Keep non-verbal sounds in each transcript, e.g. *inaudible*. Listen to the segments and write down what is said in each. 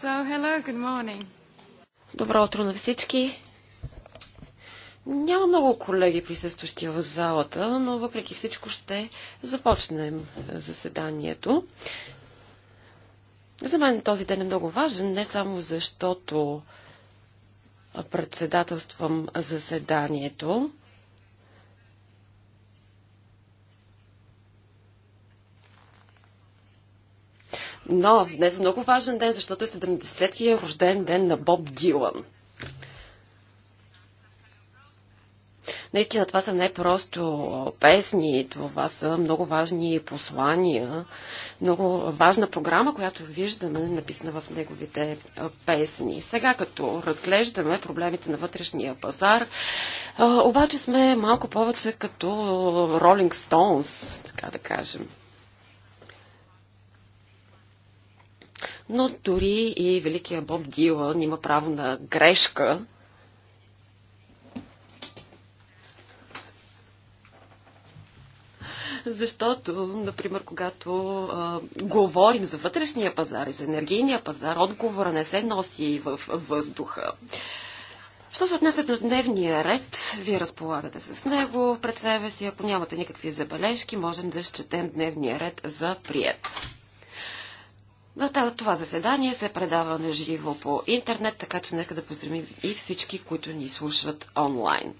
So, hello, good morning. Добро утро на всички. Няма много колеги присъстващи в залата, но въпреки всичко ще започнем е, заседанието. За мен този ден е много важен, не само защото председателствам заседанието, Но днес е много важен ден, защото е 70-тия рожден ден на Боб Дилан. Наистина това са не просто песни, това са много важни послания, много важна програма, която виждаме написана в неговите песни. Сега като разглеждаме проблемите на вътрешния пазар, обаче сме малко повече като Rolling Stones, така да кажем. но дори и великия Боб Дилан има право на грешка. Защото, например, когато а, говорим за вътрешния пазар и за енергийния пазар, отговора не се носи в въздуха. Що се отнесе до дневния ред, вие разполагате с него пред себе си. Ако нямате никакви забележки, можем да счетем дневния ред за прият. Но това заседание се предава на живо по интернет, така че нека да поздравим и всички, които ни слушат онлайн.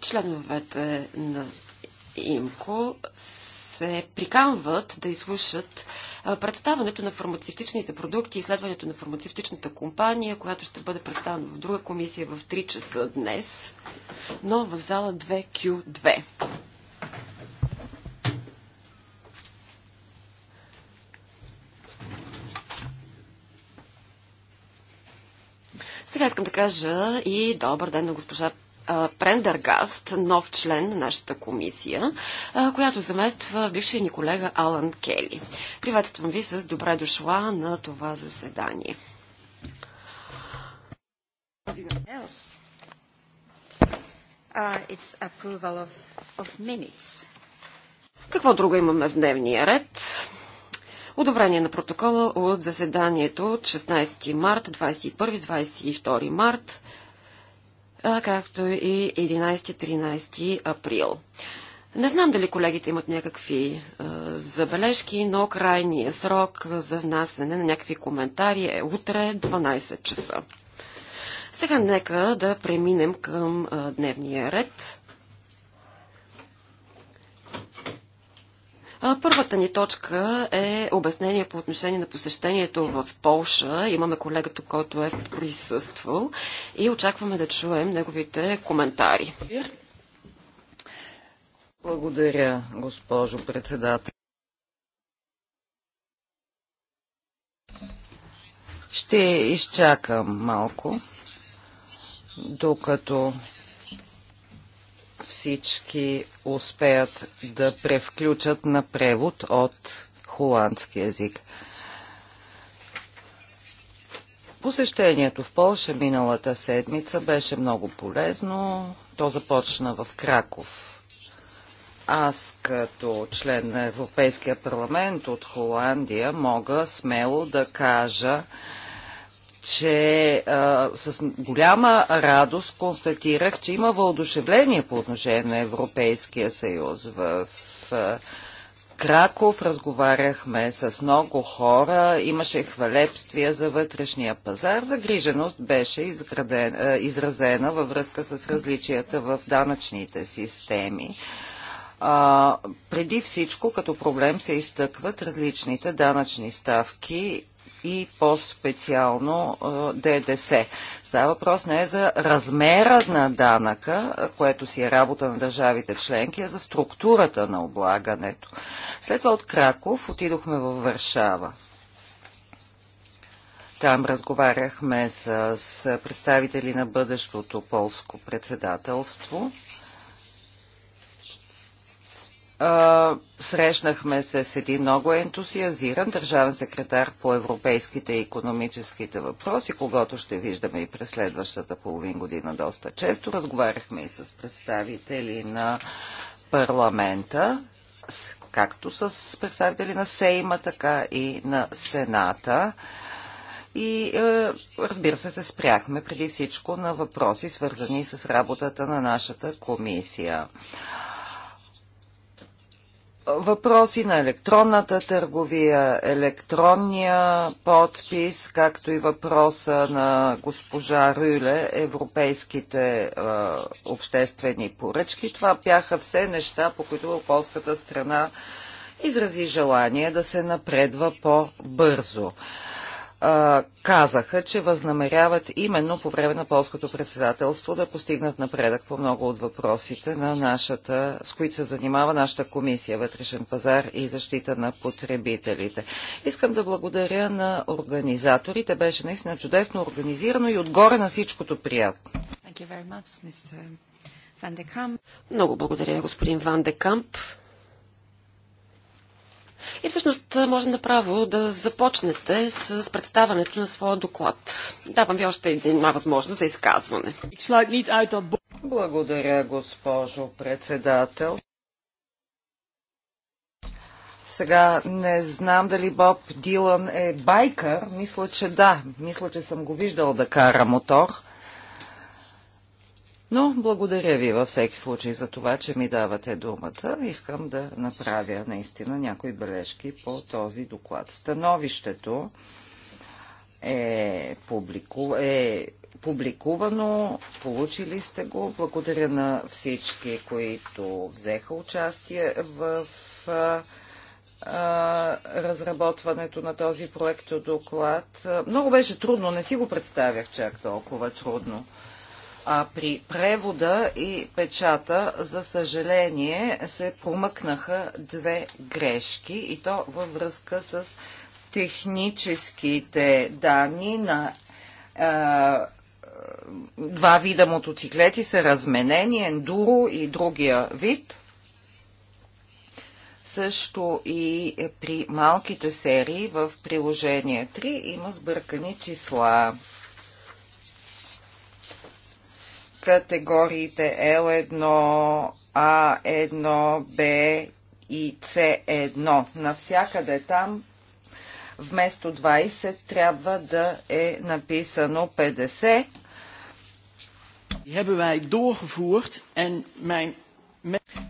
Членовете на ИМКО се приканват да изслушат представането на фармацевтичните продукти, и изследването на фармацевтичната компания, която ще бъде представена в друга комисия в 3 часа днес, но в зала 2Q2. Сега искам да кажа и добър ден на госпожа Прендергаст, нов член на нашата комисия, която замества бившия ни колега Алан Кели. Приветствам ви с добре дошла на това заседание. Uh, Какво друго имаме в дневния ред? Одобрение на протокола от заседанието от 16 март, 21-22 март, както и 11-13 април. Не знам дали колегите имат някакви е, забележки, но крайният срок за внасене на някакви коментари е утре 12 часа. Сега нека да преминем към е, дневния ред. Първата ни точка е обяснение по отношение на посещението в Полша. Имаме колегата, който е присъствал и очакваме да чуем неговите коментари. Благодаря, госпожо председател. Ще изчакам малко, докато всички успеят да превключат на превод от холандски язик. Посещението в Польша миналата седмица беше много полезно. То започна в Краков. Аз като член на Европейския парламент от Холандия мога смело да кажа, че а, с голяма радост констатирах, че има въодушевление по отношение на Европейския съюз. В а, Краков разговаряхме с много хора, имаше хвалепствия за вътрешния пазар. Загриженост беше изграден, а, изразена във връзка с различията в данъчните системи. А, преди всичко като проблем се изтъкват различните данъчни ставки и по-специално ДДС. Става въпрос не е за размера на данъка, което си е работа на държавите членки, а за структурата на облагането. След това от Краков отидохме във Варшава. Там разговаряхме с представители на бъдещото полско председателство срещнахме се с един много ентусиазиран държавен секретар по европейските и економическите въпроси, когато ще виждаме и през следващата половин година доста често. Разговаряхме и с представители на парламента, както с представители на Сейма, така и на Сената. И е, разбира се, се спряхме преди всичко на въпроси, свързани с работата на нашата комисия въпроси на електронната търговия, електронния подпис, както и въпроса на госпожа Рюле, европейските е, обществени поръчки. Това бяха все неща, по които полската страна изрази желание да се напредва по-бързо а, казаха, че възнамеряват именно по време на полското председателство да постигнат напредък по много от въпросите на нашата, с които се занимава нашата комисия Вътрешен пазар и защита на потребителите. Искам да благодаря на организаторите. Беше наистина чудесно организирано и отгоре на всичкото приятно. Много благодаря, господин Ван Декамп. И всъщност може направо да започнете с представането на своя доклад. Давам ви още една възможност за изказване. Благодаря, госпожо председател. Сега не знам дали Боб Дилан е байкър. Мисля, че да. Мисля, че съм го виждал да кара мотор. Но благодаря ви във всеки случай за това, че ми давате думата. Искам да направя наистина някои бележки по този доклад. Становището е, публику... е публикувано, получили сте го. Благодаря на всички, които взеха участие в а, а, разработването на този проект доклад. Много беше трудно, не си го представях чак толкова трудно. А при превода и печата, за съжаление, се промъкнаха две грешки и то във връзка с техническите данни на два вида мотоциклети са разменени, ендуро и другия вид. Също и при малките серии в приложение 3 има сбъркани числа. категориите L1, А1, Б и С1. Навсякъде там вместо 20 трябва да е написано 50.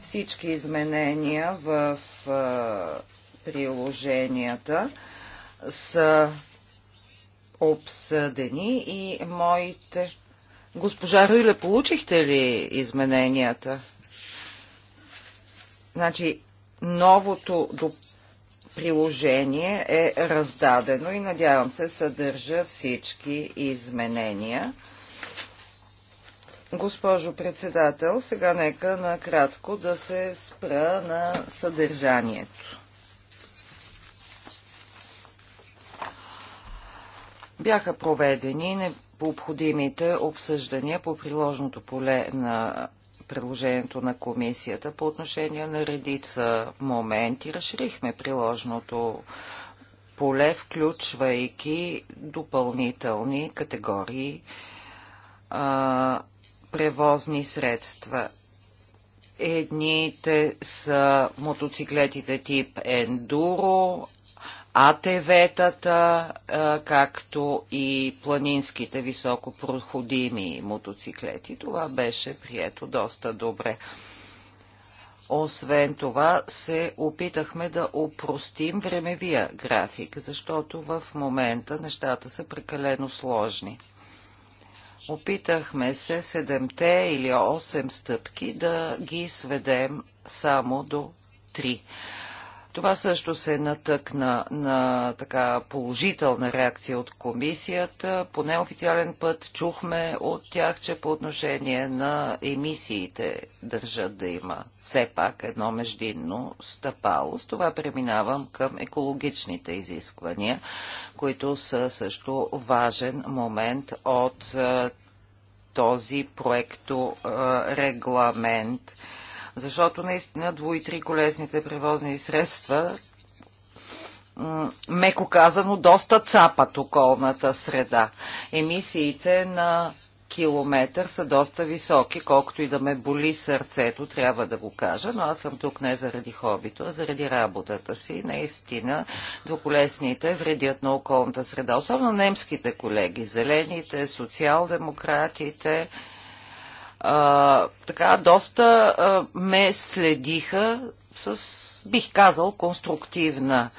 Всички изменения в приложенията са обсъдени и моите Госпожа Рюле, получихте ли измененията? Значи, новото до приложение е раздадено и надявам се съдържа всички изменения. Госпожо председател, сега нека накратко да се спра на съдържанието. Бяха проведени по обходимите обсъждания по приложното поле на предложението на комисията по отношение на редица моменти. Разширихме приложното поле, включвайки допълнителни категории а, превозни средства. Едните са мотоциклетите тип ендуро, АТВ-тата, както и планинските високопроходими мотоциклети. Това беше прието доста добре. Освен това се опитахме да упростим времевия график, защото в момента нещата са прекалено сложни. Опитахме се седемте или 8 стъпки да ги сведем само до три. Това също се натъкна на така положителна реакция от комисията. По неофициален път чухме от тях, че по отношение на емисиите държат да има все пак едно междинно стъпало. С това преминавам към екологичните изисквания, които са също важен момент от този проекто регламент защото наистина дво- и триколесните превозни средства, меко казано, доста цапат околната среда. Емисиите на километър са доста високи, колкото и да ме боли сърцето, трябва да го кажа, но аз съм тук не заради хобито, а заради работата си. Наистина, двуколесните вредят на околната среда, особено немските колеги, зелените, социал-демократите а, така доста а, ме следиха с, бих казал, конструктивна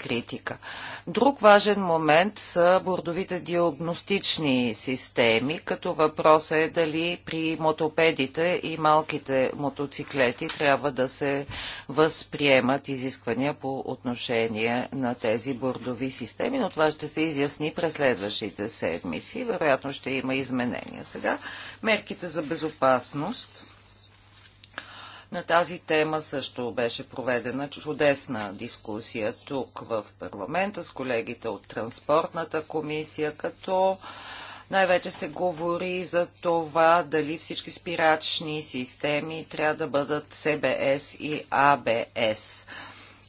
критика. Друг важен момент са бордовите диагностични системи, като въпрос е дали при мотопедите и малките мотоциклети трябва да се възприемат изисквания по отношение на тези бордови системи, но това ще се изясни през следващите седмици. Вероятно ще има изменения. Сега мерките за безопасност на тази тема също беше проведена чудесна дискусия тук в парламента с колегите от Транспортната комисия, като най-вече се говори за това дали всички спирачни системи трябва да бъдат СБС и АБС.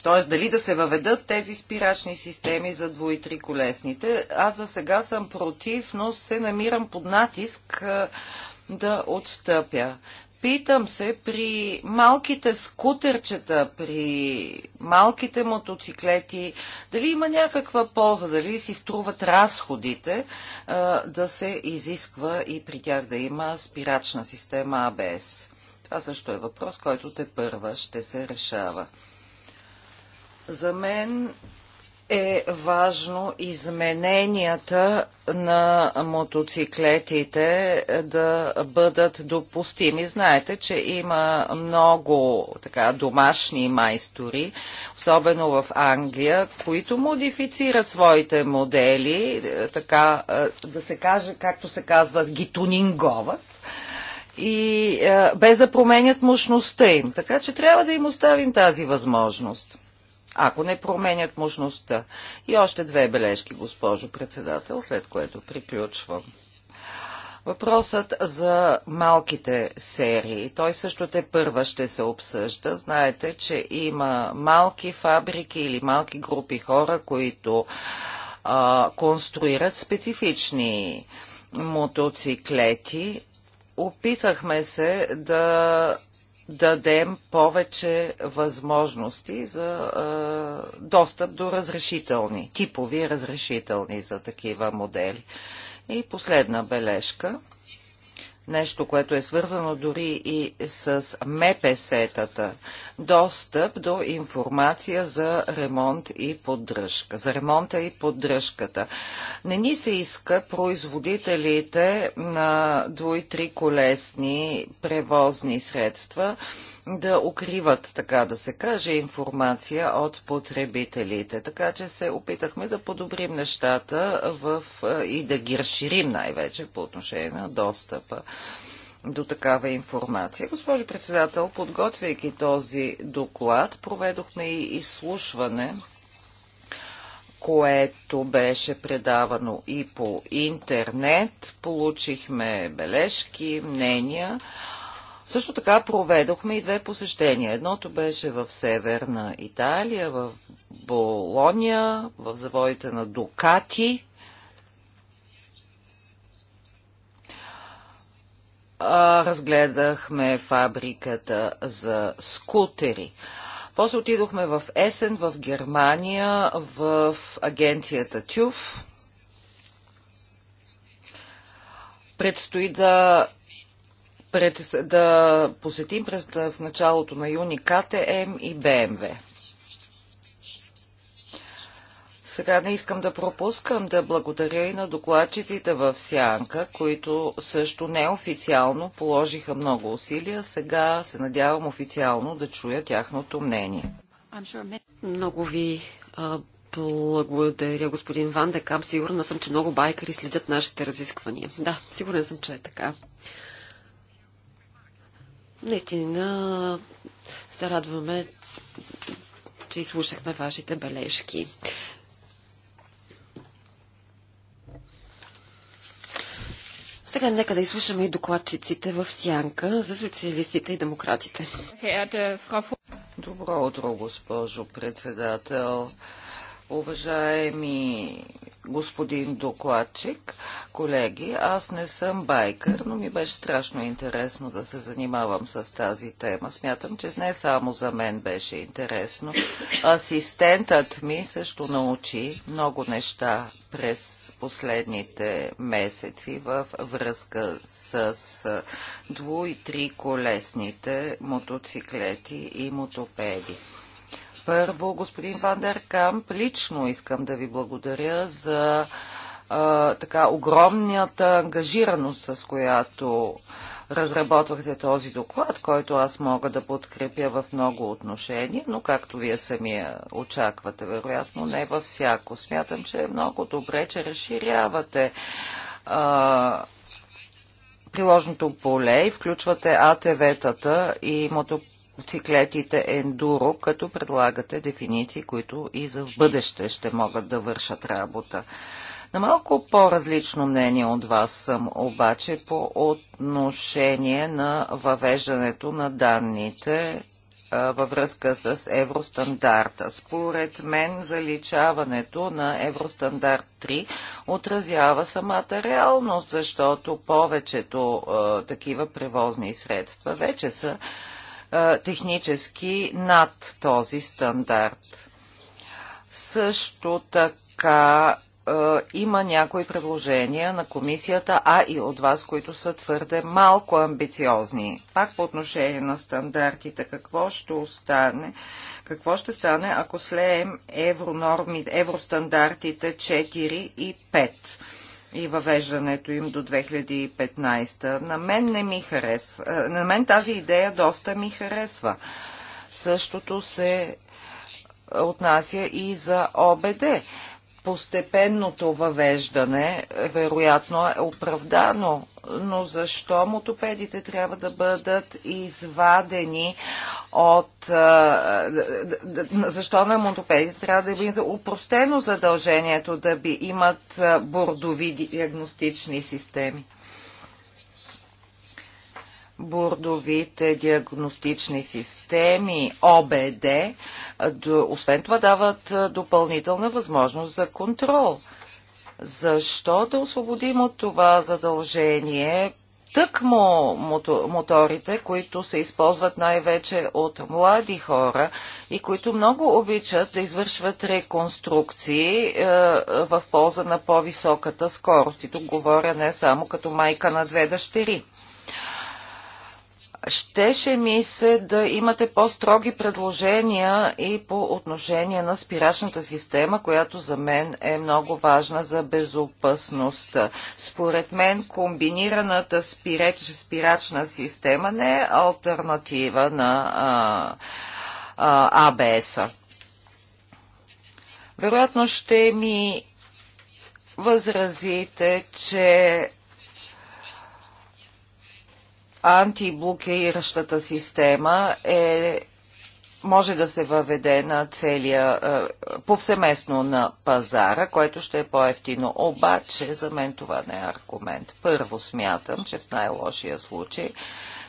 Т.е. дали да се въведат тези спирачни системи за дво- и триколесните. Аз за сега съм против, но се намирам под натиск да отстъпя. Питам се, при малките скутерчета, при малките мотоциклети, дали има някаква полза, дали си струват разходите да се изисква и при тях да има спирачна система АБС? Това също е въпрос, който те първа ще се решава. За мен е важно измененията на мотоциклетите е, да бъдат допустими. Знаете, че има много така, домашни майстори, особено в Англия, които модифицират своите модели, е, така е, да се каже, както се казва, ги тунинговат и без да променят мощността им. Така че трябва да им оставим тази възможност ако не променят мощността. И още две бележки, госпожо председател, след което приключвам. Въпросът за малките серии, той също те първа ще се обсъжда. Знаете, че има малки фабрики или малки групи хора, които а, конструират специфични мотоциклети. Опитахме се да дадем повече възможности за а, достъп до разрешителни, типови разрешителни за такива модели. И последна бележка нещо, което е свързано дори и с МПС-тата. Достъп до информация за ремонт и поддръжка. За ремонта и поддръжката. Не ни се иска производителите на двой-три колесни превозни средства да укриват, така да се каже, информация от потребителите. Така че се опитахме да подобрим нещата в, е, и да ги разширим най-вече по отношение на достъпа до такава информация. Госпожо председател, подготвяйки този доклад, проведохме и изслушване, което беше предавано и по интернет. Получихме бележки, мнения. Също така проведохме и две посещения. Едното беше в Северна Италия, в Болония, в заводите на Дукати, разгледахме фабриката за скутери. После отидохме в Есен, в Германия, в агенцията ТЮФ. Предстои да, пред, да посетим през, в началото на юни КТМ и БМВ. Сега не искам да пропускам да благодаря и на докладчиците в Сянка, които също неофициално положиха много усилия. Сега се надявам официално да чуя тяхното мнение. Много ви благодаря, господин Ван Декам. Сигурна съм, че много байкари следят нашите разисквания. Да, сигурен съм, че е така. Наистина се радваме, че изслушахме вашите бележки. Сега нека да изслушаме и докладчиците в сянка за социалистите и демократите. Е, Добро утро, госпожо председател. Уважаеми господин докладчик, колеги, аз не съм байкър, но ми беше страшно интересно да се занимавам с тази тема. Смятам, че не само за мен беше интересно. Асистентът ми също научи много неща през последните месеци във връзка с дву- и триколесните мотоциклети и мотопеди. Първо, господин Вандеркамп, лично искам да ви благодаря за а, така огромната ангажираност, с която а, разработвахте този доклад, който аз мога да подкрепя в много отношения, но както вие самия очаквате, вероятно не във всяко. Смятам, че е много добре, че разширявате а, приложното поле и включвате АТВ-тата и мотоциклетите ендуро, като предлагате дефиниции, които и за в бъдеще ще могат да вършат работа. На малко по-различно мнение от вас съм обаче по отношение на въвеждането на данните във връзка с евростандарта. Според мен заличаването на евростандарт 3 отразява самата реалност, защото повечето е, такива превозни средства вече са е, технически над този стандарт. Също така е, има някои предложения на комисията, а и от вас, които са твърде малко амбициозни. Пак по отношение на стандартите, какво ще остане, какво ще стане, ако слеем евронорми, евростандартите 4 и 5 и въвеждането им до 2015. На мен не ми харесва. Е, на мен тази идея доста ми харесва. Същото се отнася и за ОБД постепенното въвеждане вероятно е оправдано, но защо мотопедите трябва да бъдат извадени от... Защо на мотопедите трябва да бъдат упростено задължението да би имат бордови диагностични системи? бордовите диагностични системи, ОБД, освен това дават допълнителна възможност за контрол. Защо да освободим от това задължение тъкмо моторите, които се използват най-вече от млади хора и които много обичат да извършват реконструкции е, е в полза на по-високата скорост. И тук говоря не само като майка на две дъщери. Щеше ми се да имате по-строги предложения и по отношение на спирачната система, която за мен е много важна за безопасността. Според мен комбинираната спирачна система не е альтернатива на а, а, АБС-а. Вероятно ще ми възразите, че антиблокиращата система е може да се въведе на целия, е, повсеместно на пазара, което ще е по-ефтино. Обаче, за мен това не е аргумент. Първо смятам, че в най-лошия случай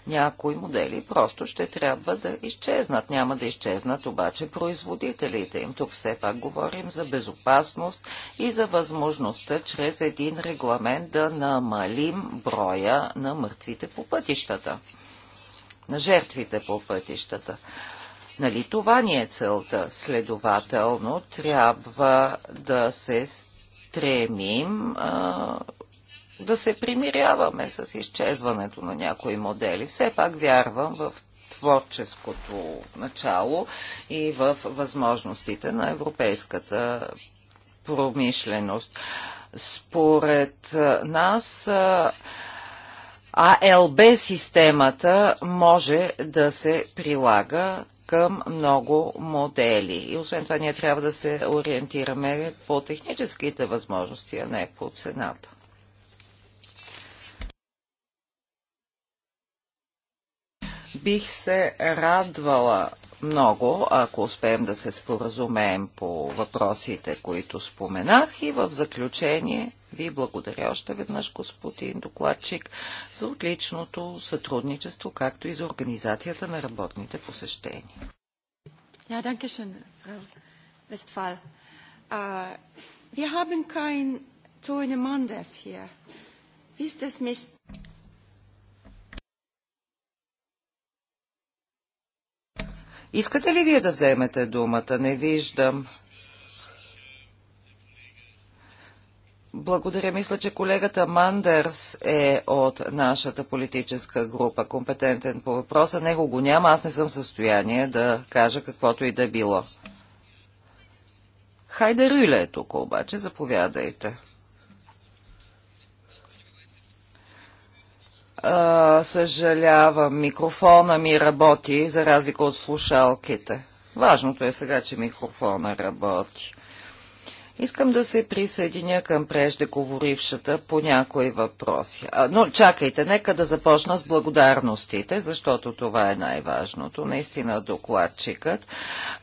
някои модели просто ще трябва да изчезнат. Няма да изчезнат обаче производителите им. Тук все пак говорим за безопасност и за възможността чрез един регламент да намалим броя на мъртвите по пътищата, на жертвите по пътищата. Нали това ни е целта? Следователно трябва да се стремим а, да се примиряваме с изчезването на някои модели. Все пак вярвам в творческото начало и в възможностите на европейската промишленост. Според нас АЛБ системата може да се прилага към много модели. И освен това ние трябва да се ориентираме по техническите възможности, а не по цената. бих се радвала много, ако успеем да се споразумеем по въпросите, които споменах. И в заключение ви благодаря още веднъж, господин докладчик, за отличното сътрудничество, както и за организацията на работните посещения. Ja, danke schön, Frau Westphal. Uh, wir haben kein Tone hier. Wie ist es mit Искате ли вие да вземете думата? Не виждам. Благодаря. Мисля, че колегата Мандърс е от нашата политическа група, компетентен по въпроса. Него го няма. Аз не съм в състояние да кажа каквото и да било. Хайде Рюле е тук обаче. Заповядайте. А, съжалявам, микрофона ми работи, за разлика от слушалките. Важното е сега, че микрофона работи. Искам да се присъединя към преждеговорившата по някои въпроси. А, но чакайте, нека да започна с благодарностите, защото това е най-важното. Наистина докладчикът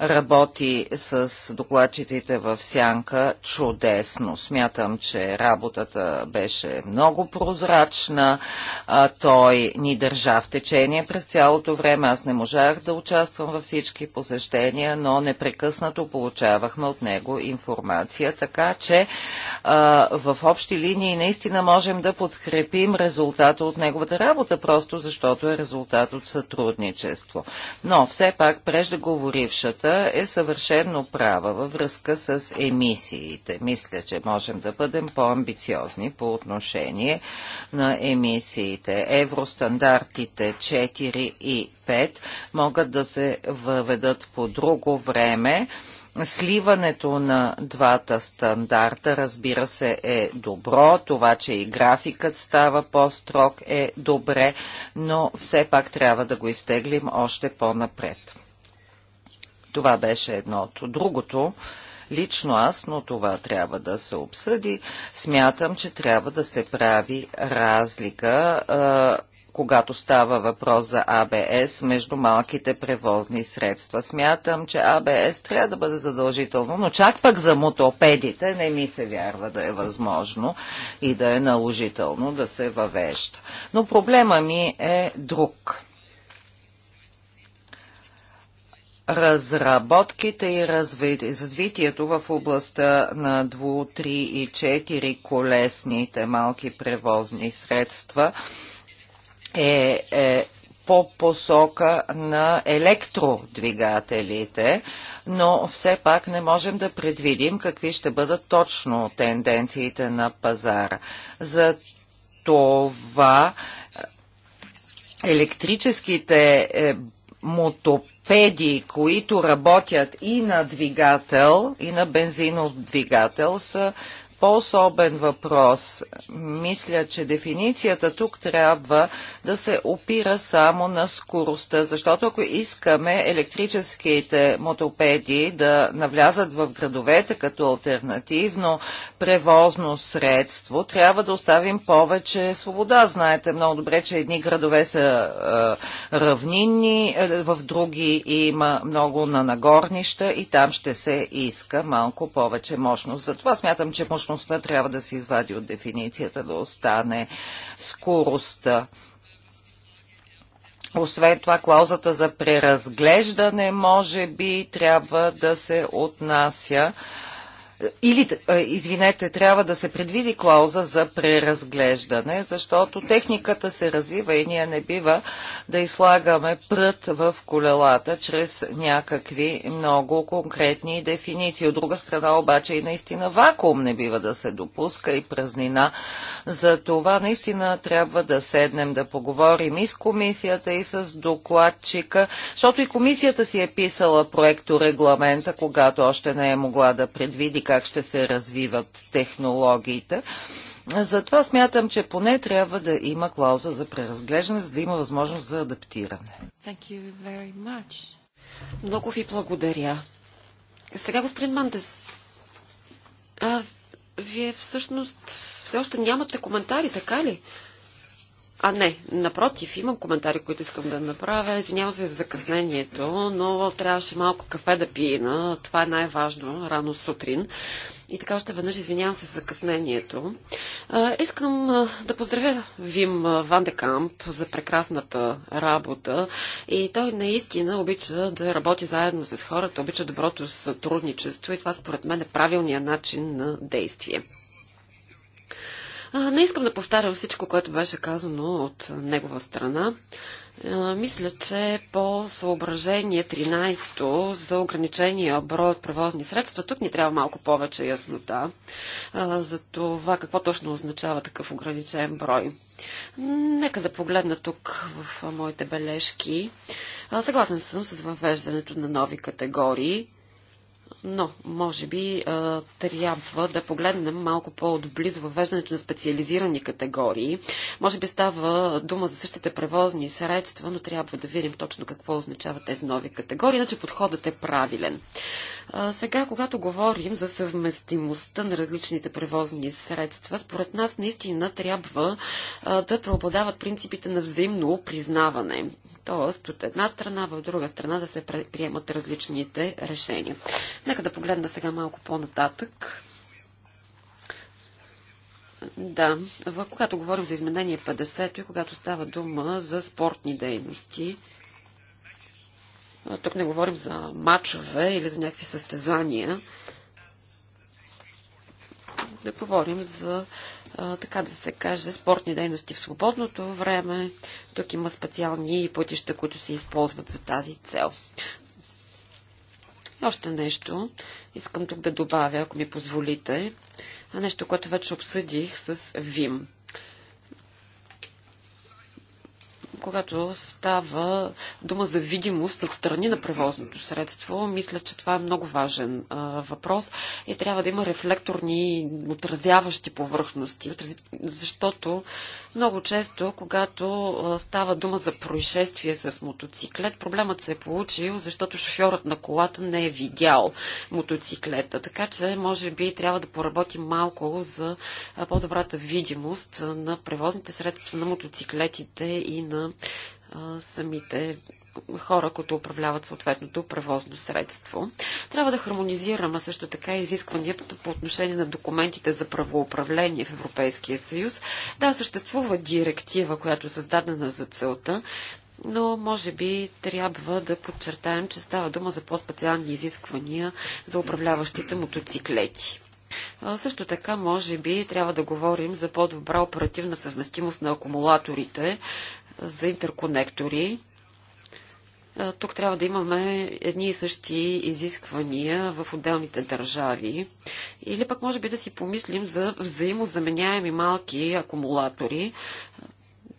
работи с докладчиците в сянка чудесно. Смятам, че работата беше много прозрачна. А, той ни държа в течение през цялото време. Аз не можах да участвам във всички посещения, но непрекъснато получавахме от него информация комисия, така че в общи линии наистина можем да подкрепим резултата от неговата работа, просто защото е резултат от сътрудничество. Но все пак преждеговорившата е съвършенно права във връзка с емисиите. Мисля, че можем да бъдем по-амбициозни по отношение на емисиите. Евростандартите 4 и 5 могат да се въведат по друго време Сливането на двата стандарта, разбира се, е добро. Това, че и графикът става по-строг е добре, но все пак трябва да го изтеглим още по-напред. Това беше едното. Другото, лично аз, но това трябва да се обсъди, смятам, че трябва да се прави разлика когато става въпрос за АБС между малките превозни средства. Смятам, че АБС трябва да бъде задължително, но чак пък за мотопедите не ми се вярва да е възможно и да е наложително да се въвежда. Но проблема ми е друг. разработките и развитието в областта на 2, 3 и 4 колесните малки превозни средства е, е по посока на електродвигателите, но все пак не можем да предвидим какви ще бъдат точно тенденциите на пазара. За това електрическите е, мотопеди, които работят и на двигател, и на бензинов двигател, са по-особен въпрос. Мисля, че дефиницията тук трябва да се опира само на скоростта, защото ако искаме електрическите мотопеди да навлязат в градовете като альтернативно превозно средство, трябва да оставим повече свобода. Знаете много добре, че едни градове са е, равнинни, е, в други има много на нагорнища и там ще се иска малко повече мощност. Затова смятам, че мощността Общността трябва да се извади от дефиницията, да остане скоростта. Освен това, клаузата за преразглеждане може би трябва да се отнася или, извинете, трябва да се предвиди клауза за преразглеждане, защото техниката се развива и ние не бива да излагаме прът в колелата чрез някакви много конкретни дефиниции. От друга страна обаче и наистина вакуум не бива да се допуска и празнина. За това наистина трябва да седнем да поговорим и с комисията, и с докладчика, защото и комисията си е писала проекто регламента, когато още не е могла да предвиди как ще се развиват технологиите. Затова смятам, че поне трябва да има клауза за преразглеждане, за да има възможност за адаптиране. Много ви благодаря. Сега, господин Мандес, а, вие всъщност все още нямате коментари, така ли? А не, напротив, имам коментари, които искам да направя. Извинявам се за закъснението, но трябваше малко кафе да пина. Това е най-важно, рано сутрин. И така още веднъж извинявам се за закъснението. искам да поздравя Вим Вандекамп за прекрасната работа. И той наистина обича да работи заедно с хората, обича доброто сътрудничество и това според мен е правилният начин на действие. Не искам да повтарям всичко, което беше казано от негова страна. Мисля, че по съображение 13 то за ограничения брой от превозни средства, тук ни трябва малко повече яснота за това какво точно означава такъв ограничен брой. Нека да погледна тук в моите бележки. Съгласен съм с въвеждането на нови категории но може би трябва да погледнем малко по-отблизо въвеждането на специализирани категории. Може би става дума за същите превозни средства, но трябва да видим точно какво означават тези нови категории, иначе подходът е правилен. Сега, когато говорим за съвместимостта на различните превозни средства, според нас наистина трябва да преобладават принципите на взаимно признаване. Тоест, от една страна, в друга страна да се приемат различните решения. Нека да погледна сега малко по-нататък. Да, когато говорим за изменение 50-то и когато става дума за спортни дейности, тук не говорим за матчове или за някакви състезания. Да говорим за, така да се каже, спортни дейности в свободното време. Тук има специални пътища, които се използват за тази цел още нещо, искам тук да добавя, ако ми позволите, нещо, което вече обсъдих с Вим. когато става дума за видимост от страни на превозното средство, мисля, че това е много важен а, въпрос и трябва да има рефлекторни отразяващи повърхности, защото много често, когато става дума за происшествие с мотоциклет, проблемът се е получил, защото шофьорът на колата не е видял мотоциклета. Така че, може би, трябва да поработим малко за по-добрата видимост на превозните средства на мотоциклетите и на самите хора, които управляват съответното превозно средство. Трябва да хармонизираме също така изискванията по отношение на документите за правоуправление в Европейския съюз. Да, съществува директива, която е създадена за целта, но може би трябва да подчертаем, че става дума за по-специални изисквания за управляващите мотоциклети. Също така, може би, трябва да говорим за по-добра оперативна съвместимост на акумулаторите за интерконектори. Тук трябва да имаме едни и същи изисквания в отделните държави. Или пък може би да си помислим за взаимозаменяеми малки акумулатори,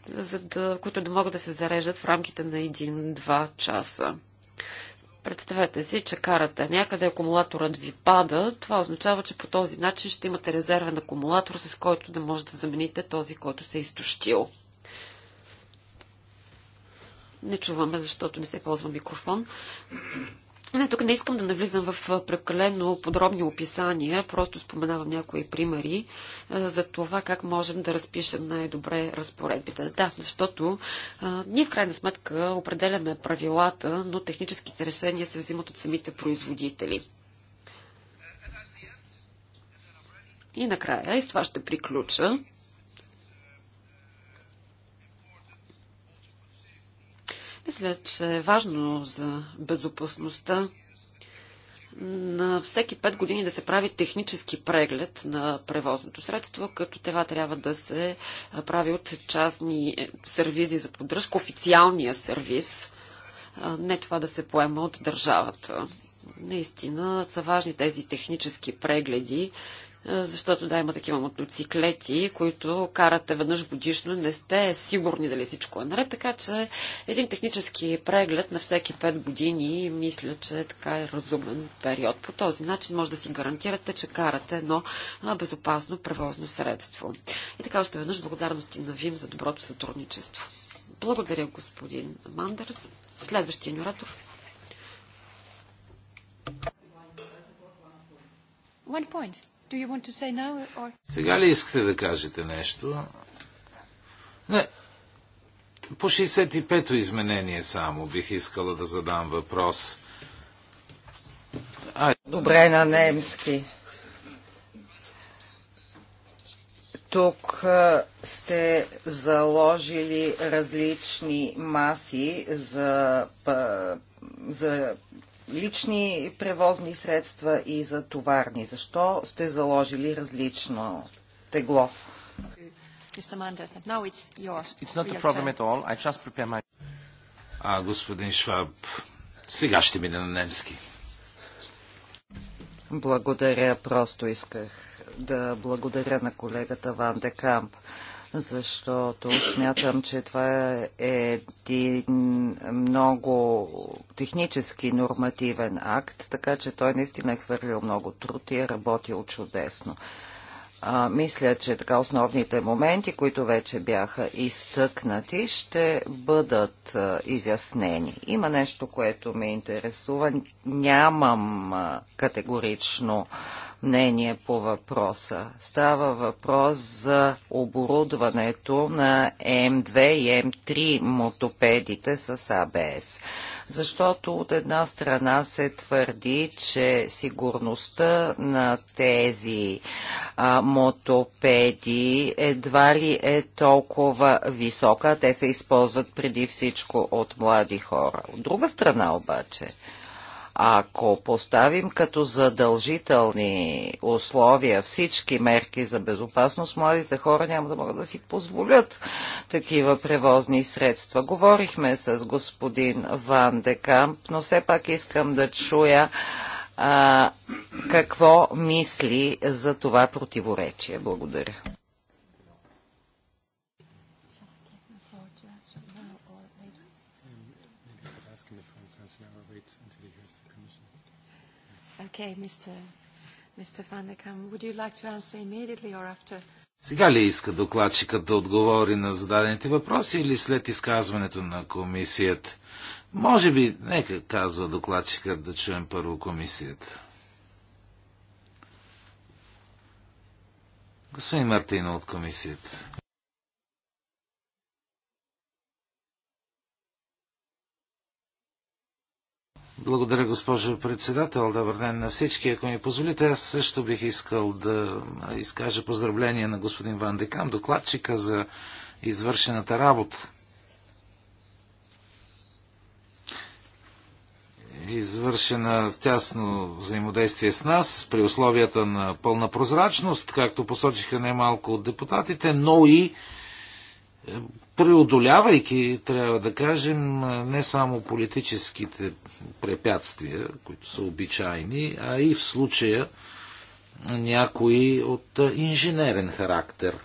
за да, които да могат да се зареждат в рамките на 1-2 часа. Представете си, че карате някъде, акумулаторът ви пада. Това означава, че по този начин ще имате резервен акумулатор, с който да можете да замените този, който се е изтощил. Не чуваме, защото не се ползва микрофон. Не, тук не искам да навлизам в прекалено подробни описания, просто споменавам някои примери за това как можем да разпишем най-добре разпоредбите. Да, защото а, ние в крайна сметка определяме правилата, но техническите решения се взимат от самите производители. И накрая, и с това ще приключа, Мисля, че е важно за безопасността на всеки 5 години да се прави технически преглед на превозното средство, като това трябва да се прави от частни е, сервизи за поддръжка, официалния сервиз, не това да се поема от държавата. Наистина са важни тези технически прегледи, е, защото да, има такива мотоциклети, които карате веднъж годишно, не сте сигурни дали всичко е наред, така че един технически преглед на всеки 5 години мисля, че е така е разумен период. По този начин може да си гарантирате, че карате едно безопасно превозно средство. И така още веднъж благодарности на ВИМ за доброто сътрудничество. Благодаря, господин Мандърс. Следващия оратор. One point now, or... Сега ли искате да кажете нещо? Не. По 65-то изменение само бих искала да задам въпрос. Добре на немски. Тук сте заложили различни маси за, за лични превозни средства и за товарни. Защо сте заложили различно тегло? А, господин Шваб, сега ще мине на немски. Благодаря, просто исках да благодаря на колегата Ван Декамп. Камп защото смятам, че това е един много технически нормативен акт, така че той наистина е хвърлил много труд и е работил чудесно. А, мисля, че така основните моменти, които вече бяха изтъкнати, ще бъдат а, изяснени. Има нещо, което ме интересува. Нямам а, категорично мнение по въпроса. Става въпрос за оборудването на М2 и М3 мотопедите с АБС. Защото от една страна се твърди, че сигурността на тези а, мотопеди едва ли е толкова висока. Те се използват преди всичко от млади хора. От друга страна обаче, ако поставим като задължителни условия всички мерки за безопасност, младите хора няма да могат да си позволят такива превозни средства. Говорихме с господин Ван Декамп, но все пак искам да чуя а, какво мисли за това противоречие. Благодаря. Okay, Mr. Mr. Van would you like to answer immediately or after? Сега ли иска докладчикът да отговори на зададените въпроси или след изказването на комисията? Може би, нека казва докладчикът да чуем първо комисията. Господин Мартина от комисията. Благодаря, госпожо председател. Добър ден на всички. Ако ми позволите, аз също бих искал да изкажа поздравление на господин Ван Декам, докладчика за извършената работа. извършена в тясно взаимодействие с нас, при условията на пълна прозрачност, както посочиха немалко от депутатите, но и е, преодолявайки, трябва да кажем, не само политическите препятствия, които са обичайни, а и в случая някои от инженерен характер.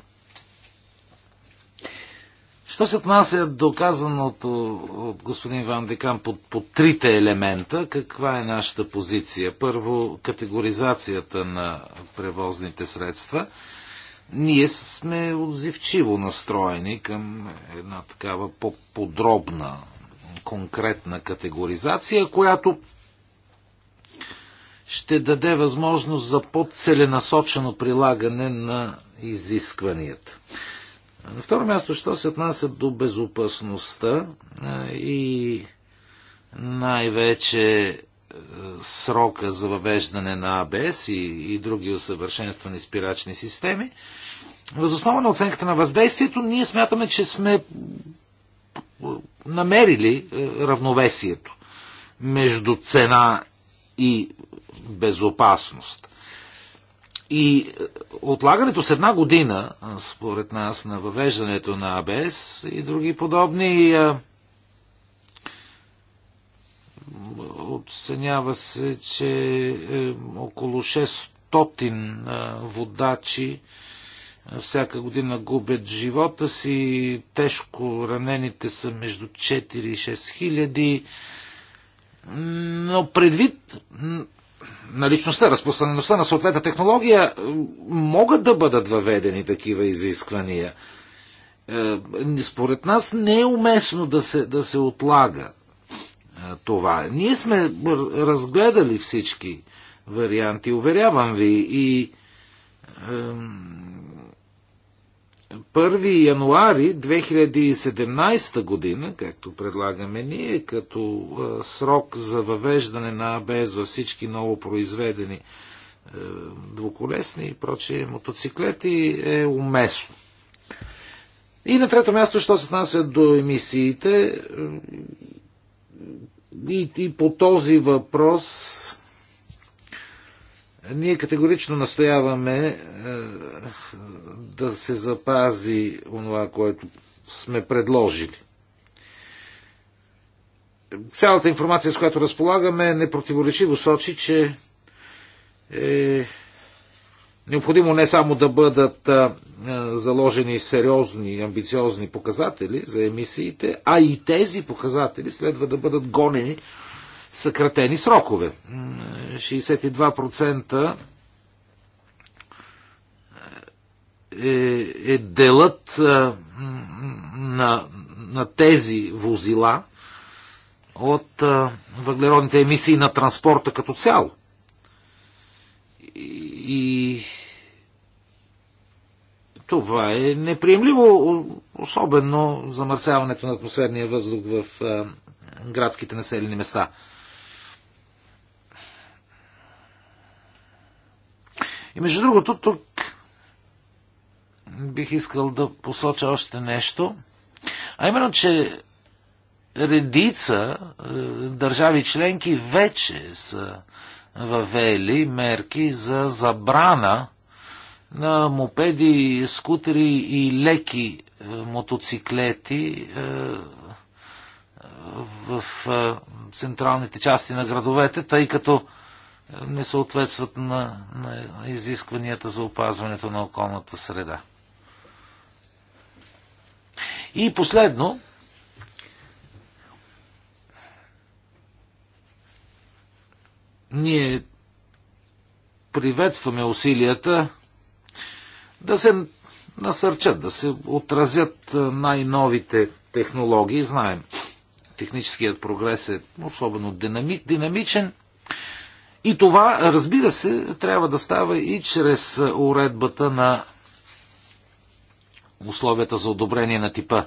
Що се отнася доказаното от господин Ван Декан по, по трите елемента, каква е нашата позиция? Първо, категоризацията на превозните средства – ние сме отзивчиво настроени към една такава по-подробна, конкретна категоризация, която ще даде възможност за по-целенасочено прилагане на изискванията. На второ място, що се отнася до безопасността и най-вече срока за въвеждане на АБС и, и други усъвършенствани спирачни системи. Възоснова на оценката на въздействието, ние смятаме, че сме намерили е, равновесието между цена и безопасност. И е, отлагането с една година, е, според нас, на въвеждането на АБС и други подобни Оценява се, че е, около 600 е, водачи е, всяка година губят живота си, тежко ранените са между 4 и 6 хиляди. Но предвид наличността, разпространеността на съответна технология, могат да бъдат въведени такива изисквания. Според нас не е уместно да се, да се отлага това. Ние сме разгледали всички варианти, уверявам ви, и е, 1 януари 2017 година, както предлагаме ние, като е, срок за въвеждане на АБС във всички новопроизведени е, двуколесни и прочие мотоциклети е уместно. И на трето място, що се отнася до емисиите, и, и по този въпрос ние категорично настояваме е, да се запази онова, което сме предложили. Цялата информация, с която разполагаме, непротиворечиво сочи, че е Необходимо не само да бъдат заложени сериозни и амбициозни показатели за емисиите, а и тези показатели следва да бъдат гонени съкратени срокове. 62% е, е делът на, на тези возила от въглеродните емисии на транспорта като цяло. И това е неприемливо, особено замърсяването на атмосферния въздух в градските населени места. И между другото, тук бих искал да посоча още нещо, а именно, че редица е, държави членки вече са въвели мерки за забрана на мопеди, скутери и леки е, мотоциклети е, в е, централните части на градовете, тъй като не съответстват на, на изискванията за опазването на околната среда. И последно, Ние приветстваме усилията да се насърчат, да се отразят най-новите технологии. Знаем, техническият прогрес е особено динами, динамичен. И това, разбира се, трябва да става и чрез уредбата на условията за одобрение на типа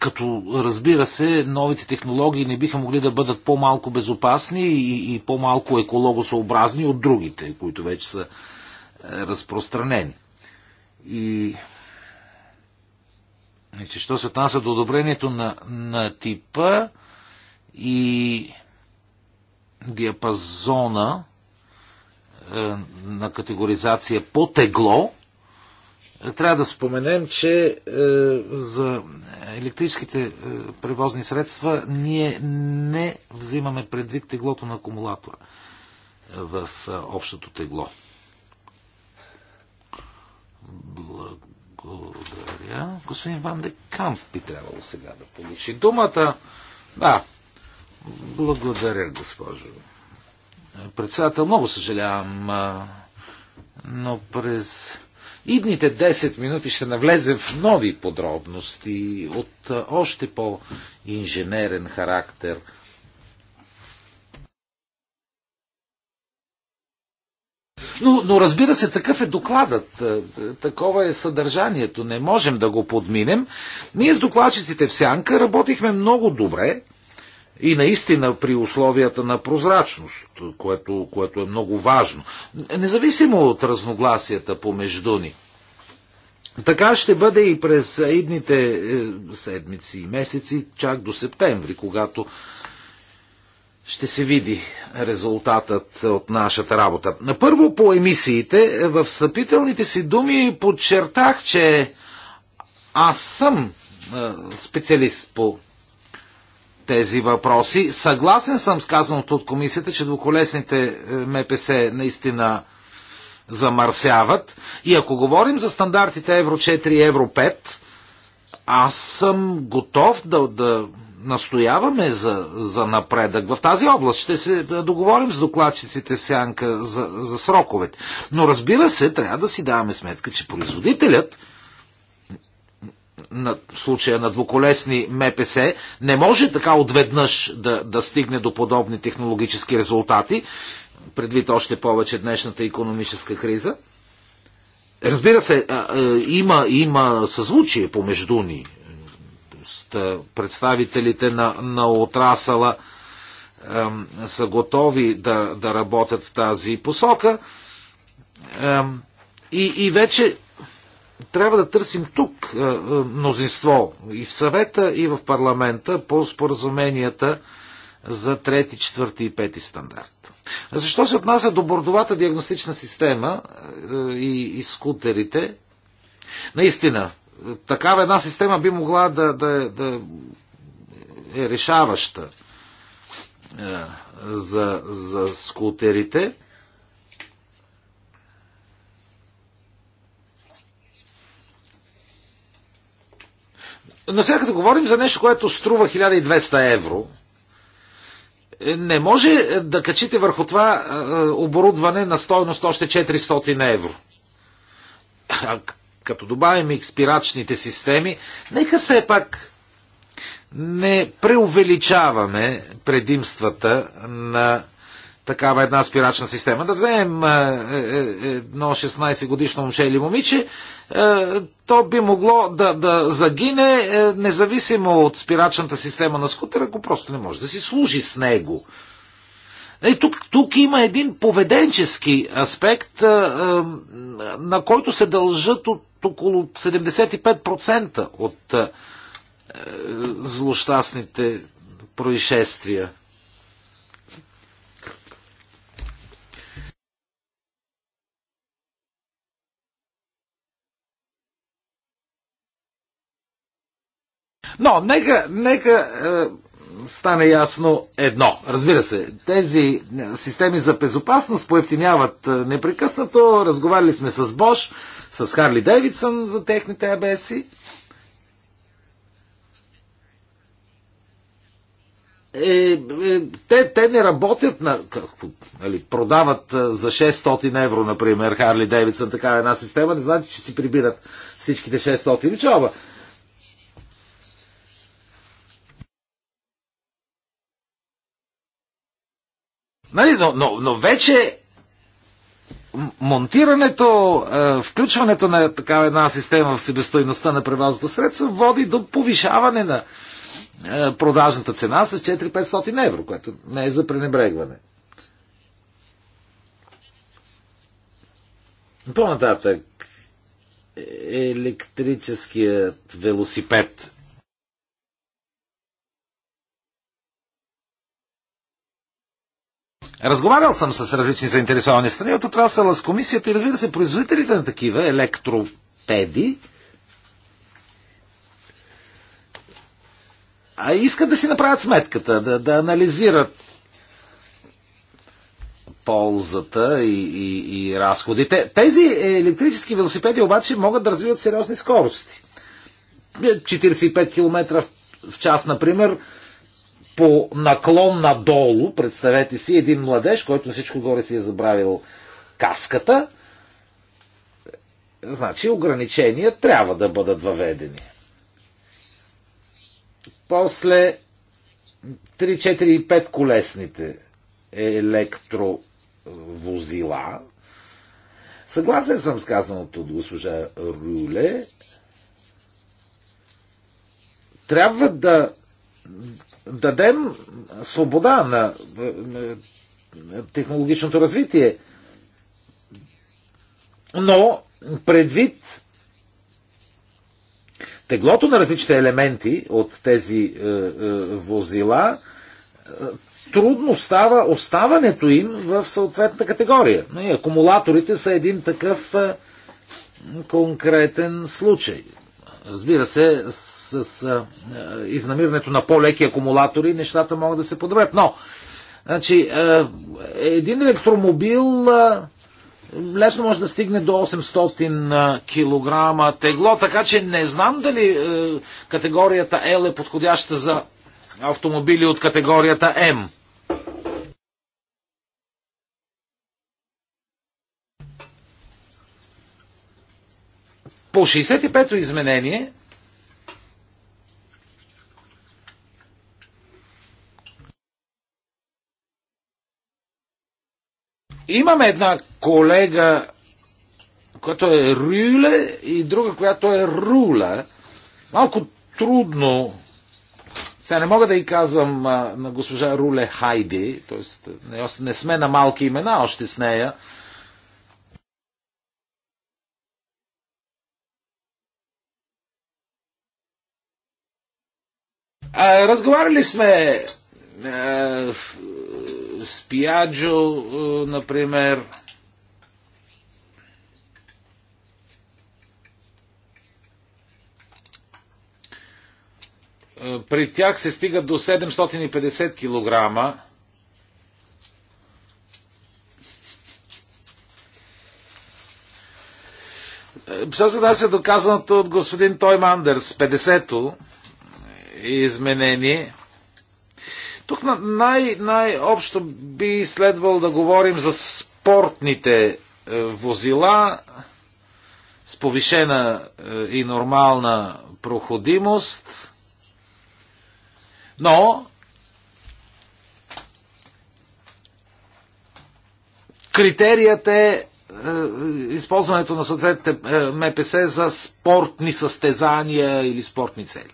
като разбира се, новите технологии не биха могли да бъдат по-малко безопасни и, и по-малко екологосъобразни от другите, които вече са е, разпространени. И, и значи, че що се отнася до одобрението на, на типа и диапазона е, на категоризация по тегло, трябва да споменем, че е, за електрическите е, превозни средства ние не взимаме предвид теглото на акумулатора е, в е, общото тегло. Благодаря. Господин Ван де Камп би трябвало сега да получи думата. Да. Благодаря, госпожо. Председател, много съжалявам, е, но през идните 10 минути ще навлезе в нови подробности от още по-инженерен характер. Но, но разбира се, такъв е докладът, такова е съдържанието, не можем да го подминем. Ние с докладчиците в Сянка работихме много добре, и наистина при условията на прозрачност, което, което е много важно, независимо от разногласията помежду ни. Така ще бъде и през идните е, седмици и месеци, чак до септември, когато ще се види резултатът от нашата работа. Първо по емисиите, в встъпителните си думи подчертах, че аз съм е, специалист по тези въпроси. Съгласен съм с казаното от комисията, че двуколесните е, МПС наистина замърсяват. И ако говорим за стандартите Евро 4 и Евро 5, аз съм готов да, да настояваме за, за напредък в тази област. Ще се договорим с докладчиците в сянка за, за сроковете. Но разбира се, трябва да си даваме сметка, че производителят на случая на двуколесни МПС, не може така отведнъж да, да стигне до подобни технологически резултати, предвид още повече днешната економическа криза. Разбира се, има, има съзвучие помежду ни. Представителите на, на отрасала са готови да, да работят в тази посока. И, и вече трябва да търсим тук е, е, мнозинство и в съвета, и в парламента по споразуменията за трети, четвърти и пети стандарт. Защо се отнася до бордовата диагностична система е, и, и скутерите? Наистина, такава една система би могла да, да, да е решаваща за, за скутерите. Но сега като говорим за нещо, което струва 1200 евро, е, не може е, да качите върху това е, оборудване на стоеност още 400 евро. А като добавим експирачните системи, нека все пак не преувеличаваме предимствата на такава една спирачна система. Да вземем е, е, е, едно 16 годишно момче или момиче, то би могло да, да загине независимо от спирачната система на скутера, ако просто не може да си служи с него. И тук, тук има един поведенчески аспект, на който се дължат от около 75% от злощастните происшествия. Но нека, нека е, стане ясно едно. Разбира се, тези е, системи за безопасност поевтиняват е, непрекъснато. Разговаряли сме с Бош, с Харли Дейвидсън за техните ABS-и. Е, е, те, те не работят на... Какво, нали, продават за 600 евро, например, Харли Дейвидсън, такава една система, не значи, че си прибират всичките 600 чоба. Нали, но, но, но вече монтирането, е, включването на такава една система в себестойността на превозното средство води до повишаване на е, продажната цена с 4-500 евро, което не е за пренебрегване. По-нататък е, електрическият велосипед Разговарял съм с различни заинтересовани страни от отрасъла с комисията и разбира се, производителите на такива електропеди а искат да си направят сметката, да, да анализират ползата и, и, и разходите. Тези електрически велосипеди обаче могат да развиват сериозни скорости. 45 е, км в час, например, по наклон надолу, представете си, един младеж, който всичко горе си е забравил каската, значи ограничения трябва да бъдат въведени. После 3, 4 и 5 колесните електровозила. Съгласен съм с казаното от госпожа Руле. Трябва да дадем свобода на технологичното развитие. Но предвид теглото на различните елементи от тези е, е, возила, е, трудно става оставането им в съответната категория. Но и акумулаторите са един такъв конкретен случай. Разбира се, с а, изнамирането на по-леки акумулатори нещата могат да се подобрят. Но, значи, а, един електромобил а, лесно може да стигне до 800 кг тегло, така че не знам дали а, категорията L е подходяща за автомобили от категорията M. По 65-то изменение Имаме една колега, която е Рюле и друга, която е Руле. Малко трудно. Сега не мога да и казвам а, на госпожа Руле Хайди, т.е. Не, не сме на малки имена още с нея. А, разговаряли сме а, Спиаджо, е, например. Е, при тях се стига до 750 кг. Е, що се се доказаното от господин Той Мандърс, 50-то изменение, тук най- най-общо би следвало да говорим за спортните е, возила с повишена е, и нормална проходимост, но критерият е, е използването на съответните МПС за спортни състезания или спортни цели.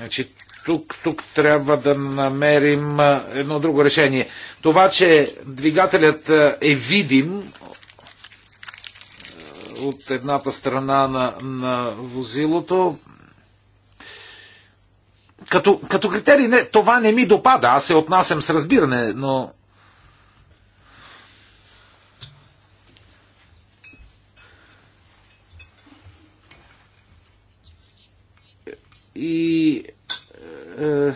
Значи, тук, тук трябва да намерим едно друго решение. Това, че двигателят е видим от едната страна на, на возилото, като, като критерий не, това не ми допада. Аз се отнасям с разбиране, но и е,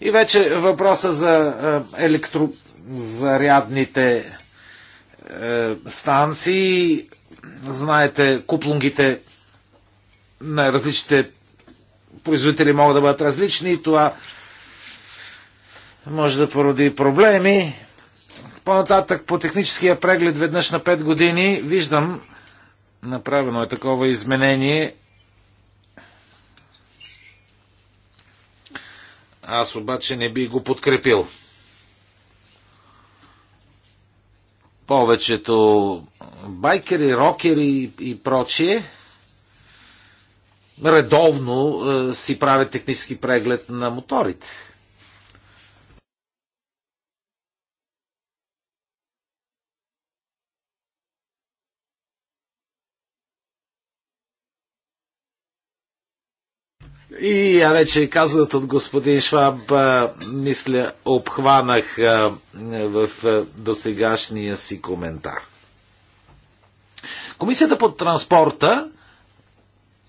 И вече въпроса за е, електрозарядните е, станции. Знаете, куплунгите на различните производители могат да бъдат различни. Това може да породи проблеми. По-нататък по техническия преглед веднъж на 5 години виждам, направено е такова изменение. Аз обаче не би го подкрепил. Повечето байкери, рокери и прочие редовно е, си правят технически преглед на моторите. И а вече казват от господин Шваб, мисля, обхванах в досегашния си коментар. Комисията по транспорта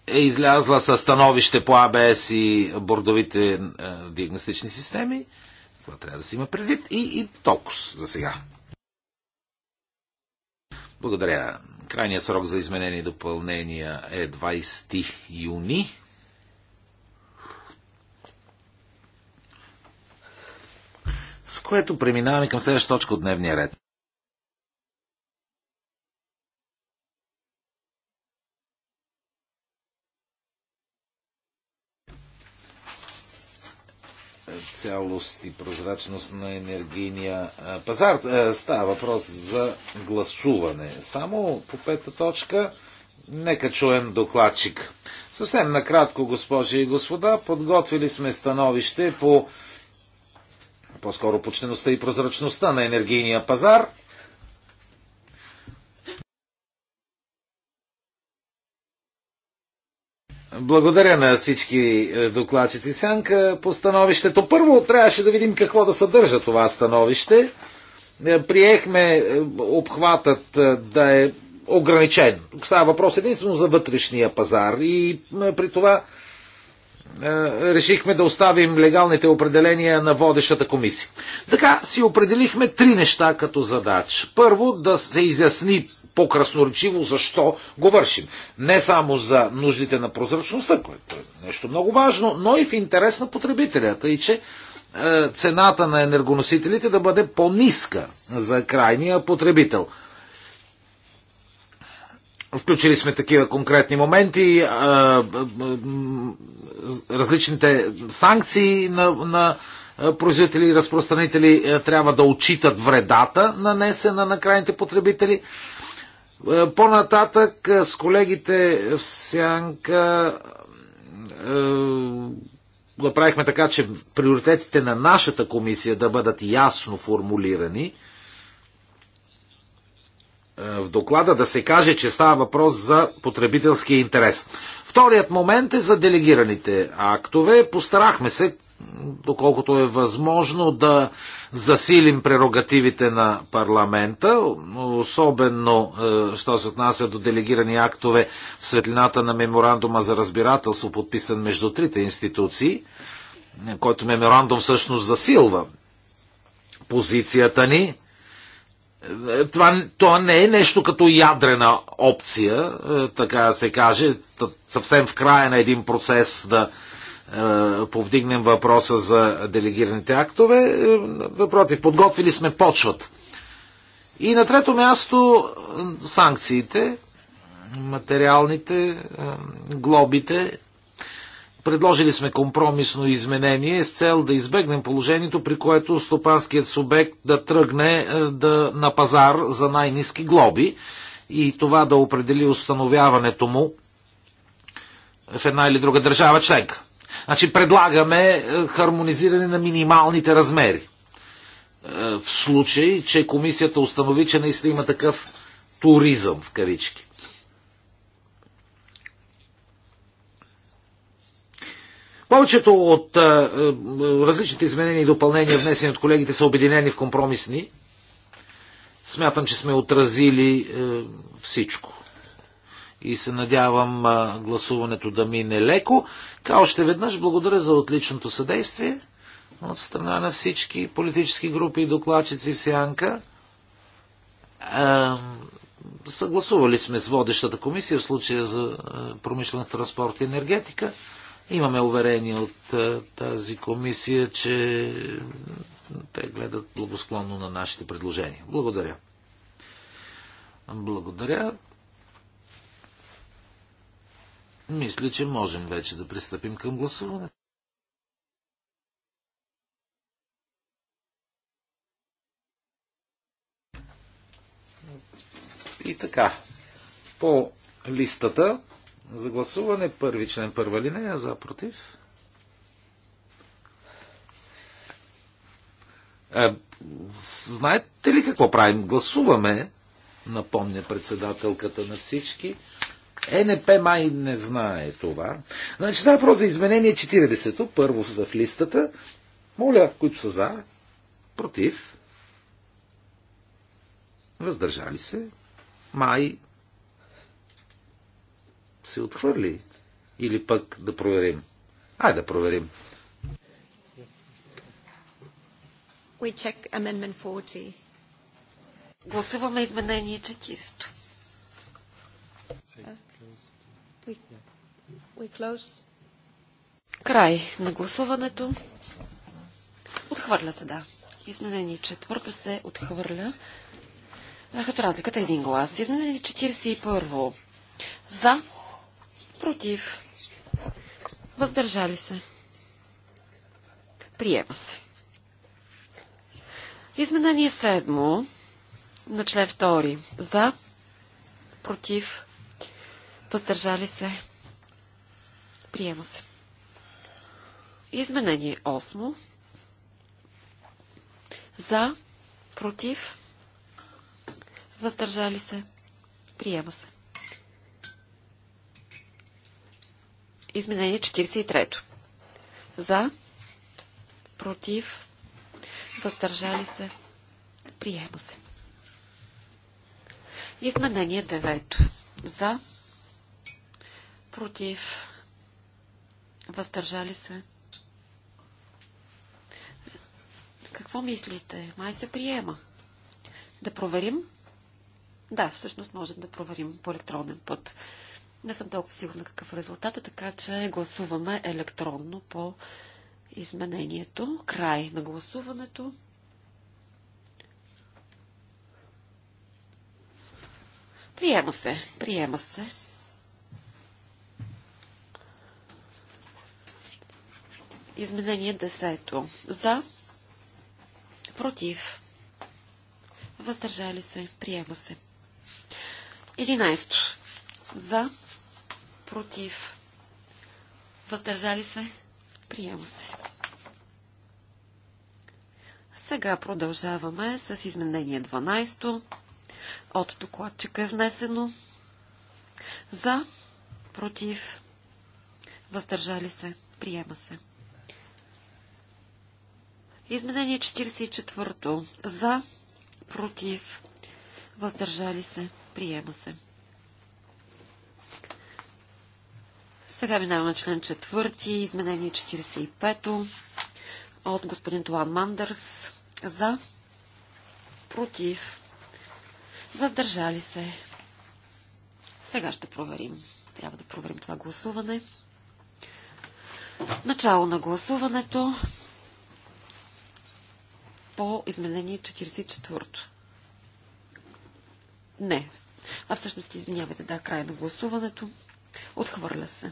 е излязла със становище по АБС и бордовите диагностични системи. Това трябва да си има предвид. И, и токус за сега. Благодаря. Крайният срок за изменение и допълнения е 20 юни с което преминаваме към следващата точка от дневния ред. цялост и прозрачност на енергийния пазар. Става въпрос за гласуване. Само по пета точка нека чуем докладчик. Съвсем накратко, госпожи и господа, подготвили сме становище по по-скоро почтеността и прозрачността на енергийния пазар. Благодаря на всички е, докладчици Сянка по становището. Първо трябваше да видим какво да съдържа това становище. Е, приехме е, обхватът да е ограничен. Става въпрос единствено за вътрешния пазар и при това е, решихме да оставим легалните определения на водещата комисия. Така си определихме три неща като задача. Първо, да се изясни по-красноречиво защо го вършим. Не само за нуждите на прозрачността, което е нещо много важно, но и в интерес на потребителята и че е, цената на енергоносителите да бъде по-ниска за крайния потребител – Включили сме такива конкретни моменти, различните санкции на, на производители и разпространители трябва да отчитат вредата, нанесена на крайните потребители. По-нататък с колегите в Сянка направихме така, че приоритетите на нашата комисия да бъдат ясно формулирани – е, в доклада да се каже, че става въпрос за потребителския интерес. Вторият момент е за делегираните актове. Постарахме се, доколкото е възможно, да засилим прерогативите на парламента, особено е, що се отнася до делегирани актове в светлината на меморандума за разбирателство, подписан между трите институции, който меморандум всъщност засилва позицията ни това, това не е нещо като ядрена опция, е, така да се каже, съвсем в края на един процес да е, повдигнем въпроса за делегираните актове. Е, напротив, подготвили сме почват. И на трето място санкциите, материалните, глобите. Предложили сме компромисно изменение с цел да избегнем положението, при което стопанският субект да тръгне е, да, на пазар за най-низки глоби и това да определи установяването му в една или друга държава членка. Значи предлагаме е, хармонизиране на минималните размери. Е, в случай, че комисията установи, че наистина има такъв туризъм в кавички. Повечето от а, различните изменения и допълнения, внесени от колегите, са обединени в компромисни. Смятам, че сме отразили а, е, всичко. И се надявам а, гласуването да мине леко. Така още веднъж благодаря за отличното съдействие от страна на всички политически групи и докладчици в Сянка. А, съгласували сме с водещата комисия в случая за е, промишлен транспорт и енергетика. Имаме уверение от тази комисия, че те гледат благосклонно на нашите предложения. Благодаря. Благодаря. Мисля, че можем вече да пристъпим към гласуване. И така, по листата за гласуване. Първи член, първа линия, за, против. Е, знаете ли какво правим? Гласуваме, напомня председателката на всички. Е, НП май не знае това. Значи това е за изменение 40-то, първо в листата. Моля, които са за, против, въздържали се, май се отхвърли. Или пък да проверим. Ай да проверим. We check amendment 40. Гласуваме изменение 40. We, close. Край на гласуването. Отхвърля се, да. Изменение четвърто се отхвърля. Като разликата е един глас. Изменение 41. За Против. Въздържали се. Приема се. Изменение седмо на член втори, За, против, въздържали се, приема се. Изменение 8. За, против, въздържали се, приема се. Изменение 43. За. Против. Въздържали се. Приема се. Изменение 9. За. Против. Въздържали се. Какво мислите? Май се приема. Да проверим? Да, всъщност можем да проверим по електронен път. Не съм толкова сигурна какъв е резултата, така че гласуваме електронно по изменението. Край на гласуването. Приема се, приема се. Изменение 10. За. Против. Въздържали се. Приема се. 11. За против, въздържали се, приема се. Сега продължаваме с изменение 12 от докладчика е внесено за, против, въздържали се, приема се. Изменение 44 за, против, въздържали се, приема се. Сега минаваме член 4, изменение 45 от господин Туан Мандърс за против въздържали се. Сега ще проверим. Трябва да проверим това гласуване. Начало на гласуването по изменение 44. Не. А всъщност, извинявайте, да, край на гласуването. Отхвърля се.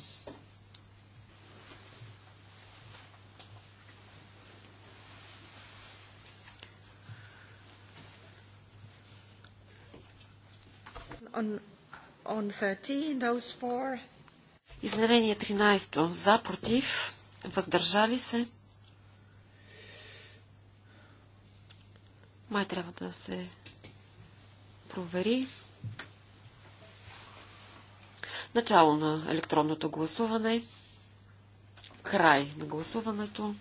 On, on 13, those four... Измерение 13. За, против, въздържали се. Май трябва да се провери. Начало на електронното гласуване. Край на гласуването.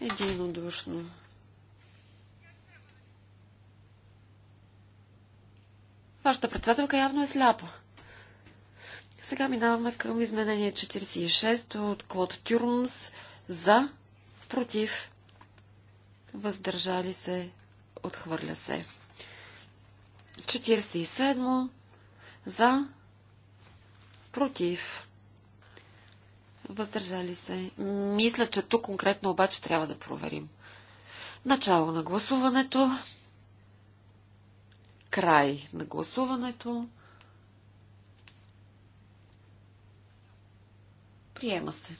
Единодушно. Вашата председателка явно е сляпа. Сега минаваме към изменение 46 от Клод Тюрмс за, против, въздържали се, отхвърля се. 47 за, против, въздържали се. Мисля, че тук конкретно обаче трябва да проверим. Начало на гласуването, край на гласуването, приема се.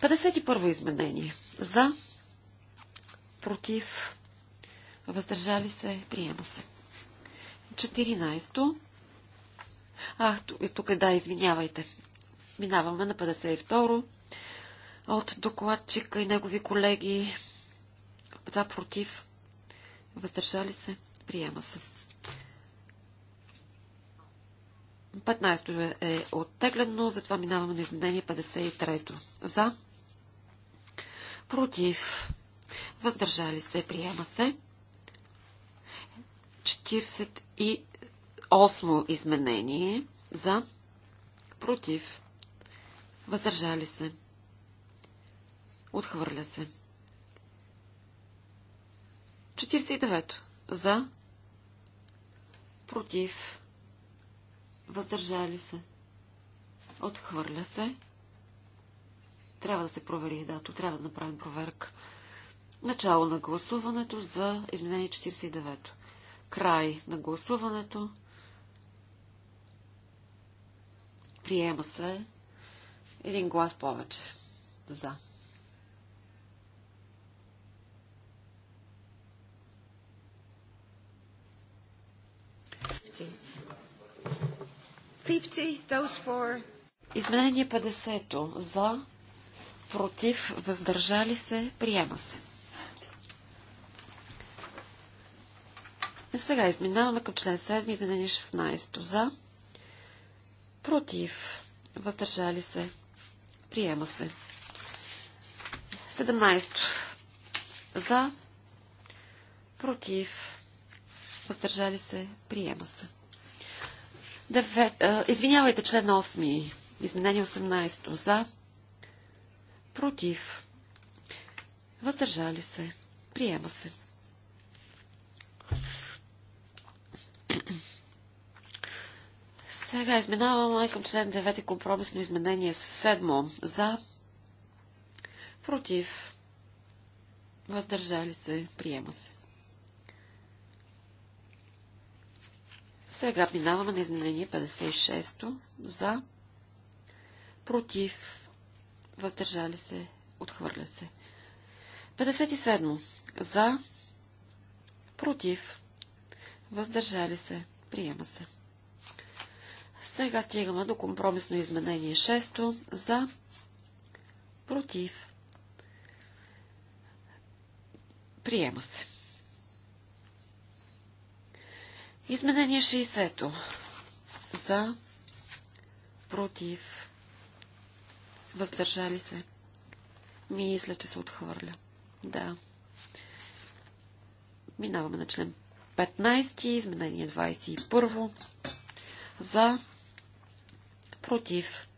51 изменение. За, против, Въздържали се. Приема се. 14. А, тук е, да, извинявайте. Минаваме на 52 от докладчика и негови колеги за против. Въздържали се? Приема се. 15 е, е оттеглено, затова минаваме на изменение 53-то. За? Против. Въздържали се? Приема се. 48 изменение за против. Въздържали се. Отхвърля се. 49. За. Против. Въздържали се. Отхвърля се. Трябва да се провери дато. Трябва да направим проверка. Начало на гласуването за изменение 49. Край на гласуването. Приема се един глас повече за. Изменение 50 за, против, въздържали се, приема се. Сега изминаваме към член 7, изменение 16. За, против, въздържали се, приема се. 17. За, против, въздържали се, приема се. а, извинявайте, член 8. Изменение 18. За, против, въздържали се, приема се. Сега изминаваме към член 9 компромисно изменение 7. За. Против. Въздържали се. Приема се. Сега минаваме на изменение 56 За. Против. Въздържали се. Отхвърля се. 57. За. Против. Въздържали се. Приема се. Сега стигаме до компромисно изменение 6 за против. Приема се. Изменение 60 за против. Въздържали се. Мисля, че се отхвърля. Да. Минаваме на член 15, изменение 21. За, против,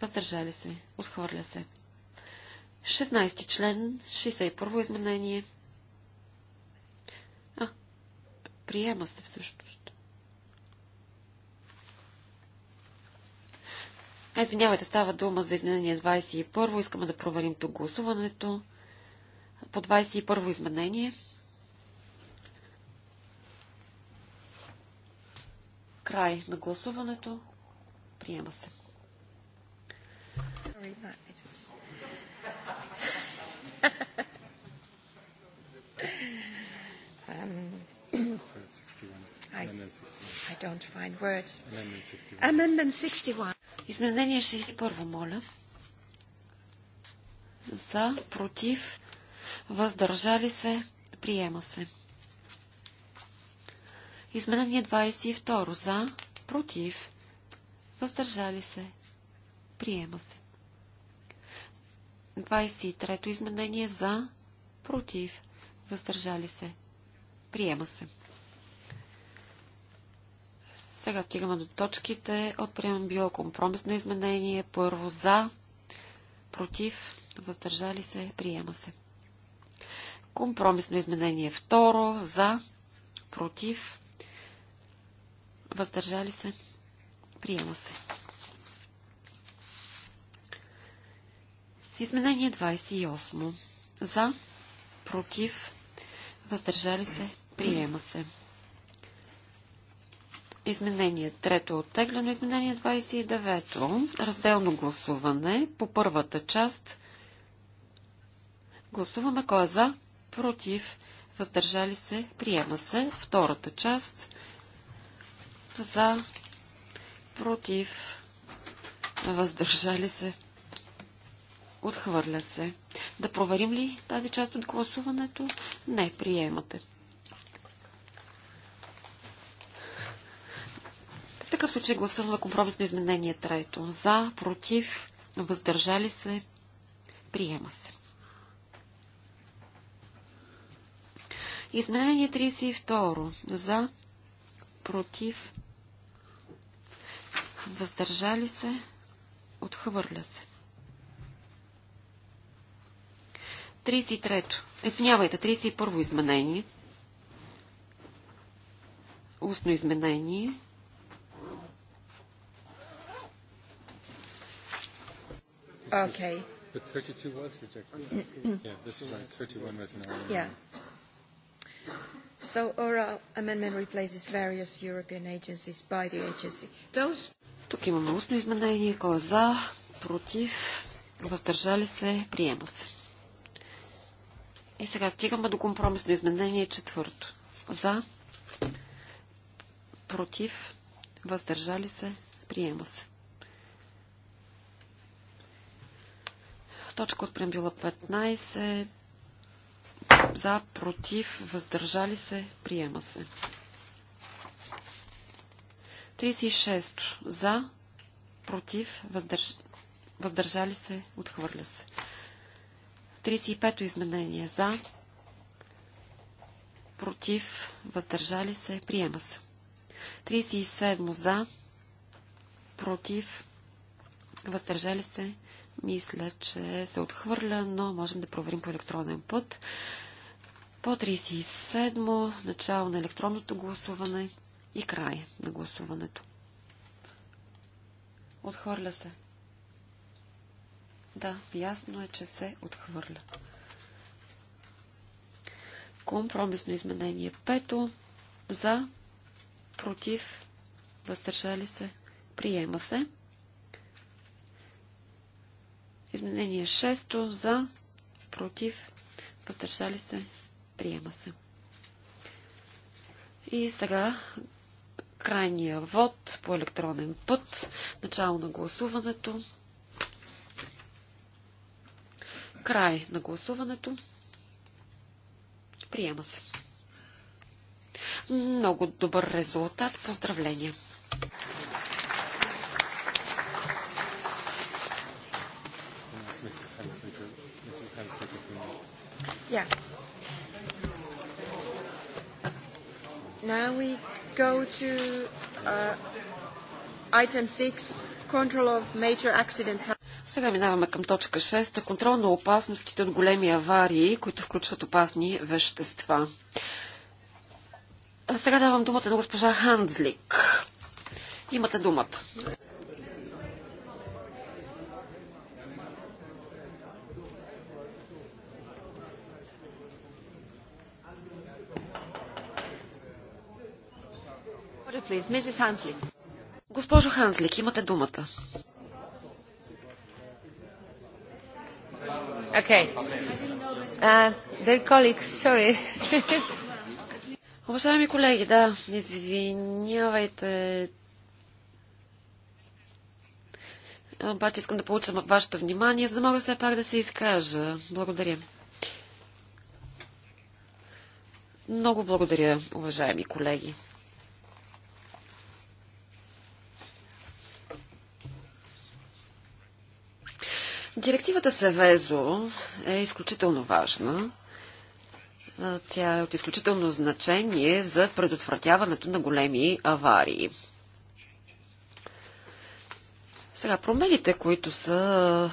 въздържали се, отхвърля се. 16 член, 61 изменение. А, приема се всъщност. А, извинявайте, става дума за изменение 21. Искаме да проверим тук гласуването. По 21 изменение. Край на гласуването. Приема се. Um, Изменение 61, моля. За, против, въздържали се, приема се. Изменение 22. За, против, въздържали се, приема се. 23-то изменение за, против, въздържали се, приема се. Сега стигаме до точките от било компромисно изменение. Първо за, против, въздържали се, приема се. Компромисно изменение второ, за, против, въздържали се, Приема се. Изменение 28. За, против, въздържали се, приема се. Изменение трето е оттеглено. Изменение 29. Разделно гласуване по първата част. Гласуваме кой е за, против, въздържали се, приема се. Втората част. За, против, въздържали се, отхвърля се. Да проверим ли тази част от гласуването? Не, приемате. В такъв случай гласуваме компромисно изменение трето. За, против, въздържали се, приема се. Изменение 32. За, против, въздържали се, отхвърля се. 33-то. Извинявайте, 31-во изменение. Устно изменение. Окей. Mm, mm. So oral amendment replaces various European Those тук имаме устно изменение. Кой е за? Против? Въздържали се? Приема се. И сега стигаме до компромисно изменение четвърто. За? Против? Въздържали се? Приема се. Точка от прембила 15. За, против, въздържали се, приема се. 36 за, против, въздърж... въздържали се, отхвърля се. 35 изменение за, против, въздържали се, приема се. 37 за, против, въздържали се, мисля, че се отхвърля, но можем да проверим по електронен път. По 37 начало на електронното гласуване. И край на гласуването. Отхвърля се. Да, ясно е, че се отхвърля. Компромисно изменение пето. За, против, въздържали се, приема се. Изменение 6 за, против, въздържали се, приема се. И сега крайния вод по електронен път, начало на гласуването, край на гласуването, приема се. Много добър резултат. Поздравления! Yeah. Now we go to uh, item 6, control of major accidents. Сега минаваме към точка 6. Контрол на опасностите от големи аварии, които включват опасни вещества. сега давам думата на госпожа Хандзлик. Имате думата. please. Mrs. Госпожо Ханслик, имате думата. Okay. Uh, dear colleagues, sorry. *laughs* Уважаеми колеги, да, извинявайте. Обаче искам да получа вашето внимание, за да мога все пак да се изкажа. Благодаря. Много благодаря, уважаеми колеги. Директивата Севезо е изключително важна. Тя е от изключително значение за предотвратяването на големи аварии. Сега, промените, които са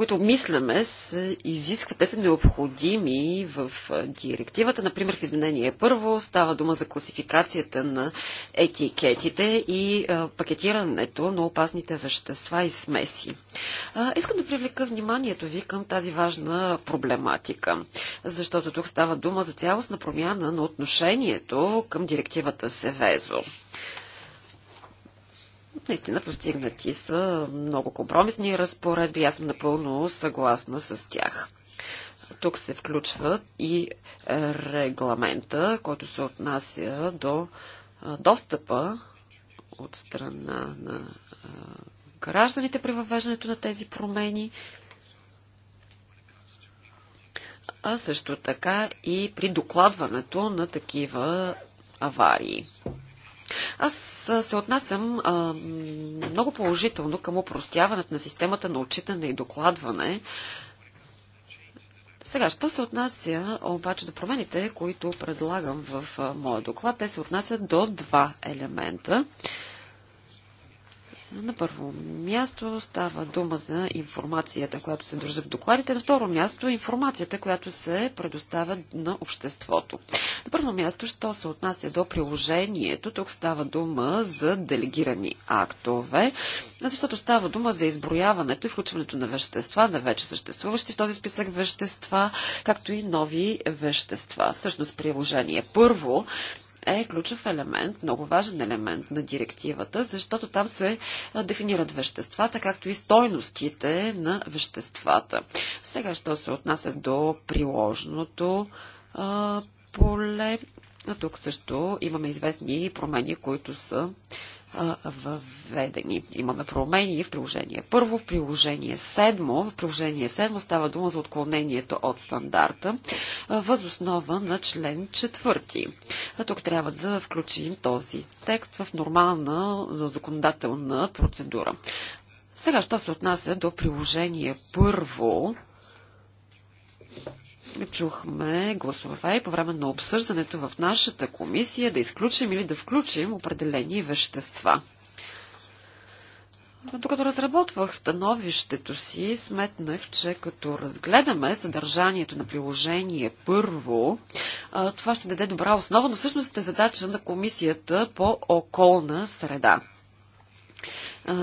които мисляме, се изискват, те са необходими в директивата. Например, в изменение първо става дума за класификацията на етикетите и пакетирането на опасните вещества и смеси. искам да привлека вниманието ви към тази важна проблематика, защото тук става дума за цялостна промяна на отношението към директивата Севезо. Наистина постигнати са много компромисни разпоредби. Аз съм напълно съгласна с тях. Тук се включва и регламента, който се отнася до достъпа от страна на гражданите при въвеждането на тези промени, а също така и при докладването на такива аварии. Аз се отнасям а, много положително към упростяването на системата на отчитане и докладване. Сега, що се отнася обаче до промените, които предлагам в а, моя доклад, те се отнасят до два елемента. На първо място става дума за информацията, която се държи в докладите. На второ място информацията, която се предоставя на обществото. На първо място, що се отнася до приложението, тук става дума за делегирани актове, защото става дума за изброяването и включването на вещества, на вече съществуващи в този списък вещества, както и нови вещества. Всъщност приложение първо е ключов елемент, много важен елемент на директивата, защото там се дефинират веществата, както и стойностите на веществата. Сега, що се отнася до приложното а, поле, тук също имаме известни промени, които са въведени. Имаме промени в приложение първо, в приложение седмо. В приложение седмо става дума за отклонението от стандарта възоснова на член четвърти. Тук трябва да включим този текст в нормална законодателна процедура. Сега, що се отнася до приложение първо, чухме гласове по време на обсъждането в нашата комисия да изключим или да включим определени вещества. Докато разработвах становището си, сметнах, че като разгледаме съдържанието на приложение първо, това ще даде добра основа, но всъщност е задача на Комисията по околна среда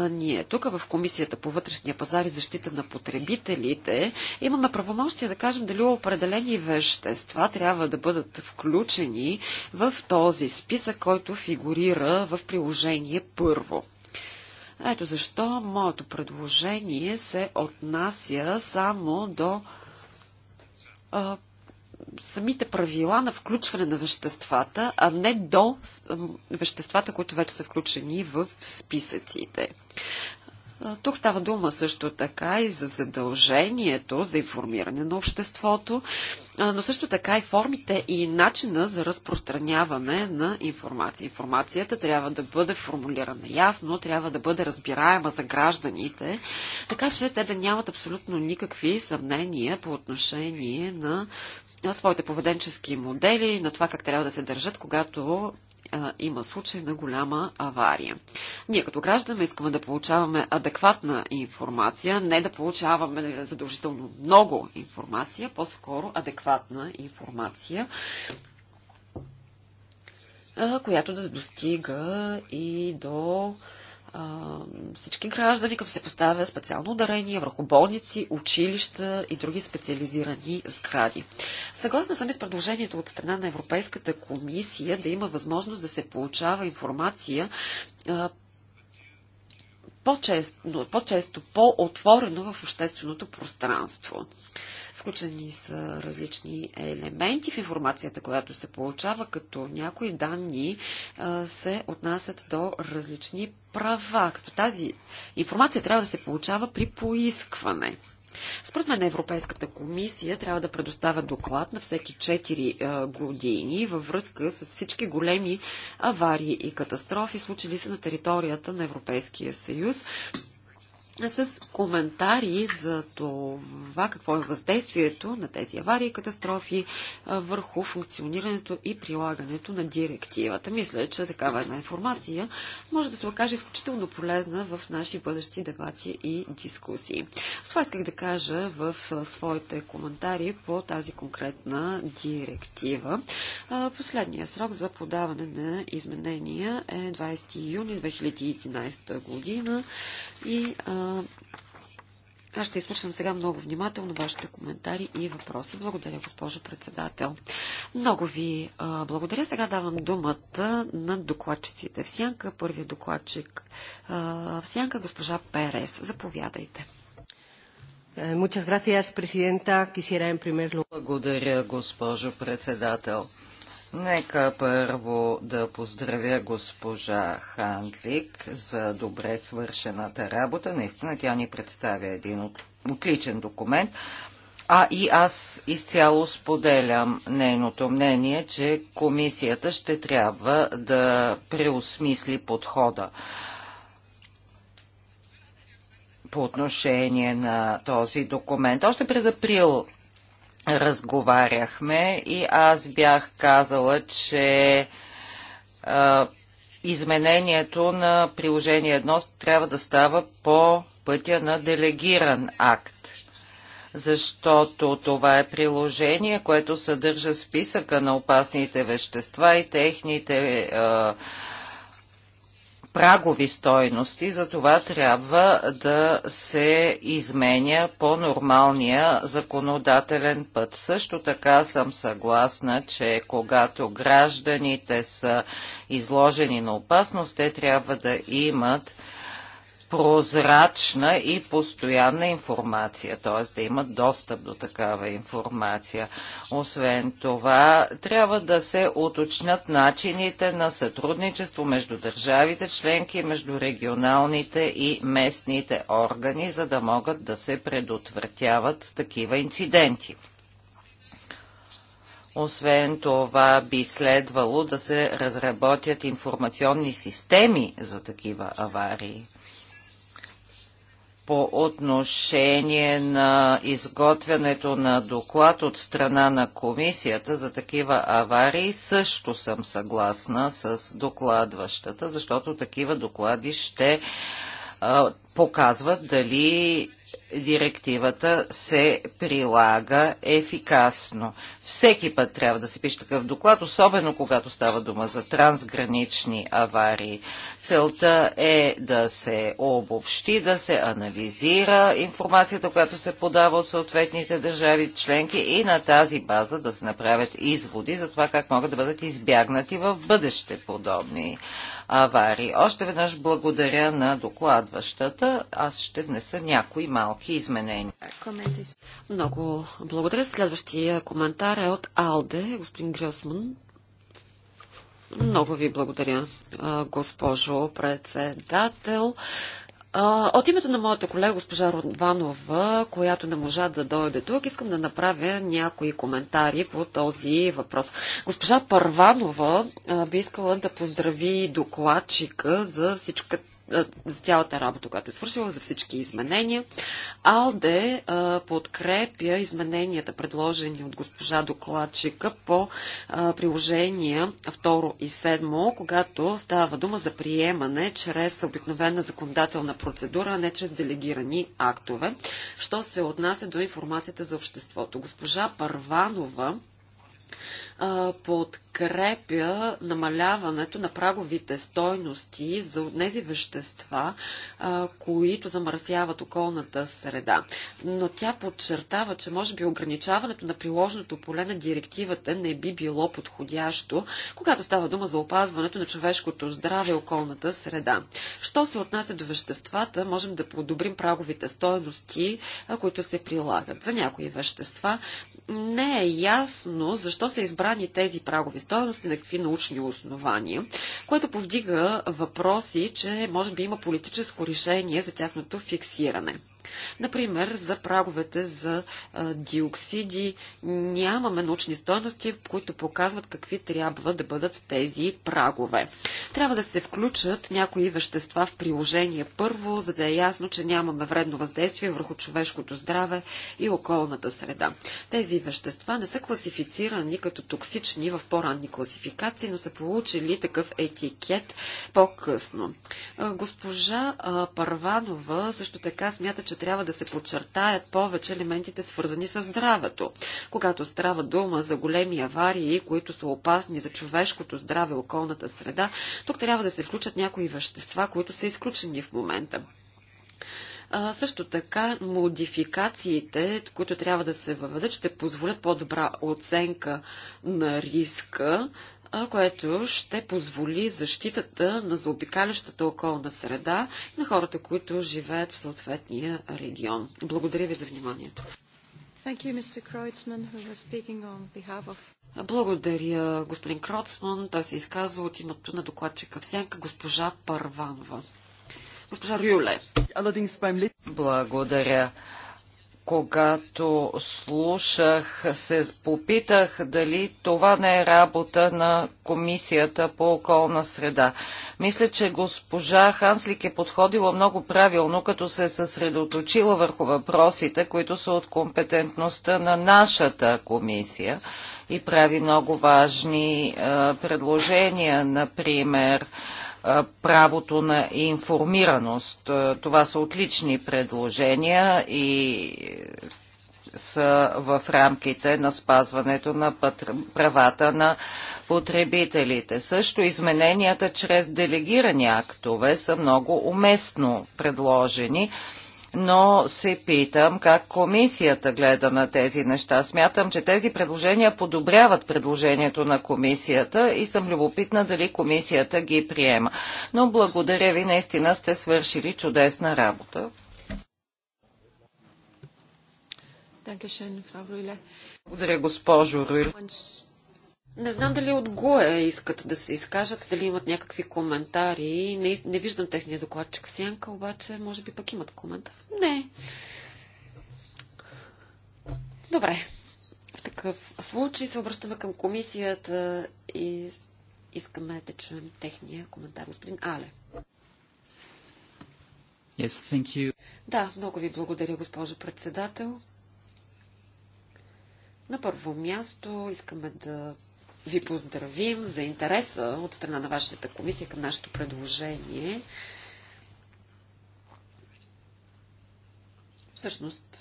ние тук в Комисията по вътрешния пазар и защита на потребителите имаме правомощие да кажем дали определени вещества трябва да бъдат включени в този списък, който фигурира в приложение първо. Ето защо моето предложение се отнася само до а, самите правила на включване на веществата, а не до веществата, които вече са включени в списъците. Тук става дума също така и за задължението за информиране на обществото, но също така и формите и начина за разпространяване на информация. Информацията трябва да бъде формулирана ясно, трябва да бъде разбираема за гражданите, така че те да нямат абсолютно никакви съмнения по отношение на на своите поведенчески модели, на това как трябва да се държат, когато а, има случай на голяма авария. Ние като граждане искаме да получаваме адекватна информация, не да получаваме задължително много информация, по-скоро адекватна информация, а, която да достига и до а, всички граждани, като се поставя специално ударение върху болници, училища и други специализирани сгради. Съгласна съм и с предложението от страна на Европейската комисия да има възможност да се получава информация по-често, по-отворено в общественото пространство. Включени са различни елементи в информацията, която се получава, като някои данни се отнасят до различни права, като тази информация трябва да се получава при поискване. Според мен Европейската комисия трябва да предоставя доклад на всеки 4 години във връзка с всички големи аварии и катастрофи, случили се на територията на Европейския съюз с коментари за това какво е въздействието на тези аварии и катастрофи върху функционирането и прилагането на директивата. Мисля, че такава една информация може да се окаже изключително полезна в наши бъдещи дебати и дискусии. Това исках да кажа в своите коментари по тази конкретна директива. Последния срок за подаване на изменения е 20 юни 2011 година. И а, аз ще изслушам сега много внимателно вашите коментари и въпроси. Благодаря, госпожо председател. Много ви а, благодаря. Сега давам думата на докладчиците в Сянка. първият докладчик а, в Сянка, госпожа Перес. Заповядайте. Е, благодаря, госпожо председател. Нека първо да поздравя госпожа Хандлик за добре свършената работа. Наистина тя ни представя един отличен документ. А и аз изцяло споделям нейното мнение, че комисията ще трябва да преосмисли подхода по отношение на този документ. Още през април разговаряхме и аз бях казала, че а, изменението на приложение 1 трябва да става по пътя на делегиран акт, защото това е приложение, което съдържа списъка на опасните вещества и техните а, прагови стойности, за това трябва да се изменя по нормалния законодателен път. Също така съм съгласна, че когато гражданите са изложени на опасност, те трябва да имат прозрачна и постоянна информация, т.е. да имат достъп до такава информация. Освен това, трябва да се уточнят начините на сътрудничество между държавите членки, между регионалните и местните органи, за да могат да се предотвратяват такива инциденти. Освен това би следвало да се разработят информационни системи за такива аварии по отношение на изготвянето на доклад от страна на комисията за такива аварии, също съм съгласна с докладващата, защото такива доклади ще показват дали директивата се прилага ефикасно. Всеки път трябва да се пише такъв доклад, особено когато става дума за трансгранични аварии. Целта е да се обобщи, да се анализира информацията, която се подава от съответните държави членки и на тази база да се направят изводи за това как могат да бъдат избягнати в бъдеще подобни аварии. Още веднъж благодаря на докладващата. Аз ще внеса някои малки изменения. Много благодаря. Следващия коментар е от Алде, господин Грюсман. Много ви благодаря, госпожо председател. От името на моята колега госпожа Родванова, която не можа да дойде тук, искам да направя някои коментари по този въпрос. Госпожа Парванова би искала да поздрави докладчика за всичката за цялата работа, която е свършила, за всички изменения. Алде а, подкрепя измененията, предложени от госпожа докладчика по а, приложения 2 и 7, когато става дума за приемане чрез обикновена законодателна процедура, а не чрез делегирани актове. Що се отнася до информацията за обществото? Госпожа Парванова подкрепя намаляването на праговите стойности за тези вещества, които замърсяват околната среда. Но тя подчертава, че може би ограничаването на приложеното поле на директивата не би било подходящо, когато става дума за опазването на човешкото здраве и околната среда. Що се отнася до веществата, можем да подобрим праговите стойности, които се прилагат. За някои вещества не е ясно защо се избра събрани тези прагови стоености, на какви научни основания, което повдига въпроси, че може би има политическо решение за тяхното фиксиране. Например, за праговете за диоксиди нямаме научни стоености, които показват какви трябва да бъдат тези прагове. Трябва да се включат някои вещества в приложение първо, за да е ясно, че нямаме вредно въздействие върху човешкото здраве и околната среда. Тези вещества не са класифицирани като токсични в по-ранни класификации, но са получили такъв етикет по-късно. Госпожа Парванова също така смята, че трябва да се подчертаят повече елементите свързани с здравето. Когато става дума за големи аварии, които са опасни за човешкото здраве, околната среда, тук трябва да се включат някои вещества, които са изключени в момента. А, също така, модификациите, които трябва да се въведат, ще позволят по-добра оценка на риска което ще позволи защитата на заобикалящата околна среда и на хората, които живеят в съответния регион. Благодаря ви за вниманието. Благодаря, господин Кроцман. Той се изказва от името на докладчика в сянка госпожа Парванова. Госпожа Рюле. Благодаря когато слушах, се попитах дали това не е работа на Комисията по околна среда. Мисля, че госпожа Ханслик е подходила много правилно, като се е съсредоточила върху въпросите, които са от компетентността на нашата комисия и прави много важни е, предложения, например правото на информираност. Това са отлични предложения и е, са в рамките на спазването на правата на потребителите. Също измененията чрез делегирани актове са много уместно предложени но се питам как комисията гледа на тези неща. Смятам, че тези предложения подобряват предложението на комисията и съм любопитна дали комисията ги приема. Но благодаря ви, наистина сте свършили чудесна работа. Благодаря, госпожо Рюле. Не знам дали от ГОЕ искат да се изкажат, дали имат някакви коментари. Не, не виждам техния докладчик в сянка, обаче може би пък имат коментар. Не. Добре. В такъв случай се обръщаме към комисията и искаме да чуем техния коментар. Господин Але. Yes, thank you. Да, много ви благодаря, госпожо председател. На първо място искаме да ви поздравим за интереса от страна на вашата комисия към нашето предложение. Всъщност,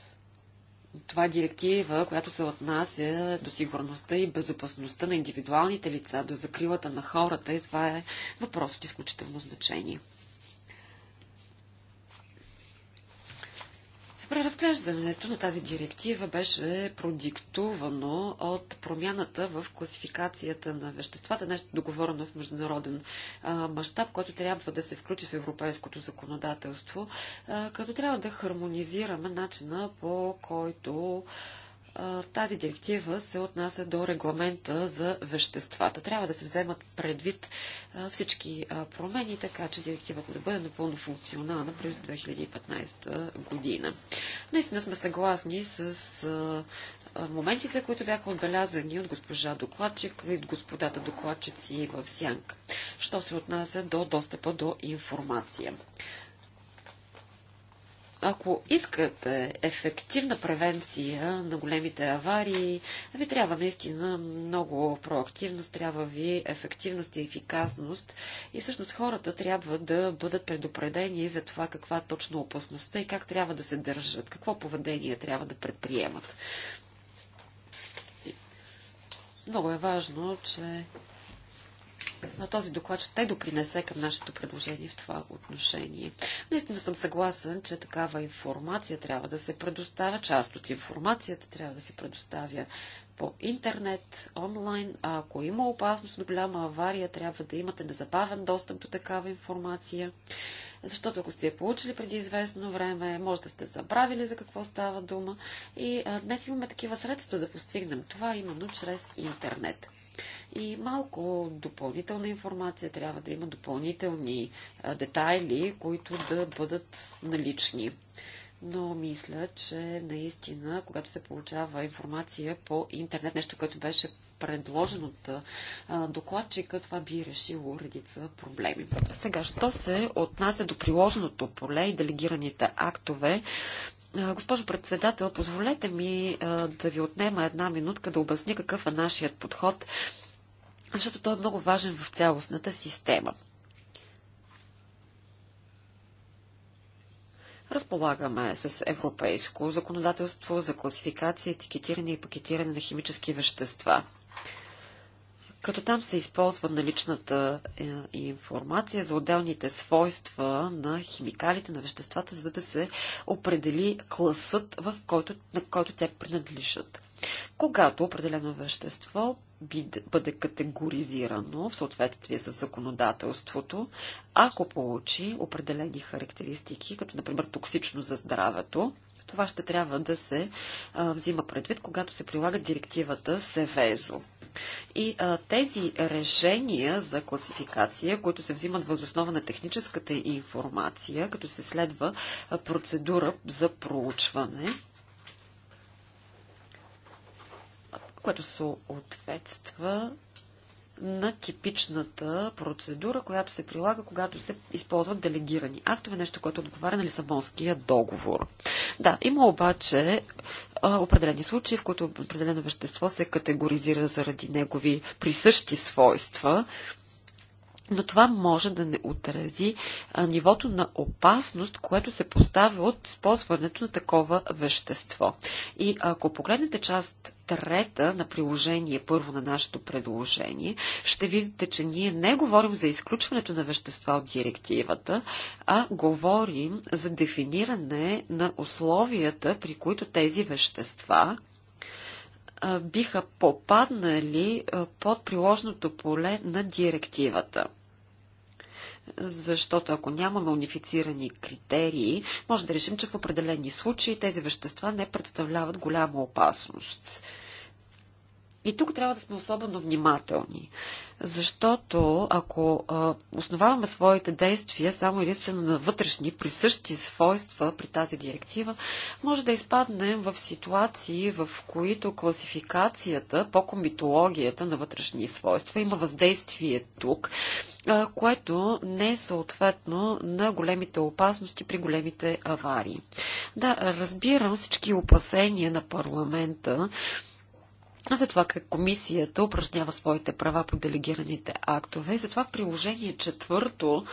това е директива, която се отнася до сигурността и безопасността на индивидуалните лица, до закрилата на хората и това е въпрос от изключително значение. Преразглеждането на тази директива беше продиктувано от промяната в класификацията на веществата, нещо договорено в международен мащаб, който трябва да се включи в европейското законодателство, а, като трябва да хармонизираме начина по който тази директива се отнася до регламента за веществата. Трябва да се вземат предвид всички промени, така че директивата да бъде напълно функционална през 2015 година. Наистина сме съгласни с моментите, които бяха отбелязани от госпожа докладчик и от господата докладчици в Сянка, що се отнася до достъпа до информация. Ако искате ефективна превенция на големите аварии, ви трябва наистина много проактивност, трябва ви ефективност и ефикасност. И всъщност хората трябва да бъдат предупредени за това каква е точно опасността и как трябва да се държат, какво поведение трябва да предприемат. Много е важно, че на този доклад ще допринесе към нашето предложение в това отношение. Наистина съм съгласен, че такава информация трябва да се предоставя, част от информацията трябва да се предоставя по интернет, онлайн, а ако има опасност от голяма авария, трябва да имате незабавен достъп до такава информация. Защото ако сте я получили преди известно време, може да сте забравили за какво става дума. И а, днес имаме такива средства да постигнем това именно чрез интернет. И малко допълнителна информация, трябва да има допълнителни детайли, които да бъдат налични. Но мисля, че наистина, когато се получава информация по интернет, нещо, което беше предложено от докладчика, това би решило редица проблеми. Сега, що се отнася до приложеното поле и делегираните актове, Госпожо председател, позволете ми да ви отнема една минутка да обясня какъв е нашият подход, защото той е много важен в цялостната система. Разполагаме с европейско законодателство за класификация, етикетиране и пакетиране на химически вещества – като там се използва наличната е, информация за отделните свойства на химикалите, на веществата, за да се определи класът, в който, на който те принадлежат. Когато определено вещество бъде категоризирано в съответствие с законодателството, ако получи определени характеристики, като например токсично за здравето, това ще трябва да се а, взима предвид, когато се прилага директивата Севезо. И а, тези решения за класификация, които се взимат възоснова на техническата информация, като се следва а, процедура за проучване, което се ответства на типичната процедура, която се прилага, когато се използват делегирани актове, нещо, което отговаря на Лисабонския договор. Да, има обаче а, определени случаи, в които определено вещество се категоризира заради негови присъщи свойства, но това може да не отрази нивото на опасност, което се поставя от използването на такова вещество. И ако погледнете част трета на приложение първо на нашето предложение, ще видите, че ние не говорим за изключването на вещества от директивата, а говорим за дефиниране на условията, при които тези вещества биха попаднали под приложното поле на директивата. Защото ако нямаме унифицирани критерии, може да решим, че в определени случаи тези вещества не представляват голяма опасност. И тук трябва да сме особено внимателни, защото ако а, основаваме своите действия само единствено на вътрешни, присъщи свойства при тази директива, може да изпаднем в ситуации, в които класификацията по комитологията на вътрешни свойства има въздействие тук, а, което не е съответно на големите опасности при големите аварии. Да, разбирам всички опасения на парламента за това как комисията упражнява своите права по делегираните актове. затова в приложение четвърто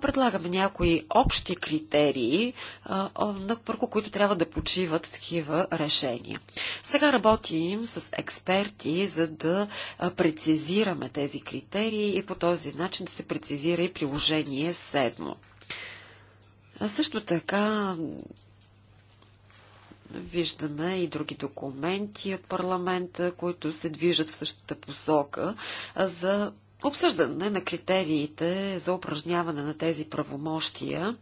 предлагаме някои общи критерии, върху които трябва да почиват такива решения. Сега работим с експерти, за да прецизираме тези критерии и по този начин да се прецизира и приложение седмо. Също така Виждаме и други документи от парламента, които се движат в същата посока за обсъждане на критериите за упражняване на тези правомощия,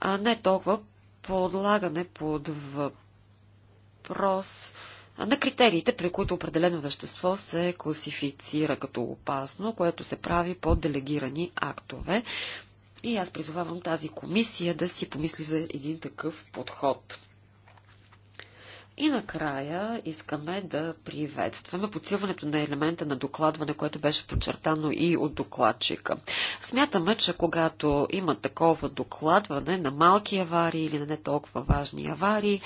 а не толкова подлагане под въпрос на критериите, при които определено вещество се класифицира като опасно, което се прави по делегирани актове. И аз призовавам тази комисия да си помисли за един такъв подход. И накрая искаме да приветстваме подсилването на елемента на докладване, което беше подчертано и от докладчика. Смятаме, че когато има такова докладване на малки аварии или на не толкова важни аварии,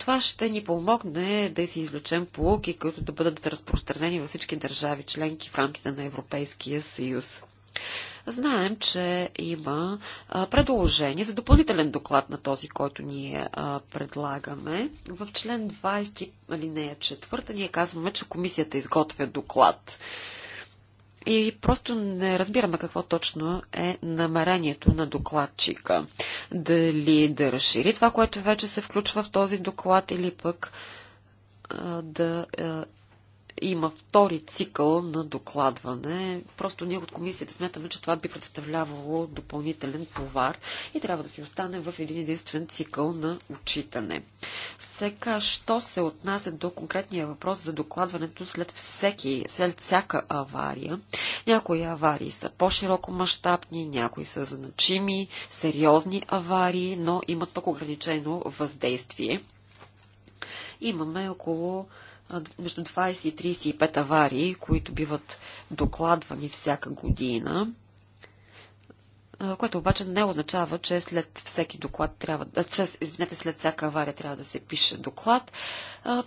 това ще ни помогне да си извлечем полуки, които да бъдат разпространени във всички държави членки в рамките на Европейския съюз. Знаем, че има предложение за допълнителен доклад на този, който ние предлагаме. В член 20, алинея 4, ние казваме, че комисията изготвя доклад. И просто не разбираме какво точно е намерението на докладчика. Дали да разшири това, което вече се включва в този доклад, или пък да има втори цикъл на докладване. Просто ние от комисията смятаме, че това би представлявало допълнителен товар и трябва да си остане в един единствен цикъл на отчитане. Сега, що се отнася до конкретния въпрос за докладването след всеки, след всяка авария, някои аварии са по-широко мащабни, някои са значими, сериозни аварии, но имат пък ограничено въздействие. Имаме около между 20 и 35 аварии, които биват докладвани всяка година, което обаче не означава, че след всеки доклад трябва, че, извинете, след всяка авария трябва да се пише доклад.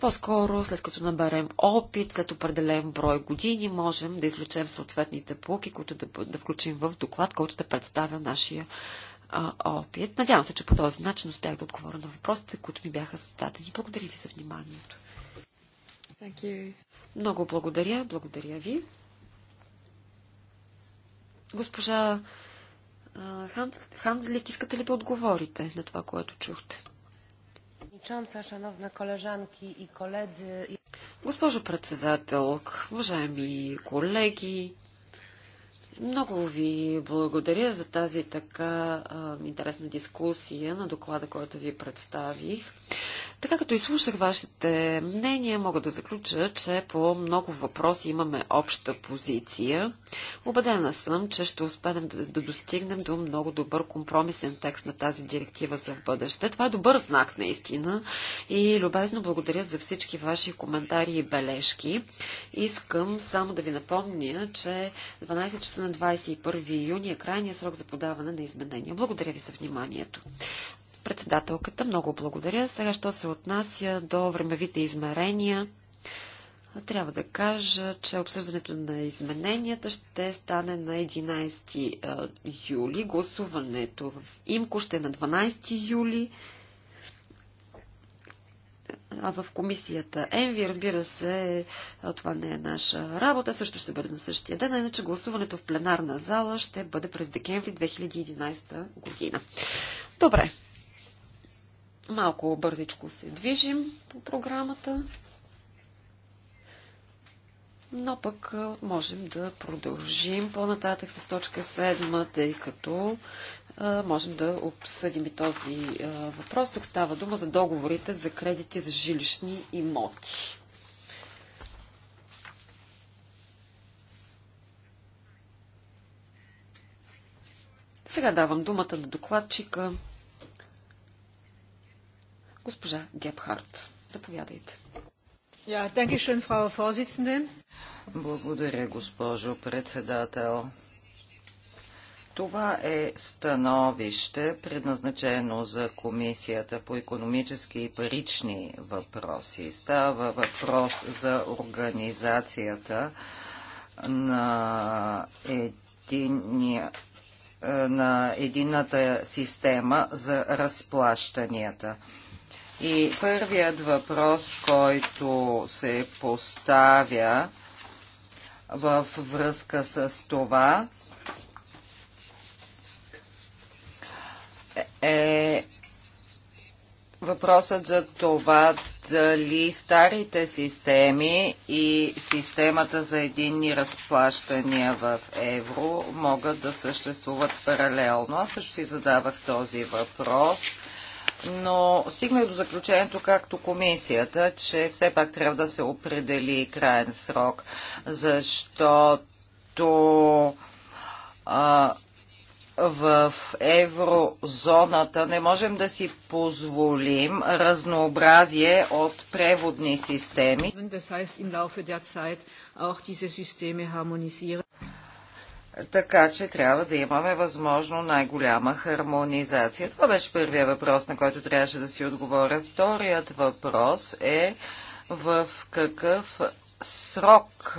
По-скоро, след като наберем опит, след определен брой години, можем да извлечем съответните полки, които да, да включим в доклад, който да представя нашия а, опит. Надявам се, че по този начин успях да отговоря на въпросите, които ми бяха зададени. Благодаря ви за вниманието. Thank you. Много благодаря. Благодаря ви. Госпожа Ханс, Ханзлик, искате ли да отговорите на това, което чухте? Госпожо председател, уважаеми колеги, много ви благодаря за тази така а, интересна дискусия на доклада, който ви представих. Така като изслушах вашите мнения, мога да заключа, че по много въпроси имаме обща позиция. Обадена съм, че ще успеем да, да достигнем до много добър компромисен текст на тази директива за в бъдеще. Това е добър знак наистина и любезно благодаря за всички ваши коментари и бележки. Искам само да ви напомня, че 12 часа на 21 юни е крайният срок за подаване на изменения. Благодаря ви за вниманието. Председателката, много благодаря. Сега, що се отнася до времевите измерения, трябва да кажа, че обсъждането на измененията ще стане на 11 юли. Гласуването в ИМКО ще е на 12 юли а в комисията Енви, разбира се, това не е наша работа, също ще бъде на същия ден, а иначе гласуването в пленарна зала ще бъде през декември 2011 година. Добре. Малко бързичко се движим по програмата, но пък можем да продължим по-нататък с точка 7, тъй като можем да обсъдим и този въпрос. Тук става дума за договорите за кредити за жилищни имоти. Сега давам думата на докладчика госпожа Гебхарт. Заповядайте. Благодаря, госпожо председател. Това е становище, предназначено за Комисията по економически и парични въпроси. Става въпрос за организацията на, единия, е, на едината система за разплащанията. И първият въпрос, който се поставя в връзка с това, е въпросът за това дали старите системи и системата за единни разплащания в евро могат да съществуват паралелно. Аз също си задавах този въпрос, но стигнах до заключението, както комисията, че все пак трябва да се определи крайен срок, защото а, в еврозоната не можем да си позволим разнообразие от преводни системи. Така че трябва да имаме възможно най-голяма хармонизация. Това беше първия въпрос, на който трябваше да си отговоря. Вторият въпрос е в какъв срок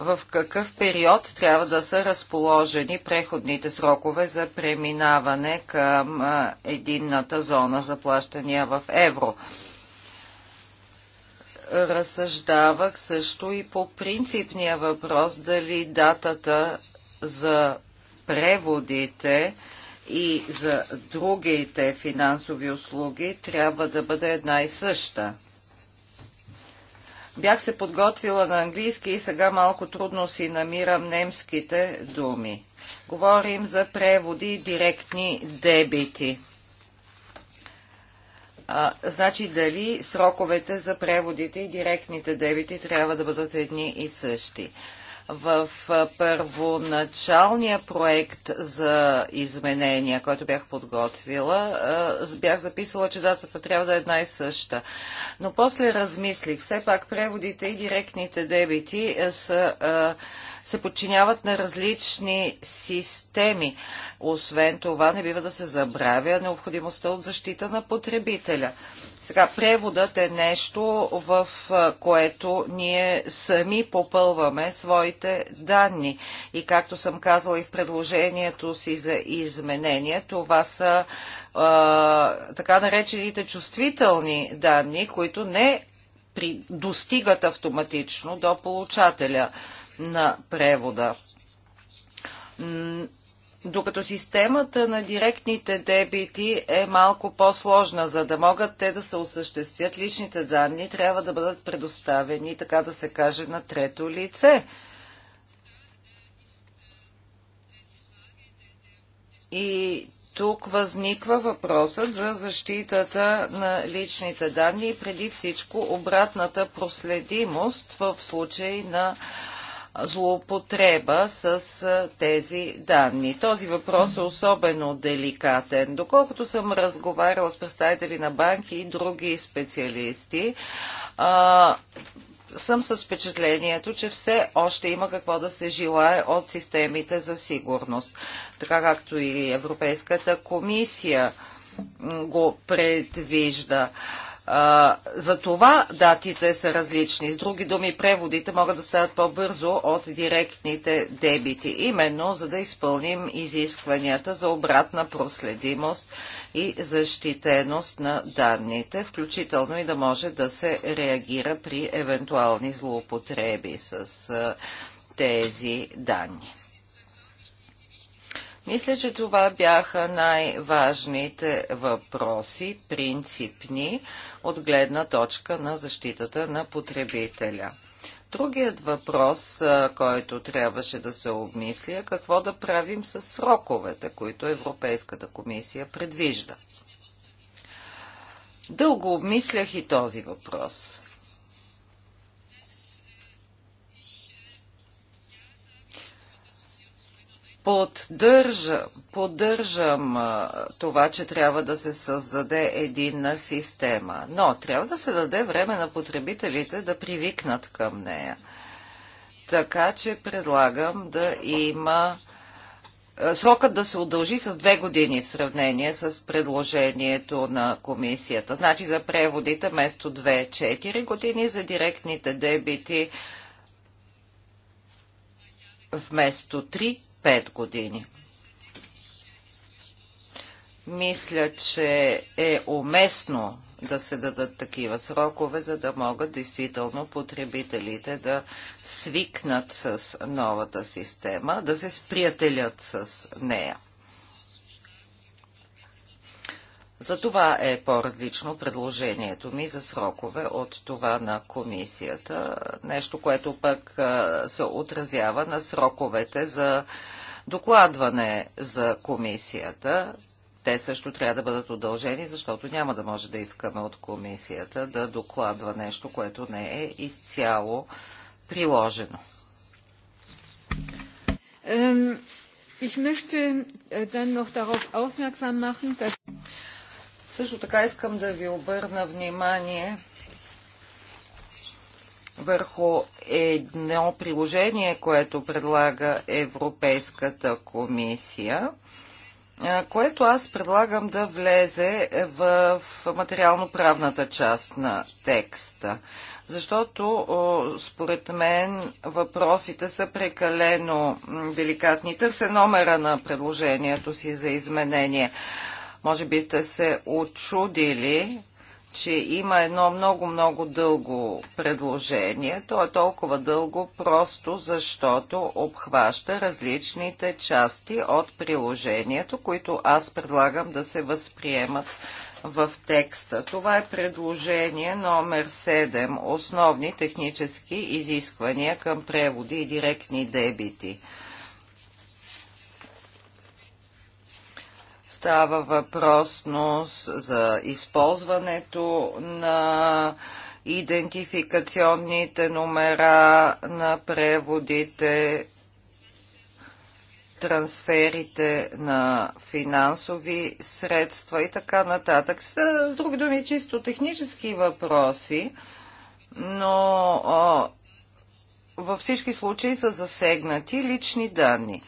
в какъв период трябва да са разположени преходните срокове за преминаване към единната зона за плащания в евро. Разсъждавах също и по принципния въпрос дали датата за преводите и за другите финансови услуги трябва да бъде една и съща. Бях се подготвила на английски и сега малко трудно си намирам немските думи. Говорим за преводи и директни дебити. А, значи дали сроковете за преводите и директните дебити трябва да бъдат едни и същи. В първоначалния проект за изменения, който бях подготвила, бях записала, че датата трябва да е една и съща. Но после размислих. Все пак преводите и директните дебити са се подчиняват на различни системи. Освен това, не бива да се забравя необходимостта от защита на потребителя. Сега, преводът е нещо, в което ние сами попълваме своите данни. И както съм казала и в предложението си за изменение, това са а, така наречените чувствителни данни, които не при, достигат автоматично до получателя на превода докато системата на директните дебити е малко по-сложна, за да могат те да се осъществят личните данни, трябва да бъдат предоставени, така да се каже, на трето лице. И тук възниква въпросът за защитата на личните данни и преди всичко обратната проследимост в случай на злоупотреба с тези данни. Този въпрос е особено деликатен. Доколкото съм разговаряла с представители на банки и други специалисти, а, съм с впечатлението, че все още има какво да се желае от системите за сигурност. Така както и Европейската комисия го предвижда. А, а, за това датите са различни. С други думи, преводите могат да стават по-бързо от директните дебити, именно за да изпълним изискванията за обратна проследимост и защитеност на данните, включително и да може да се реагира при евентуални злоупотреби с тези данни. Мисля, че това бяха най-важните въпроси, принципни, от гледна точка на защитата на потребителя. Другият въпрос, който трябваше да се обмисли, е какво да правим с сроковете, които Европейската комисия предвижда. Дълго обмислях и този въпрос. поддържа, поддържам това, че трябва да се създаде единна система, но трябва да се даде време на потребителите да привикнат към нея. Така че предлагам да има срокът да се удължи с две години в сравнение с предложението на комисията. Значи за преводите вместо 2-4 години, за директните дебити вместо 5 години. Мисля, че е уместно да се дадат такива срокове, за да могат действително потребителите да свикнат с новата система, да се сприятелят с нея. За това е по-различно предложението ми за срокове от това на комисията. Нещо, което пък се отразява на сроковете за докладване за комисията. Те също трябва да бъдат удължени, защото няма да може да искаме от комисията да докладва нещо, което не е изцяло приложено. Äh, също така искам да ви обърна внимание върху едно приложение, което предлага Европейската комисия, което аз предлагам да влезе в материално-правната част на текста. Защото, според мен, въпросите са прекалено деликатни. Търсе номера на предложението си за изменение. Може би сте се очудили, че има едно много-много дълго предложение. То е толкова дълго просто защото обхваща различните части от приложението, които аз предлагам да се възприемат в текста. Това е предложение номер 7. Основни технически изисквания към преводи и директни дебити. Става въпрос но, за използването на идентификационните номера на преводите, трансферите на финансови средства и така нататък. С други думи, чисто технически въпроси, но а, във всички случаи са засегнати лични данни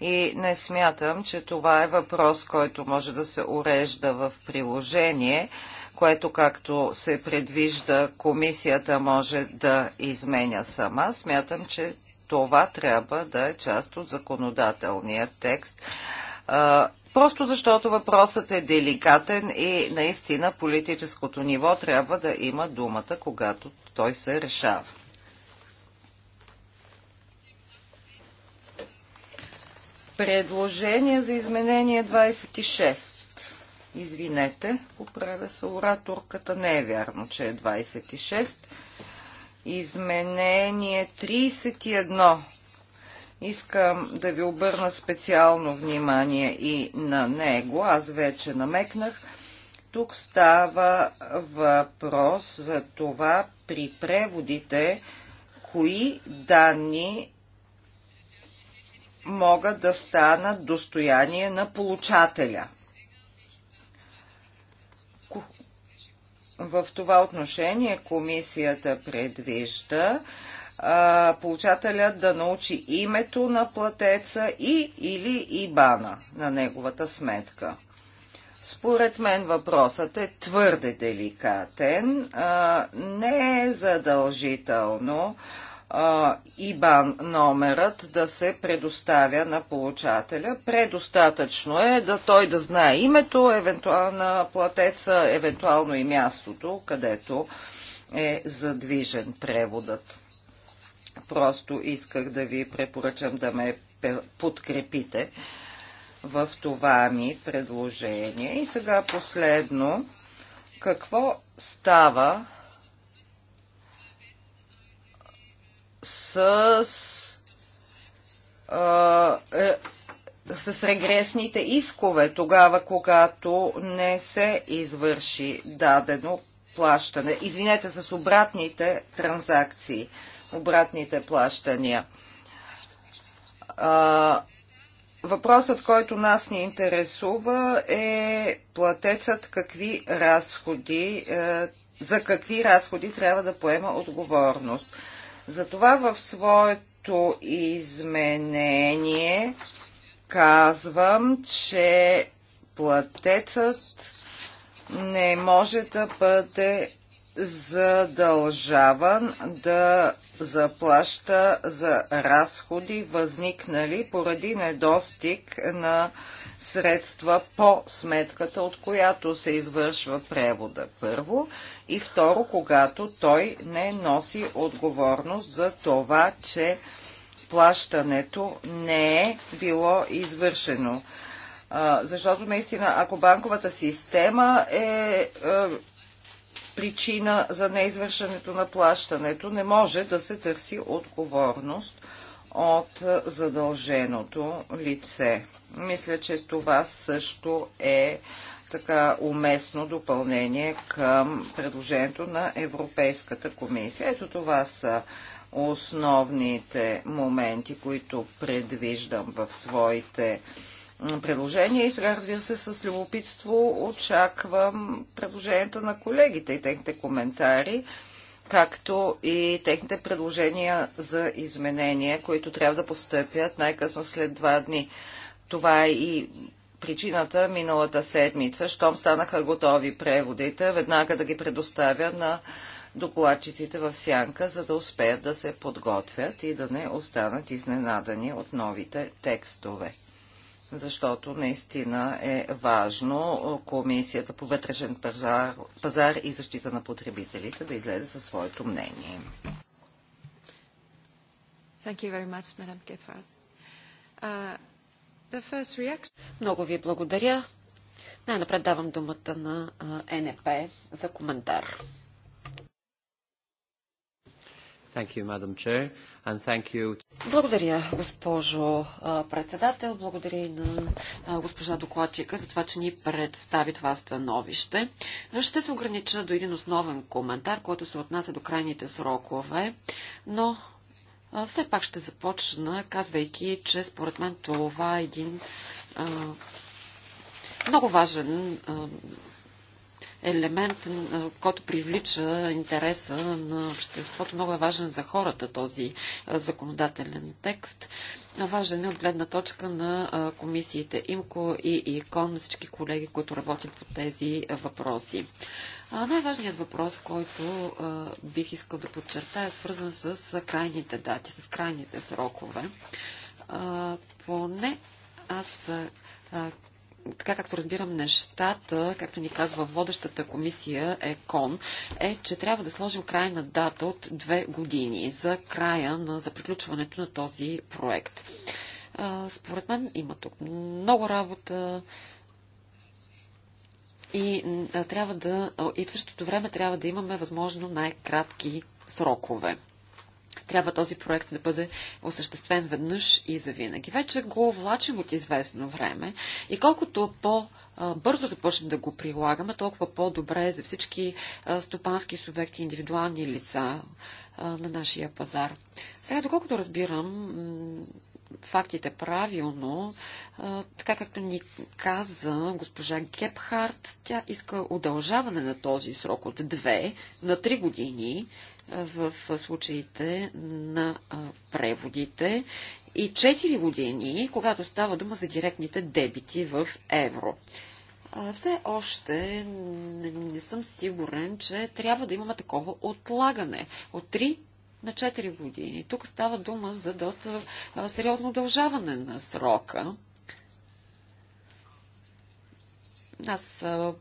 и не смятам, че това е въпрос, който може да се урежда в приложение, което както се предвижда комисията може да изменя сама. Смятам, че това трябва да е част от законодателния текст. просто защото въпросът е деликатен и наистина политическото ниво трябва да има думата, когато той се решава. Предложение за изменение 26. Извинете, поправя се ораторката. Не е вярно, че е 26. Изменение 31. Искам да ви обърна специално внимание и на него. Аз вече намекнах. Тук става въпрос за това при преводите, кои данни могат да станат достояние на получателя. В това отношение комисията предвижда получателят да научи името на платеца и или ИБАНа на неговата сметка. Според мен въпросът е твърде деликатен. не е задължително ИБАН номерът да се предоставя на получателя. Предостатъчно е да той да знае името, евентуална платеца, евентуално и мястото, където е задвижен преводът. Просто исках да ви препоръчам да ме подкрепите в това ми предложение. И сега последно, какво става с, а, е, с регресните искове, тогава когато не се извърши дадено плащане. Извинете, с обратните транзакции, обратните плащания. А, Въпросът, който нас ни интересува е платецът какви разходи, е, за какви разходи трябва да поема отговорност. Затова в своето изменение казвам, че платецът не може да бъде задължаван да заплаща за разходи, възникнали поради недостиг на средства по сметката, от която се извършва превода първо и второ, когато той не носи отговорност за това, че плащането не е било извършено. А, защото наистина, ако банковата система е, е причина за неизвършенето на плащането, не може да се търси отговорност от задълженото лице. Мисля, че това също е така уместно допълнение към предложението на Европейската комисия. Ето това са основните моменти, които предвиждам в своите предложения и сега, разбира се, с любопитство очаквам предложенията на колегите и техните коментари, както и техните предложения за изменения, които трябва да постъпят най-късно след два дни. Това е и причината миналата седмица, щом станаха готови преводите, веднага да ги предоставя на докладчиците в сянка, за да успеят да се подготвят и да не останат изненадани от новите текстове защото наистина е важно Комисията по вътрешен пазар, пазар и защита на потребителите да излезе със своето мнение. Thank you very much, Madam Uh, the first reaction... Много ви благодаря. Най-напред давам думата на НП за коментар. Благодаря, госпожо председател. Благодаря и на госпожа докладчика за това, че ни представи това становище. Ще се огранича до един основен коментар, който се отнася до крайните срокове, но все пак ще започна, казвайки, че според мен това е един много важен елемент, който привлича интереса на обществото. Много е важен за хората този законодателен текст. Важен е от гледна точка на комисиите ИМКО и ИКОН, всички колеги, които работят по тези въпроси. Най-важният въпрос, който бих искал да подчертая, е свързан с крайните дати, с крайните срокове. поне аз така както разбирам нещата, както ни казва водещата комисия ЕКОН, е, че трябва да сложим крайна дата от две години за края на, за приключването на този проект. Според мен има тук много работа, и, трябва да, и в същото време трябва да имаме възможно най-кратки срокове трябва този проект да бъде осъществен веднъж и завинаги. Вече го влачим от известно време и колкото по- бързо започнем да го прилагаме, толкова по-добре е за всички стопански субекти, индивидуални лица на нашия пазар. Сега, доколкото разбирам фактите правилно, така както ни каза госпожа Гепхарт, тя иска удължаване на този срок от две, на три години, в случаите на преводите и 4 години, когато става дума за директните дебити в евро. Все още не, съм сигурен, че трябва да имаме такова отлагане от 3 на 4 години. Тук става дума за доста а, сериозно удължаване на срока. Аз а,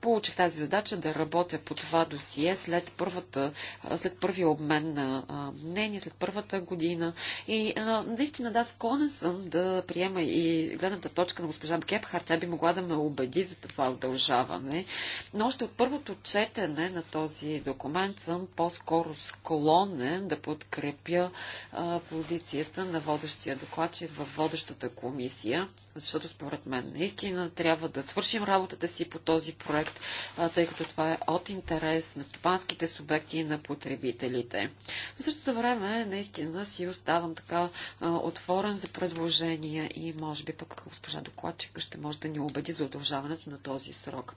получих тази задача да работя по това досие след, първата, след първия обмен на мнение, след първата година. И наистина, да, склонен съм да приема и гледната точка на госпожа Кепхар. Тя би могла да ме убеди за това удължаване. Но още от първото четене на този документ съм по-скоро склонен да подкрепя позицията на водещия докладчик в водещата комисия, защото според мен наистина трябва да свършим работата си по този проект проект, тъй като това е от интерес на стопанските субекти и на потребителите. В същото време, наистина си оставам така отворен за предложения и може би пък госпожа докладчика ще може да ни убеди за удължаването на този срок.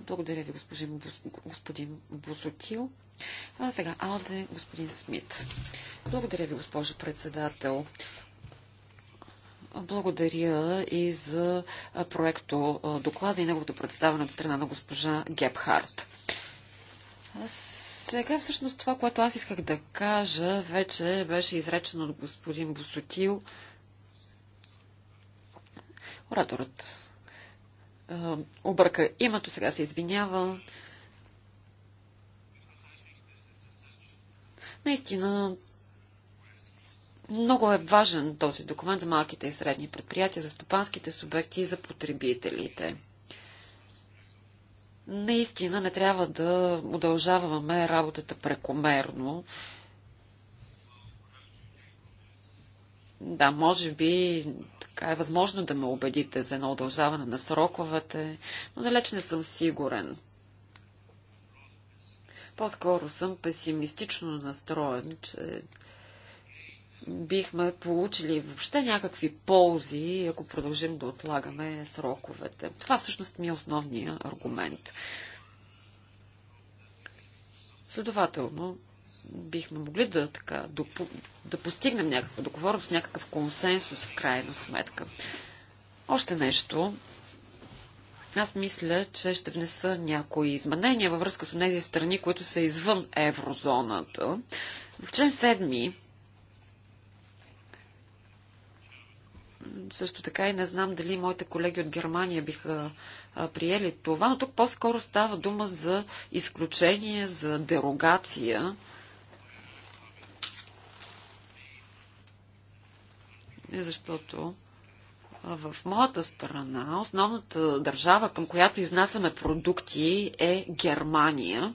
Благодаря ви, господин, господин Бусотил. А сега Алде, господин Смит. Благодаря ви, госпожо председател. Благодаря и за проекто доклада и неговото представяне от страна на госпожа Гепхарт. Сега всъщност това, което аз исках да кажа, вече беше изречено от господин Босотил. Ораторът обърка името, сега се извинява. Наистина, много е важен този документ за малките и средни предприятия, за стопанските субекти и за потребителите. Наистина не трябва да удължаваме работата прекомерно. Да, може би така е възможно да ме убедите за едно удължаване на сроковете, но далеч не съм сигурен. По-скоро съм песимистично настроен, че бихме получили въобще някакви ползи, ако продължим да отлагаме сроковете. Това всъщност ми е основният аргумент. Следователно, бихме могли да, така, да, да постигнем някаква договорност, някакъв консенсус в крайна сметка. Още нещо. Аз мисля, че ще внеса някои изменения във връзка с тези страни, които са извън еврозоната. В член също така и не знам дали моите колеги от Германия биха приели това, но тук по-скоро става дума за изключение, за дерогация. Защото в моята страна основната държава, към която изнасяме продукти е Германия.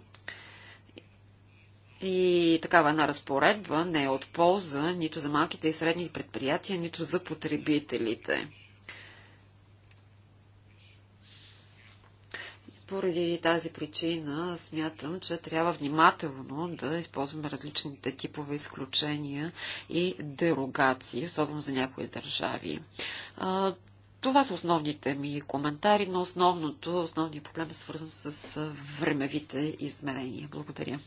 И такава една разпоредба не е от полза нито за малките и средни предприятия, нито за потребителите. Поради тази причина смятам, че трябва внимателно да използваме различните типове изключения и дерогации, особено за някои държави. Това са основните ми коментари, но основното, основният проблем е свързан с времевите измерения. Благодаря.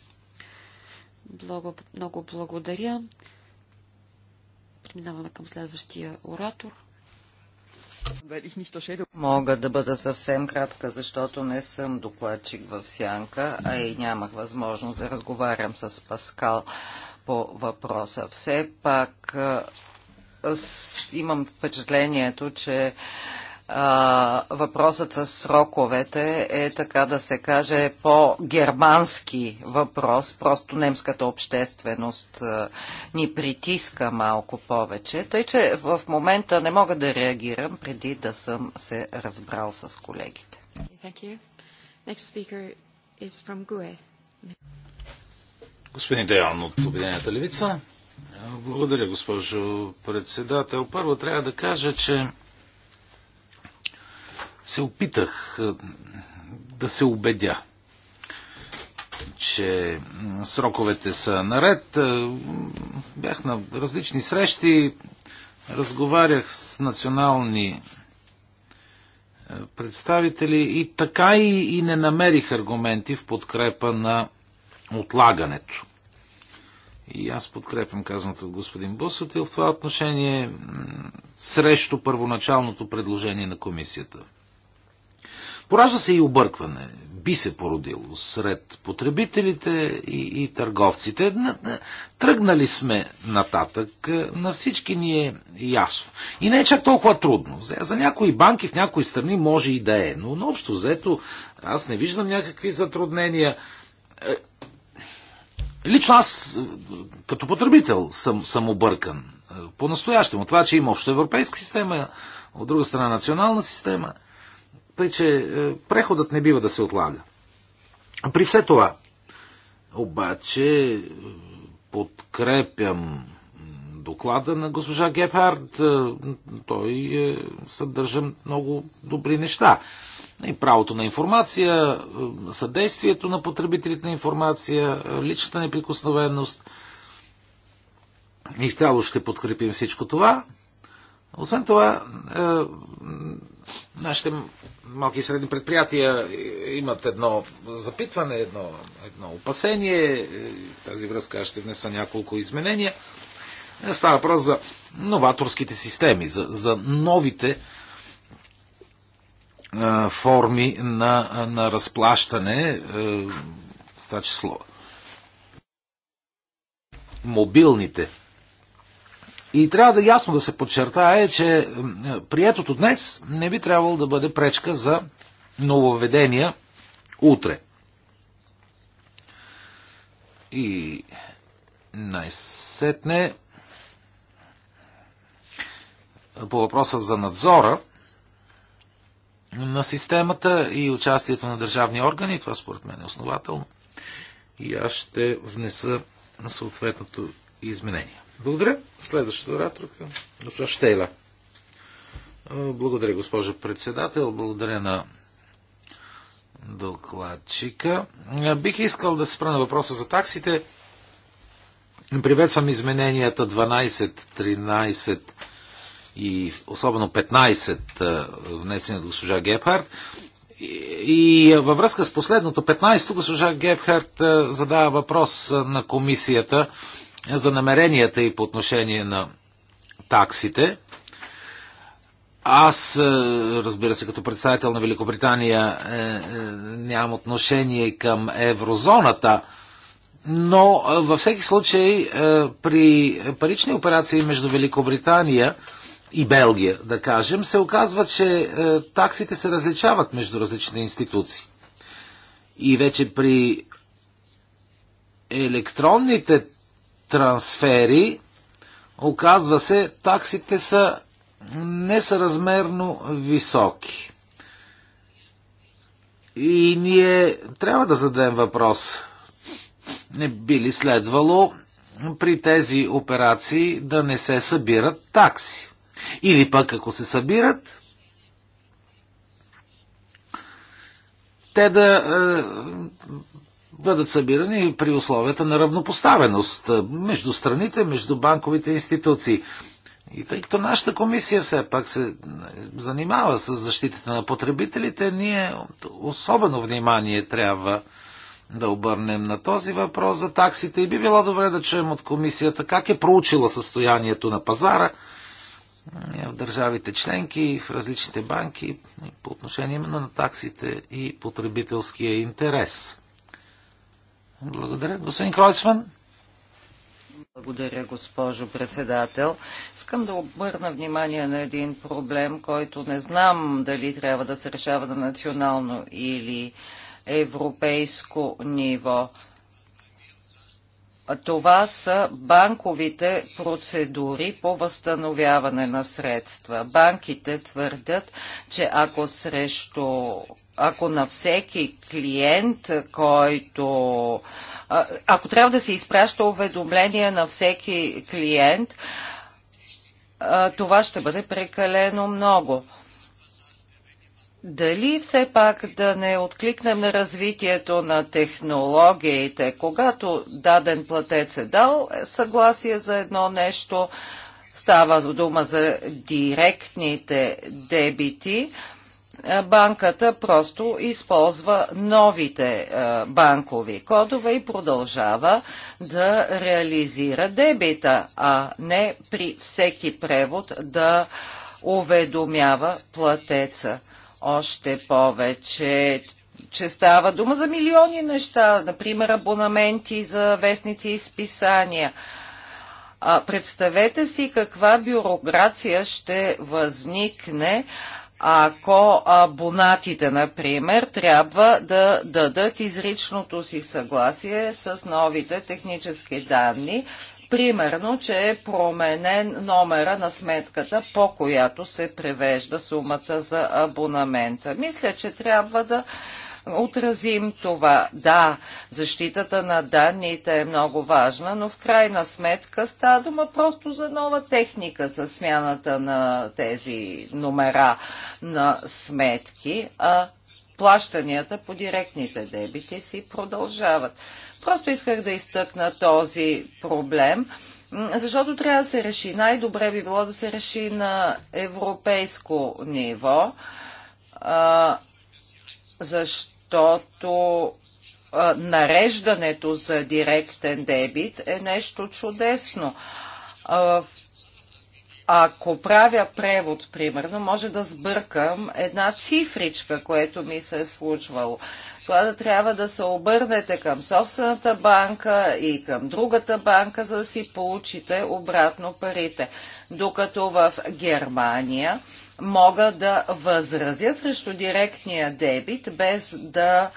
Благо, много благодаря. Преминаваме към следващия оратор. Мога да бъда съвсем кратка, защото не съм докладчик в Сянка, а и нямах възможност да разговарям с Паскал по въпроса. Все пак имам впечатлението, че а, въпросът с сроковете е, така да се каже, по-германски въпрос. Просто немската общественост а, ни притиска малко повече. Тъй, че в момента не мога да реагирам преди да съм се разбрал с колегите. E. Господин Деян от Обединената левица. Благодаря, госпожо председател. Първо трябва да кажа, че се опитах е, да се убедя, че сроковете са наред. Е, бях на различни срещи, разговарях с национални е, представители и така и, и не намерих аргументи в подкрепа на отлагането. И аз подкрепям казаното от господин Босотил в това отношение срещу първоначалното предложение на комисията. Поражда се и объркване. Би се породило сред потребителите и, и търговците. Тръгнали сме нататък. На всички ни е ясно. И не е чак толкова трудно. За, за някои банки в някои страни може и да е. Но на общо взето аз не виждам някакви затруднения. Е, лично аз, като потребител, съм, съм объркан. Е, По-настоящему. Това, че има общоевропейска система, от друга страна национална система – тъй, че е, преходът не бива да се отлага. При все това, обаче, е, подкрепям доклада на госпожа Гепхард. Е, той съдържа много добри неща. И правото на информация, съдействието на потребителите на информация, личната неприкосновеност. И цяло ще подкрепим всичко това. Освен това, нашите малки и средни предприятия е, имат едно запитване, едно, едно опасение. Е, в тази връзка ще внеса няколко изменения. Е, става въпрос за новаторските системи, за, за новите а, форми на, на разплащане, а, в това число мобилните и трябва да ясно да се подчертае, че е, приетото днес не би трябвало да бъде пречка за нововведения утре. И най-сетне по въпроса за надзора на системата и участието на държавни органи, това според мен е основателно, и аз ще внеса на съответното изменение. Благодаря. Следващата ораторка, госпожа Штейла. Благодаря, госпожа председател. Благодаря на докладчика. Бих искал да се спра на въпроса за таксите. Приветствам измененията 12, 13 и особено 15, внесени от госпожа Гепхард. И във връзка с последното 15, госпожа Гепхард задава въпрос на комисията за намеренията и по отношение на таксите. Аз, е, разбира се, като представител на Великобритания е, е, нямам отношение към еврозоната, но във всеки случай при парични операции между Великобритания и Белгия, да кажем, се оказва, че таксите се различават между различните институции. И вече при електронните трансфери, оказва се, таксите са несъразмерно високи. И ние трябва да зададем въпрос. Не би ли следвало при тези операции да не се събират такси? Или пък ако се събират, те да е, бъдат събирани при условията на равнопоставеност е, между страните, между банковите институции. И тъй като нашата комисия все пак се е, занимава с защитата на потребителите, ние особено внимание трябва да обърнем на този въпрос за таксите и би било добре да чуем от комисията как е проучила състоянието на пазара е, в държавите членки, в различните банки по отношение именно на таксите и потребителския интерес. Благодаря. Господин Кройцман. Благодаря, госпожо председател. Искам да обърна внимание на един проблем, който не знам дали трябва да се решава на национално или европейско ниво. Това са банковите процедури по възстановяване на средства. Банките твърдят, че ако срещу ако на всеки клиент, който ако трябва да се изпраща уведомление на всеки клиент, това ще бъде прекалено много. Дали все пак да не откликнем на развитието на технологиите, когато даден платец е дал съгласие за едно нещо, става дума за директните дебити, е, банката просто използва новите е, банкови кодове и продължава да реализира дебита, а не при всеки превод да уведомява платеца. Още повече, че става дума за милиони неща, например абонаменти за вестници и списания. А представете си каква бюрокрация ще възникне, ако абонатите, например, трябва да дадат изричното си съгласие с новите технически данни, примерно, че е променен номера на сметката, по която се превежда сумата за абонамента. Мисля, че трябва да отразим това. Да, защитата на данните е много важна, но в крайна сметка става дума просто за нова техника за смяната на тези номера на сметки, а плащанията по директните дебити си продължават. Просто исках да изтъкна този проблем, защото трябва да се реши. Най-добре би било да се реши на европейско ниво, а, защото защото а, нареждането за директен дебит е нещо чудесно. А, ако правя превод, примерно, може да сбъркам една цифричка, което ми се е случвало. Това да трябва да се обърнете към собствената банка и към другата банка, за да си получите обратно парите. Докато в Германия мога да възразя срещу директния дебит, без да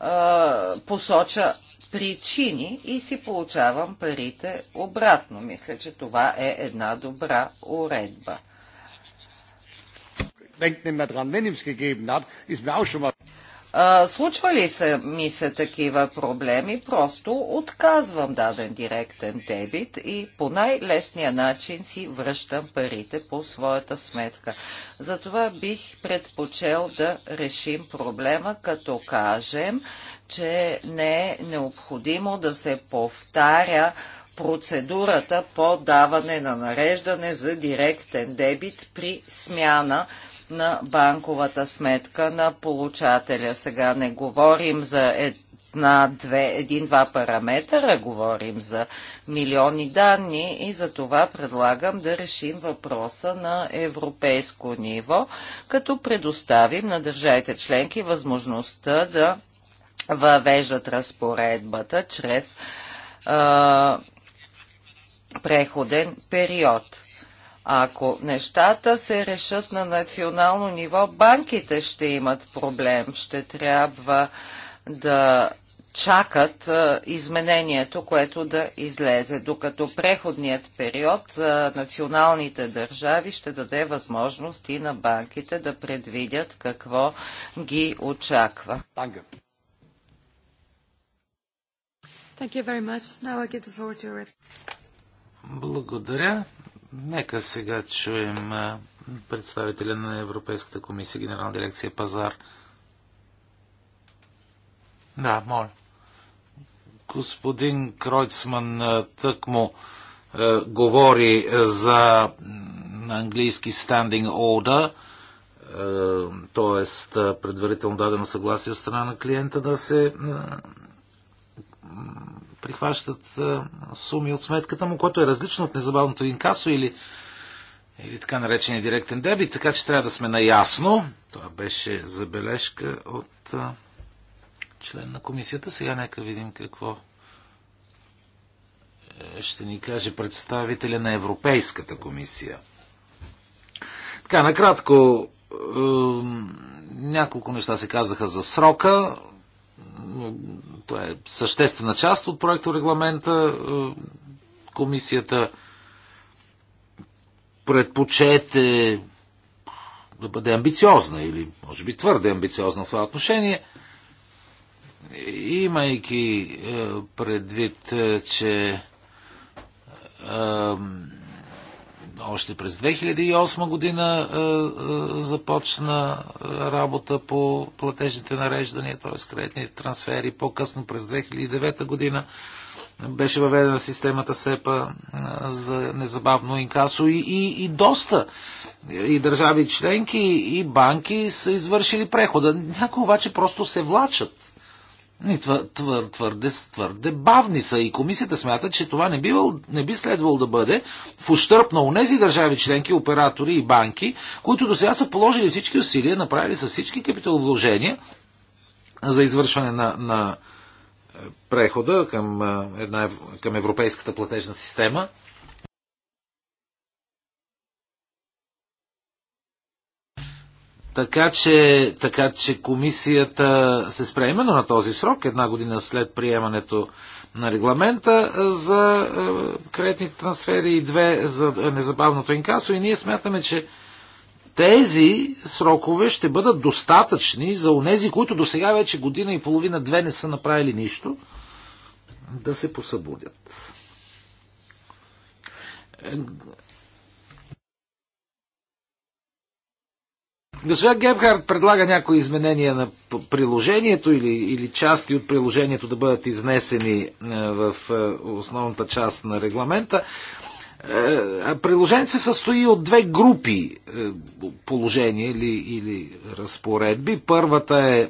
а, посоча причини и си получавам парите обратно. Мисля, че това е една добра уредба. Denkt nicht mehr dran, wenn ihm es gegeben hat, ist mir auch schon mal случвали са ми се такива проблеми, просто отказвам даден директен дебит и по най-лесния начин си връщам парите по своята сметка. Затова бих предпочел да решим проблема, като кажем, че не е необходимо да се повтаря процедурата по даване на нареждане за директен дебит при смяна на банковата сметка на получателя. Сега не говорим за една, две, един-два параметъра, говорим за милиони данни и за това предлагам да решим въпроса на европейско ниво, като предоставим на държавите членки възможността да въвеждат разпоредбата чрез а, преходен период. Ако нещата се решат на национално ниво, банките ще имат проблем. Ще трябва да чакат изменението, което да излезе, докато преходният период за националните държави ще даде възможност и на банките да предвидят какво ги очаква. Благодаря. Нека сега чуем представителя на Европейската комисия, генерална дирекция Пазар. Да, моля. Господин Кройцман тъкмо е, говори за на английски standing order, т.е. предварително дадено съгласие от страна на клиента да се е, прихващат суми от сметката му, което е различно от незабавното инкасо или, или така наречения директен дебит, така че трябва да сме наясно. Това беше забележка от член на комисията. Сега нека видим какво е, ще ни каже представителя на Европейската комисия. Така, накратко, няколко неща се казаха за срока. Това е съществена част от проекта регламента. Комисията предпочете да бъде амбициозна или може би твърде амбициозна в това отношение, имайки е, предвид, е, че е, още през 2008 година е, е, започна е, работа по платежните нареждания, т.е. кредитни трансфери. По-късно през 2009 година беше въведена системата СЕПА за незабавно инкасо и, и, и доста и държави членки, и банки са извършили прехода. Някои обаче просто се влачат и твър, твър, твърде, твърде бавни са и комисията смята, че това не, бивал, не би следвало да бъде в ущърп на унези държави членки, оператори и банки, които до сега са положили всички усилия, направили са всички капиталовложения за извършване на, на е, прехода към, е, една, към европейската платежна система – Така че, така че комисията се спря именно на този срок, една година след приемането на регламента е, за е, кредитните трансфери и две за е, незабавното инкасо. И ние смятаме, че тези срокове ще бъдат достатъчни за онези, които до сега вече година и половина, две не са направили нищо, да се посъбудят. Госпожа Гебхард предлага някои изменения на приложението или, или части от приложението да бъдат изнесени е, в е, основната част на регламента. Е, приложението се състои от две групи положения или, или разпоредби. Първата е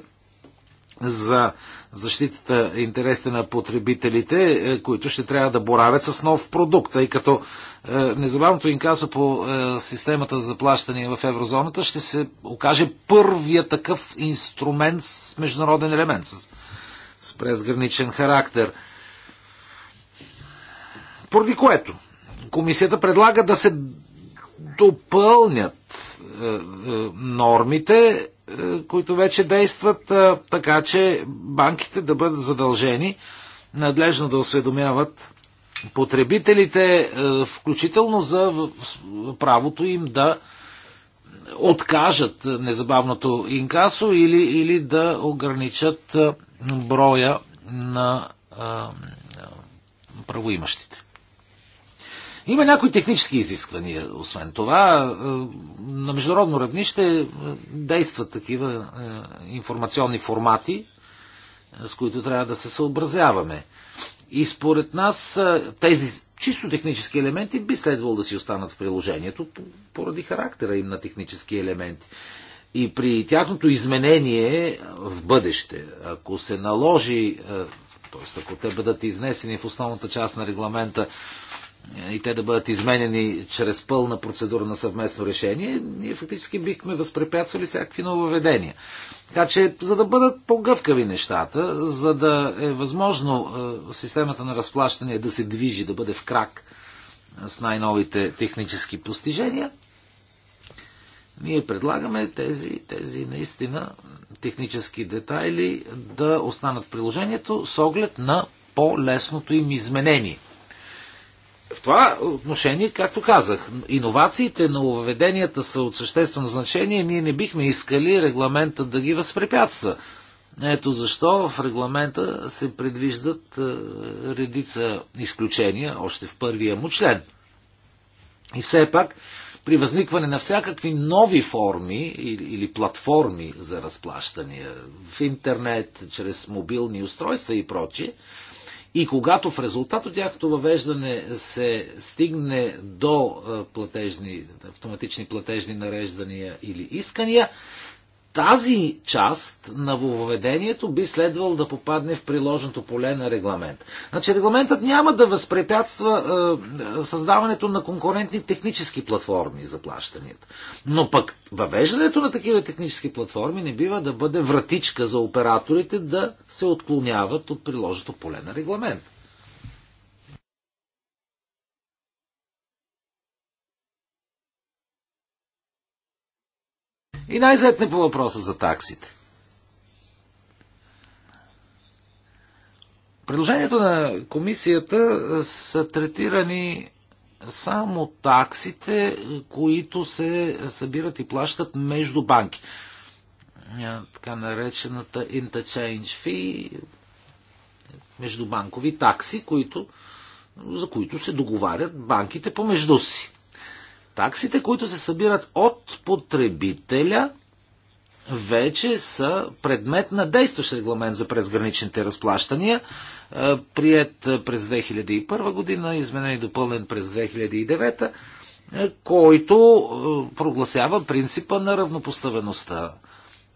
за защитата интересите на потребителите, които ще трябва да боравят с нов продукт, тъй като е, незабавното инкасо по е, системата за заплащания в еврозоната ще се окаже първия такъв инструмент с международен елемент, с, с презграничен характер. Поради което комисията предлага да се допълнят е, нормите, които вече действат, така че банките да бъдат задължени надлежно да осведомяват потребителите, е, включително за правото им да откажат незабавното инкасо или, или да ограничат е, броя на е, правоимащите. Има някои технически изисквания, освен това. На международно равнище действат такива информационни формати, с които трябва да се съобразяваме. И според нас тези чисто технически елементи би следвало да си останат в приложението поради характера им на технически елементи. И при тяхното изменение в бъдеще, ако се наложи, т.е. ако те бъдат изнесени в основната част на регламента, е, и те да бъдат изменени чрез пълна процедура на съвместно решение, ние фактически бихме възпрепятствали всякакви нововведения. Така че, за да бъдат по-гъвкави нещата, за да е възможно е, системата на разплащане да се движи, да бъде в крак е, с най-новите технически постижения, ние предлагаме тези, тези наистина технически детайли да останат в приложението с оглед на по-лесното им изменение в това отношение, както казах, иновациите на въведенията са от съществено значение. Ние не бихме искали регламента да ги възпрепятства. Ето защо в регламента се предвиждат е, редица изключения, още в първия му член. И все пак, при възникване на всякакви нови форми или платформи за разплащания в интернет, чрез мобилни устройства и прочие, и когато в резултат от тяхното въвеждане се стигне до платежни, автоматични платежни нареждания или искания, тази част на въведението би следвало да попадне в приложното поле на регламент. Значи регламентът няма да възпрепятства е, създаването на конкурентни технически платформи за плащанията. Но пък въвеждането на такива технически платформи не бива да бъде вратичка за операторите да се отклоняват от приложното поле на регламент. И най-зетне по въпроса за таксите. Предложението на комисията са третирани само таксите, които се събират и плащат между банки. Така наречената interchange fee, междубанкови такси, които, за които се договарят банките помежду си. Таксите, които се събират от потребителя, вече са предмет на действащ регламент за презграничните разплащания, прият през 2001 година, изменен и допълнен през 2009, който прогласява принципа на равнопоставеността.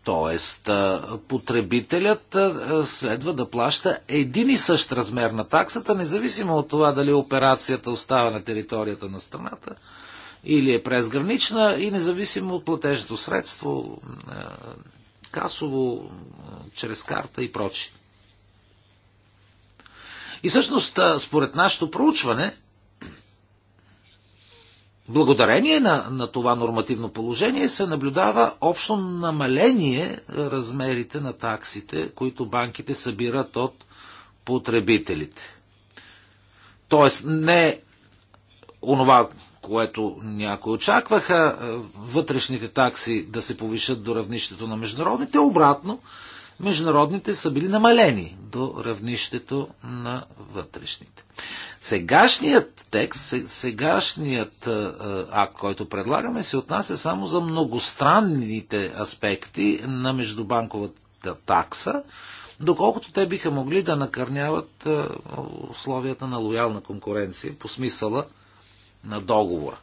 Тоест, потребителят следва да плаща един и същ размер на таксата, независимо от това дали операцията остава на територията на страната или е презгранична и независимо от платежното средство, е, касово, е, чрез карта и прочи. И всъщност, е, според нашето проучване, благодарение на, на това нормативно положение се наблюдава общо намаление размерите на таксите, които банките събират от потребителите. Тоест не онова, което някои очакваха, е, вътрешните такси да се повишат до равнището на международните, обратно, международните са били намалени до равнището на вътрешните. Сегашният текст, сегашният е, е, акт, който предлагаме, се отнася само за многостранните аспекти на междубанковата такса, доколкото те биха могли да накърняват условията на лоялна конкуренция по смисъла на договора.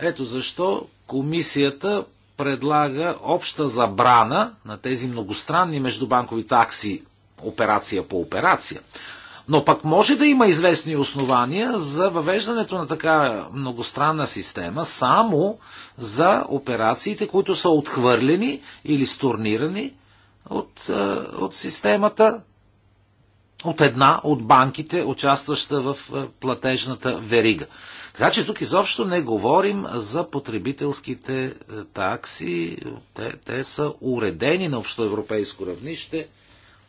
Ето защо комисията предлага обща забрана на тези многостранни междубанкови такси операция по операция. Но пък може да има известни основания за въвеждането на така многостранна система само за операциите, които са отхвърлени или стурнирани от, е, от системата от една от банките, участваща в е, платежната верига. Така че тук изобщо не говорим за потребителските е, такси. Те, те са уредени на общоевропейско равнище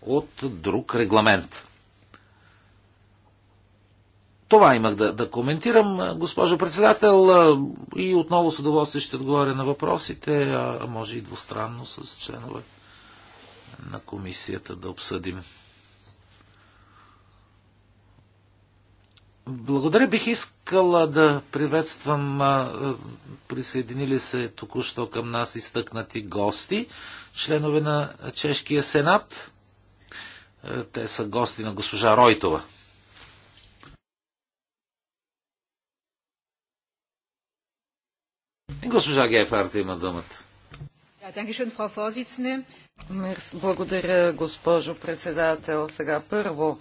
от друг регламент. Това имах да, да коментирам, е, госпожо председател, е, и отново с удоволствие ще отговоря на въпросите, а може и двустранно с членове на комисията да обсъдим. Благодаря, бих искала да приветствам присъединили се току-що към нас изтъкнати гости, членове на Чешкия сенат. Те са гости на госпожа Ройтова. И госпожа Гейфарта има думата. Благодаря, госпожо председател. Сега първо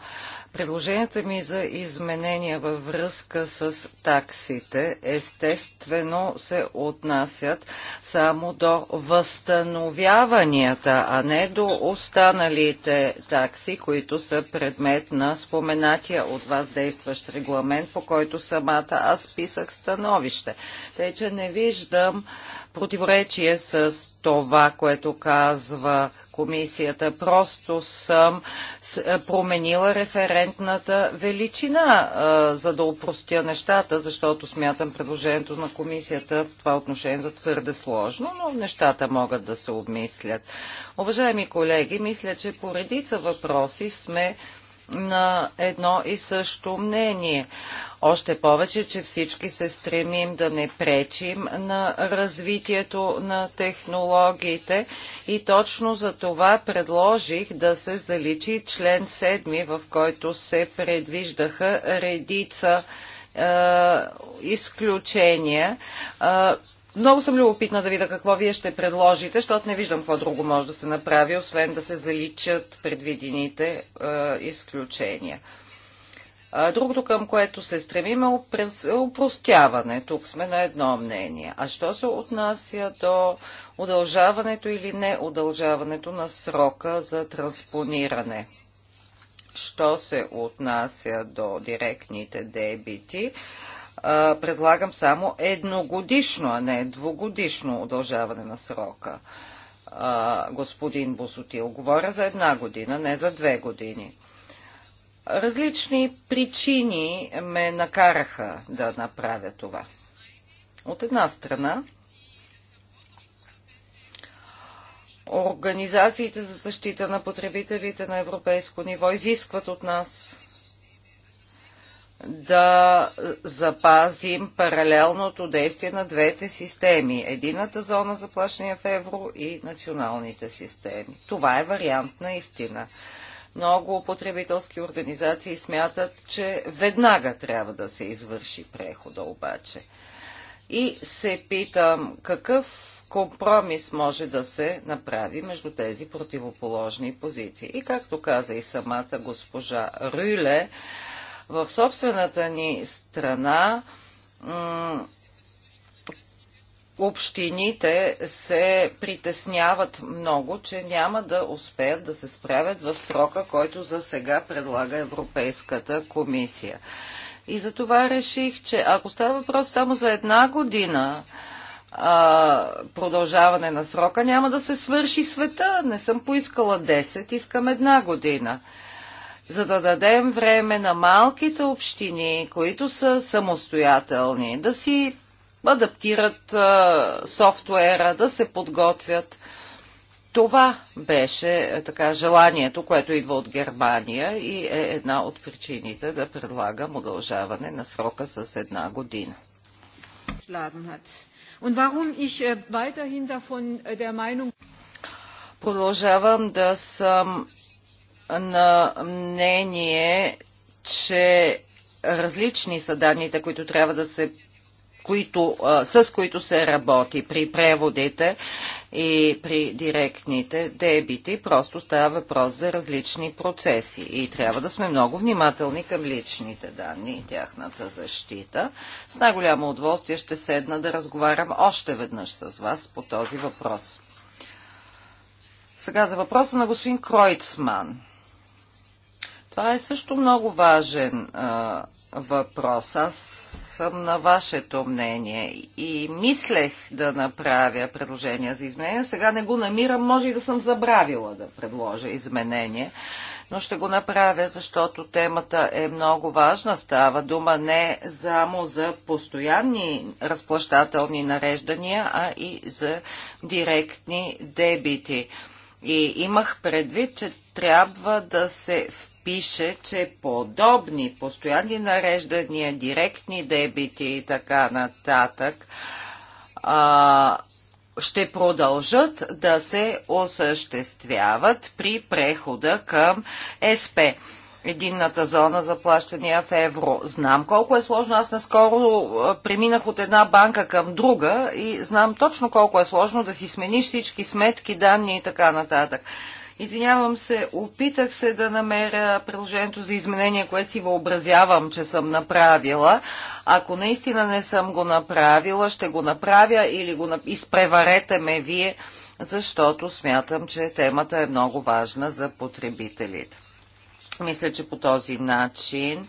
Предложенията ми за изменения във връзка с таксите естествено се отнасят само до възстановяванията, а не до останалите такси, които са предмет на споменатия от вас действащ регламент, по който самата аз писах становище. Тъй, че не виждам противоречие с това, което казва комисията. Просто съм е, променила референтната величина, е, за да упростя нещата, защото смятам предложението на комисията в това отношение за твърде сложно, но нещата могат да се обмислят. Уважаеми колеги, мисля, че поредица въпроси сме на едно и също мнение. Още повече, че всички се стремим да не пречим на развитието на технологиите и точно за това предложих да се заличи член 7, в който се предвиждаха редица е, изключения, е, много съм любопитна да видя какво вие ще предложите, защото не виждам какво друго може да се направи, освен да се заличат предвидените е, изключения. Другото, към което се стремим е, е упростяване. Тук сме на едно мнение. А що се отнася до удължаването или не удължаването на срока за транспониране? Що се отнася до директните дебити? предлагам само едногодишно, а не двугодишно удължаване на срока. господин Босотил, говоря за една година, не за две години. Различни причини ме накараха да направя това. От една страна, организациите за защита на потребителите на европейско ниво изискват от нас да запазим паралелното действие на двете системи. Едината зона за плащане в евро и националните системи. Това е вариант наистина. Много потребителски организации смятат, че веднага трябва да се извърши прехода обаче. И се питам какъв компромис може да се направи между тези противоположни позиции. И както каза и самата госпожа Рюле, в собствената ни страна общините се притесняват много, че няма да успеят да се справят в срока, който за сега предлага Европейската комисия. И за това реших, че ако става въпрос само за една година а, продължаване на срока, няма да се свърши света. Не съм поискала 10, искам една година за да дадем време на малките общини, които са самостоятелни, да си адаптират а, софтуера, да се подготвят. Това беше е, така желанието, което идва от Германия и е една от причините да предлагам удължаване на срока с една година. Е, е, Продължавам да съм на мнение, че различни са данните, които трябва да се които, с които се работи при преводите и при директните дебити. Просто става въпрос за различни процеси и трябва да сме много внимателни към личните данни и тяхната защита. С най-голямо удоволствие ще седна да разговарям още веднъж с вас по този въпрос. Сега за въпроса на господин Кройцман – това е също много важен а, въпрос. Аз съм на вашето мнение и мислех да направя предложение за изменение. Сега не го намирам, може и да съм забравила да предложа изменение, но ще го направя, защото темата е много важна. Става дума не само за постоянни разплащателни нареждания, а и за директни дебити. И имах предвид, че трябва да се пише, че подобни постоянни нареждания, директни дебити и така нататък, а, ще продължат да се осъществяват при прехода към СП единната зона за плащания в евро. Знам колко е сложно. Аз наскоро преминах от една банка към друга и знам точно колко е сложно да си смениш всички сметки, данни и така нататък. Извинявам се, опитах се да намеря приложението за изменение, което си въобразявам, че съм направила. Ако наистина не съм го направила, ще го направя или го изпреварете ме вие, защото смятам, че темата е много важна за потребителите. Мисля, че по този начин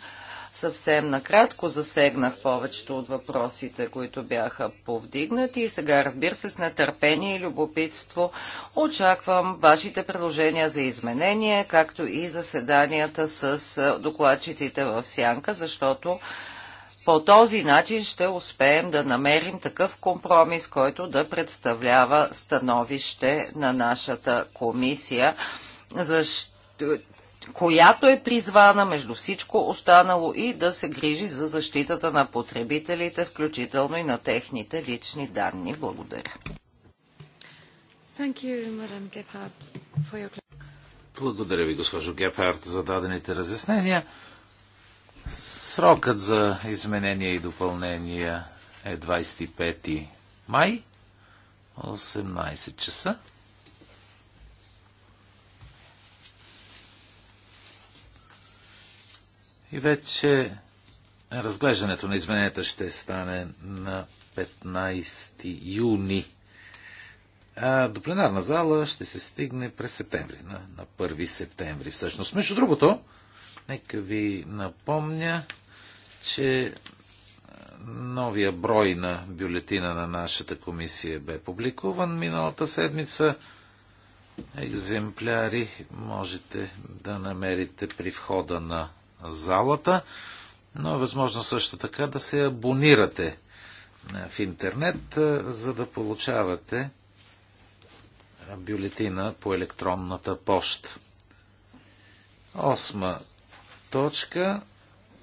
Съвсем накратко засегнах повечето от въпросите, които бяха повдигнати и сега, разбира се, с нетърпение и любопитство очаквам вашите предложения за изменение, както и заседанията с докладчиците в Сянка, защото по този начин ще успеем да намерим такъв компромис, който да представлява становище на нашата комисия, защото която е призвана между всичко останало и да се грижи за защитата на потребителите, включително и на техните лични данни. Благодаря. Благодаря ви, госпожо Гепхард, за дадените разяснения. Срокът за изменения и допълнения е 25 май, 18 часа. И вече разглеждането на измененията ще стане на 15 юни. А до пленарна зала ще се стигне през септември, на, на 1 септември всъщност. Между другото, нека ви напомня, че новия брой на бюлетина на нашата комисия бе публикуван миналата седмица. Екземпляри можете да намерите при входа на залата, но е възможно също така да се абонирате е, в интернет, е, за да получавате е, бюлетина по електронната поща. Осма точка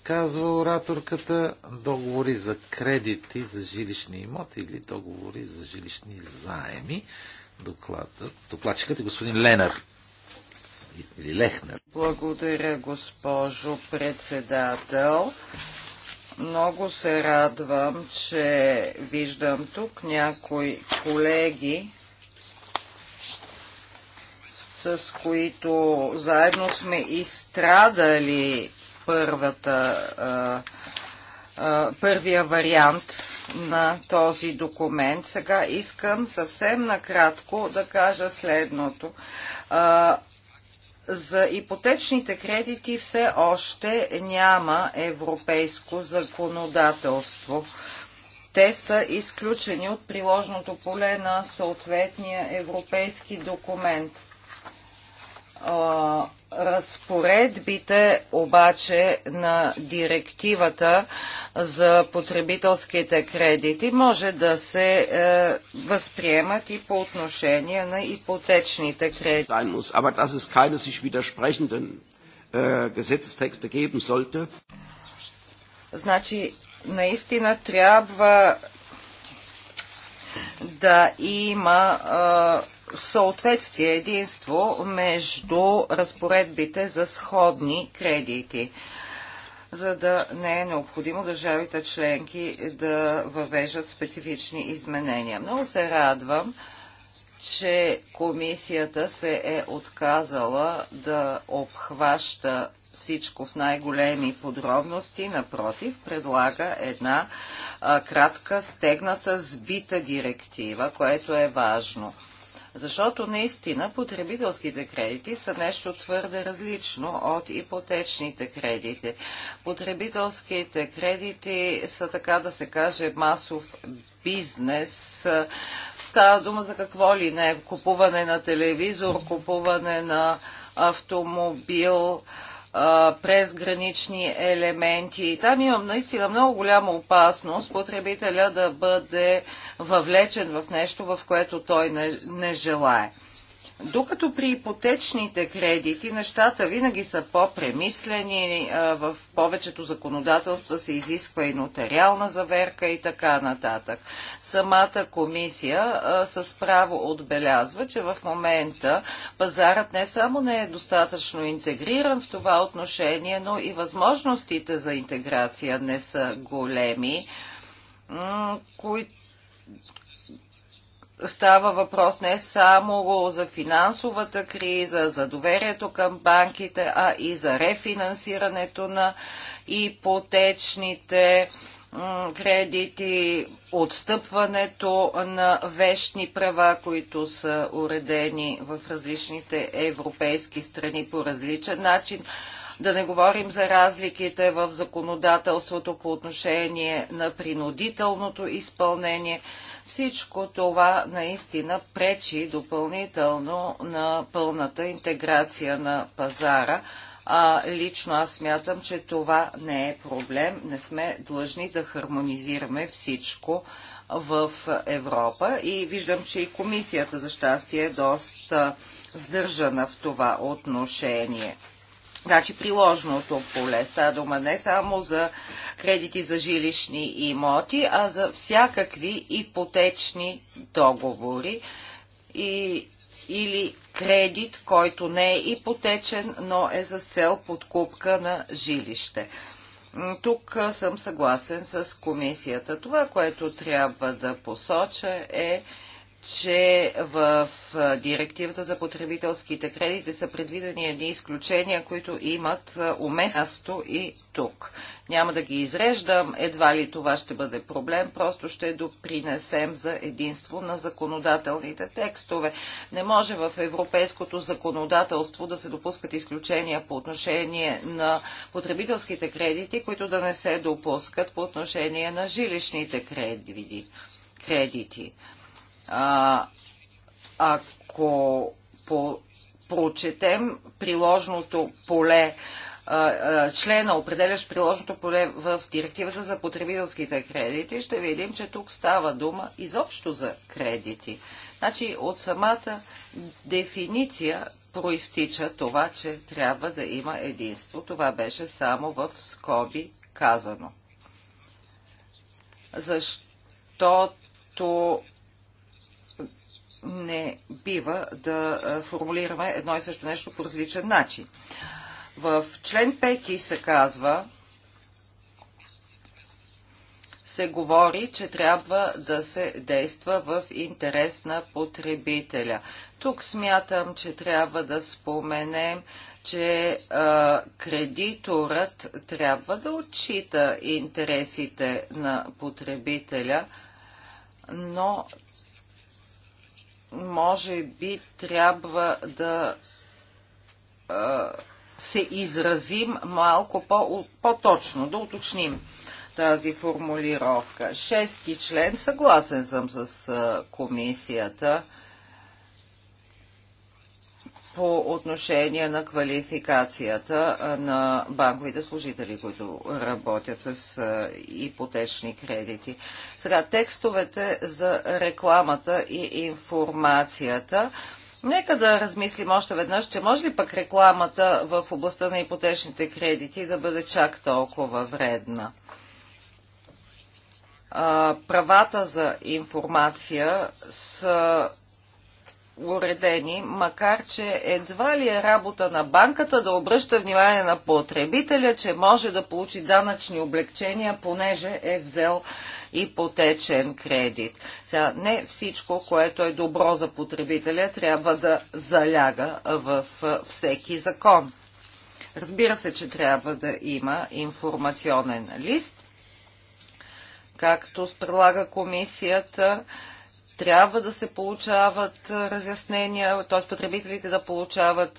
казва ораторката договори за кредити за жилищни имоти или договори за жилищни заеми. Докладът, докладчикът е господин Ленър или Лехнер. Благодаря, госпожо председател. Много се радвам, че виждам тук някои колеги, с които заедно сме изстрадали първата, а, а, първия вариант на този документ. Сега искам съвсем накратко да кажа следното. А, за ипотечните кредити все още няма европейско законодателство. Те са изключени от приложното поле на съответния европейски документ разпоредбите обаче на директивата за потребителските кредити може да се е, възприемат и по отношение на ипотечните кредити. Е, значи, наистина трябва да има е, съответствие, единство между разпоредбите за сходни кредити за да не е необходимо държавите членки да въвеждат специфични изменения. Много се радвам, че комисията се е отказала да обхваща всичко в най-големи подробности. Напротив, предлага една а, кратка, стегната, сбита директива, което е важно – защото наистина потребителските кредити са нещо твърде различно от ипотечните кредити. Потребителските кредити са така да се каже масов бизнес. Става дума за какво ли не. Купуване на телевизор, купуване на автомобил, през гранични елементи. Там имам наистина много голяма опасност потребителя да бъде въвлечен в нещо, в което той не, не желае. Докато при ипотечните кредити нещата винаги са по-премислени, в повечето законодателства се изисква и нотариална заверка и така нататък. Самата комисия с право отбелязва, че в момента пазарът не само не е достатъчно интегриран в това отношение, но и възможностите за интеграция не са големи, които става въпрос не само за финансовата криза, за доверието към банките, а и за рефинансирането на ипотечните кредити, отстъпването на вещни права, които са уредени в различните европейски страни по различен начин. Да не говорим за разликите в законодателството по отношение на принудителното изпълнение. Всичко това наистина пречи допълнително на пълната интеграция на пазара. А, лично аз смятам, че това не е проблем. Не сме длъжни да хармонизираме всичко в Европа. И виждам, че и комисията за щастие е доста сдържана в това отношение. Значи приложното поле става дума не само за кредити за жилищни имоти, а за всякакви ипотечни договори и, или кредит, който не е ипотечен, но е за цел подкупка на жилище. Тук съм съгласен с комисията. Това, което трябва да посоча е, че в директивата за потребителските кредити са предвидени едни изключения, които имат уместно и тук. Няма да ги изреждам, едва ли това ще бъде проблем, просто ще допринесем за единство на законодателните текстове. Не може в европейското законодателство да се допускат изключения по отношение на потребителските кредити, които да не се допускат по отношение на жилищните кредити. А, ако по, прочетем приложното поле, члена, определящ приложното поле в директивата за потребителските кредити, ще видим, че тук става дума изобщо за кредити. Значи от самата дефиниция проистича това, че трябва да има единство. Това беше само в скоби казано. Защото не бива да формулираме едно и също нещо по различен начин. В член 5 се казва, се говори, че трябва да се действа в интерес на потребителя. Тук смятам, че трябва да споменем, че а, кредиторът трябва да отчита интересите на потребителя, но може би трябва да а, се изразим малко по, по-точно, да уточним тази формулировка. Шести член, съгласен съм с комисията. А, по отношение на квалификацията на банковите служители, които работят с ипотечни кредити. Сега, текстовете за рекламата и информацията. Нека да размислим още веднъж, че може ли пък рекламата в областта на ипотечните кредити да бъде чак толкова вредна? правата за информация са уредени, макар че едва ли е работа на банката да обръща внимание на потребителя, че може да получи данъчни облегчения, понеже е взел ипотечен кредит. Сега, не всичко, което е добро за потребителя, трябва да заляга в всеки закон. Разбира се, че трябва да има информационен лист, както спрелага комисията, трябва да се получават разяснения, т.е. потребителите да получават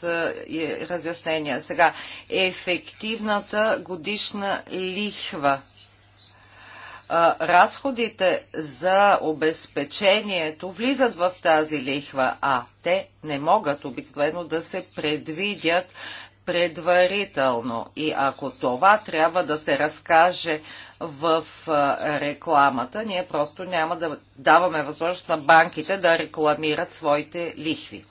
разяснения. Сега, ефективната годишна лихва. Разходите за обезпечението влизат в тази лихва, а те не могат обикновено да се предвидят предварително. И ако това трябва да се разкаже в рекламата, ние просто няма да даваме възможност на банките да рекламират своите лихви.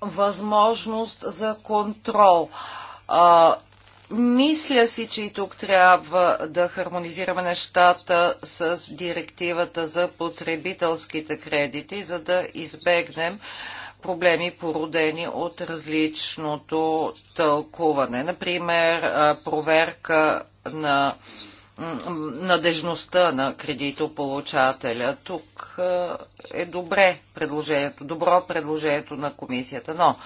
Възможност за контрол. А, мисля си, че и тук трябва да хармонизираме нещата с директивата за потребителските кредити, за да избегнем а, проблеми, породени от различното тълкуване. Например, проверка на надежността на кредитополучателя. Тук е добре предложението, добро предложението на комисията, но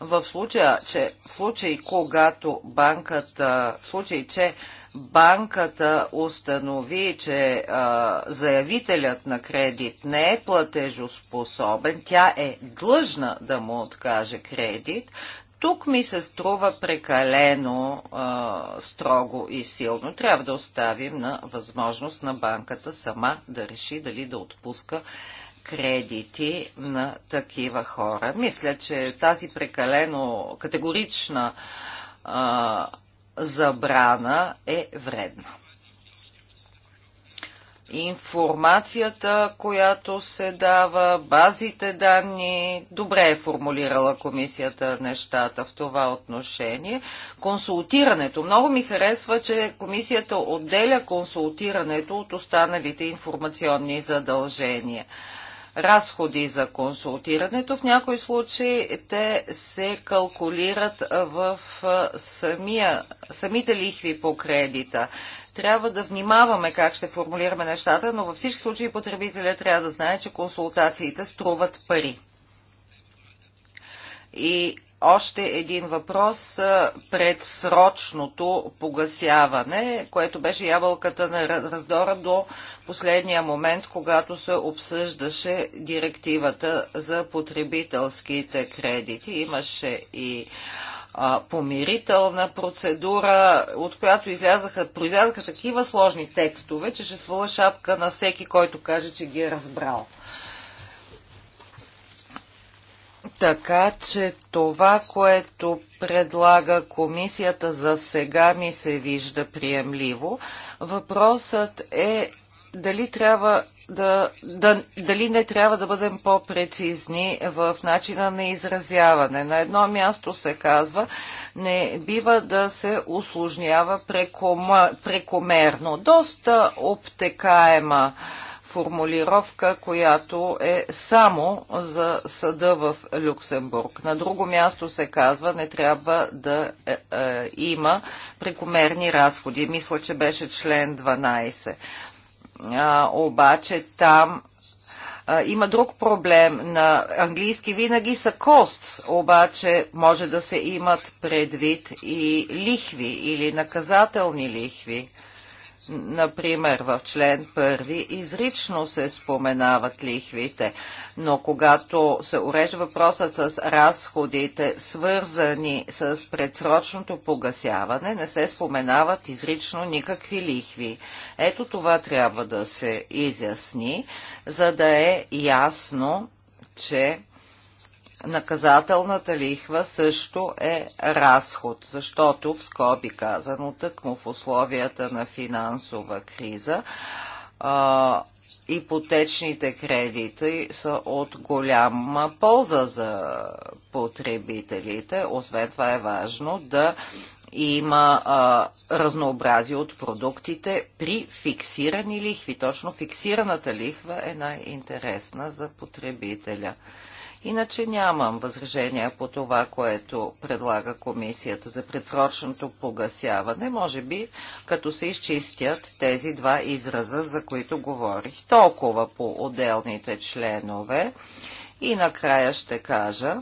в случая, че в случай, когато банката, в случай, че банката установи, че а, заявителят на кредит не е платежоспособен, тя е длъжна да му откаже кредит, тук ми се струва прекалено а, строго и силно. Трябва да оставим на възможност на банката сама да реши дали да отпуска кредити на такива хора. Мисля, че тази прекалено категорична а, забрана е вредна. Информацията, която се дава, базите данни, добре е формулирала комисията нещата в това отношение. Консултирането. Много ми харесва, че комисията отделя консултирането от останалите информационни задължения разходи за консултирането. В някои случаи те се калкулират в самия, самите лихви по кредита. Трябва да внимаваме как ще формулираме нещата, но във всички случаи потребителя трябва да знае, че консултациите струват пари. И още един въпрос пред срочното погасяване, което беше ябълката на раздора до последния момент, когато се обсъждаше директивата за потребителските кредити. Имаше и помирителна процедура, от която излязаха, произлязаха такива сложни текстове, че ще свала шапка на всеки, който каже, че ги е разбрал. Така че това, което предлага комисията за сега ми се вижда приемливо. Въпросът е дали, трябва да, да, дали не трябва да бъдем по-прецизни в начина на изразяване. На едно място се казва, не бива да се усложнява прекома, прекомерно. Доста обтекаема формулировка, която е само за съда в Люксембург. На друго място се казва, не трябва да е, е, има прекомерни разходи. Мисля, че беше член 12. А, обаче там има друг проблем. На английски винаги са кост, обаче може да се имат предвид и лихви или наказателни лихви. Например, в член първи изрично се споменават лихвите, но когато се урежда въпросът с разходите, свързани с предсрочното погасяване, не се споменават изрично никакви лихви. Ето това трябва да се изясни, за да е ясно, че Наказателната лихва също е разход, защото в скоби казано, тъкмо в условията на финансова криза, а, ипотечните кредити са от голяма полза за потребителите. Освен това е важно да има а, разнообразие от продуктите при фиксирани лихви. Точно фиксираната лихва е най-интересна за потребителя. Иначе нямам възражения по това, което предлага комисията за предсрочното погасяване. Може би, като се изчистят тези два израза, за които говорих. Толкова по отделните членове. И накрая ще кажа,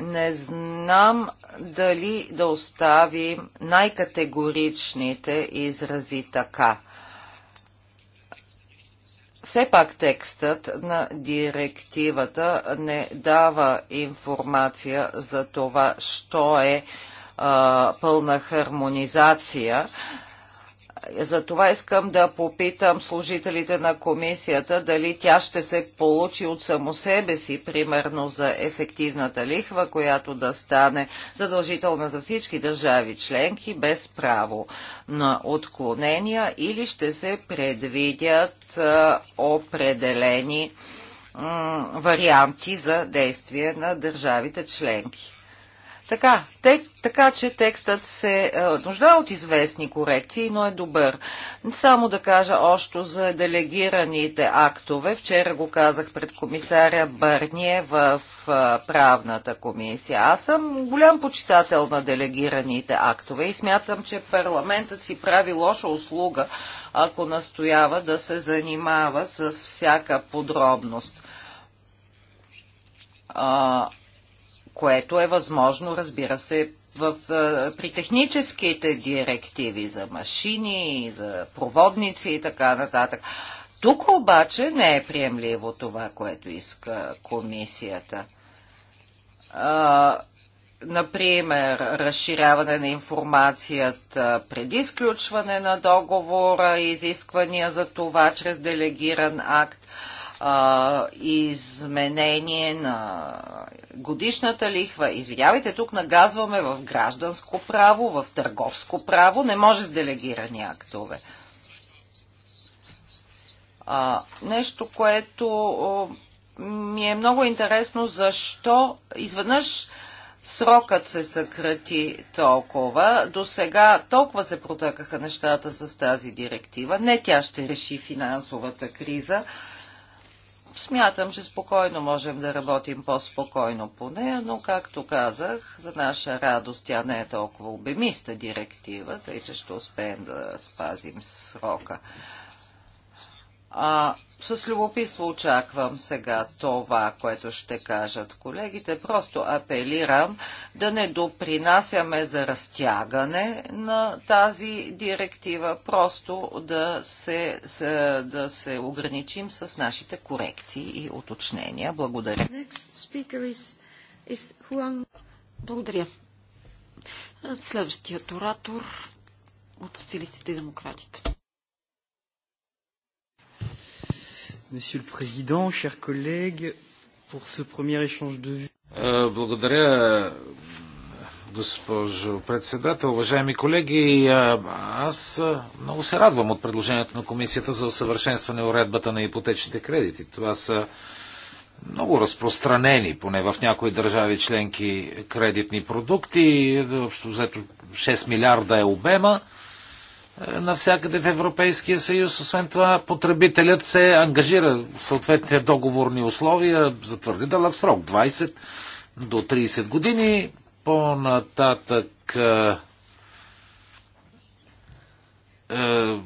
не знам дали да оставим най-категоричните изрази така. Все пак текстът на директивата не дава информация за това, що е а, пълна хармонизация за това искам да попитам служителите на комисията дали тя ще се получи от само себе си, примерно за ефективната лихва, която да стане задължителна за всички държави членки без право на отклонения или ще се предвидят определени варианти за действие на държавите членки. Така, тек, така че текстът се е, нужда нуждае от известни корекции, но е добър. Само да кажа още за делегираните актове. Вчера го казах пред комисаря Бърние в е, правната комисия. Аз съм голям почитател на делегираните актове и смятам, че парламентът си прави лоша услуга, ако настоява да се занимава с всяка подробност. А, което е възможно, разбира се, в, при техническите директиви за машини, за проводници и така нататък. Тук обаче не е приемливо това, което иска комисията. А, например, разширяване на информацията преди изключване на договора, изисквания за това чрез делегиран акт. А, а, изменение на годишната лихва. Извинявайте, тук нагазваме в гражданско право, в търговско право, не може с делегирани актове. А, нещо, което ми е много интересно, защо изведнъж срокът се съкрати толкова. До сега толкова се протъкаха нещата с тази директива. Не тя ще реши финансовата криза, Смятам, че спокойно можем да работим по-спокойно по нея, но, както казах, за наша радост тя не е толкова обемиста директива, тъй че ще успеем да спазим срока. А с любопитство очаквам сега това, което ще кажат колегите. Просто апелирам да не допринасяме за разтягане на тази директива, просто да се, да се ограничим с нашите корекции и уточнения. Благодаря. Благодаря. Следващият оратор от социалистите и демократите. Monsieur le Président, chers collègues, pour ce premier échange de vues. Е, благодаря, госпожо председател. Уважаеми колеги, е, аз много се радвам от предложението на Комисията за усъвършенстване уредбата на ипотечните кредити. Това са много разпространени, поне в някои държави членки, кредитни продукти. Е, общо взето 6 милиарда е обема. Е, навсякъде в Европейския съюз. Освен това, потребителят се ангажира в съответните договорни условия за твърде дълъг срок 20 до 30 години. По-нататък, е, е,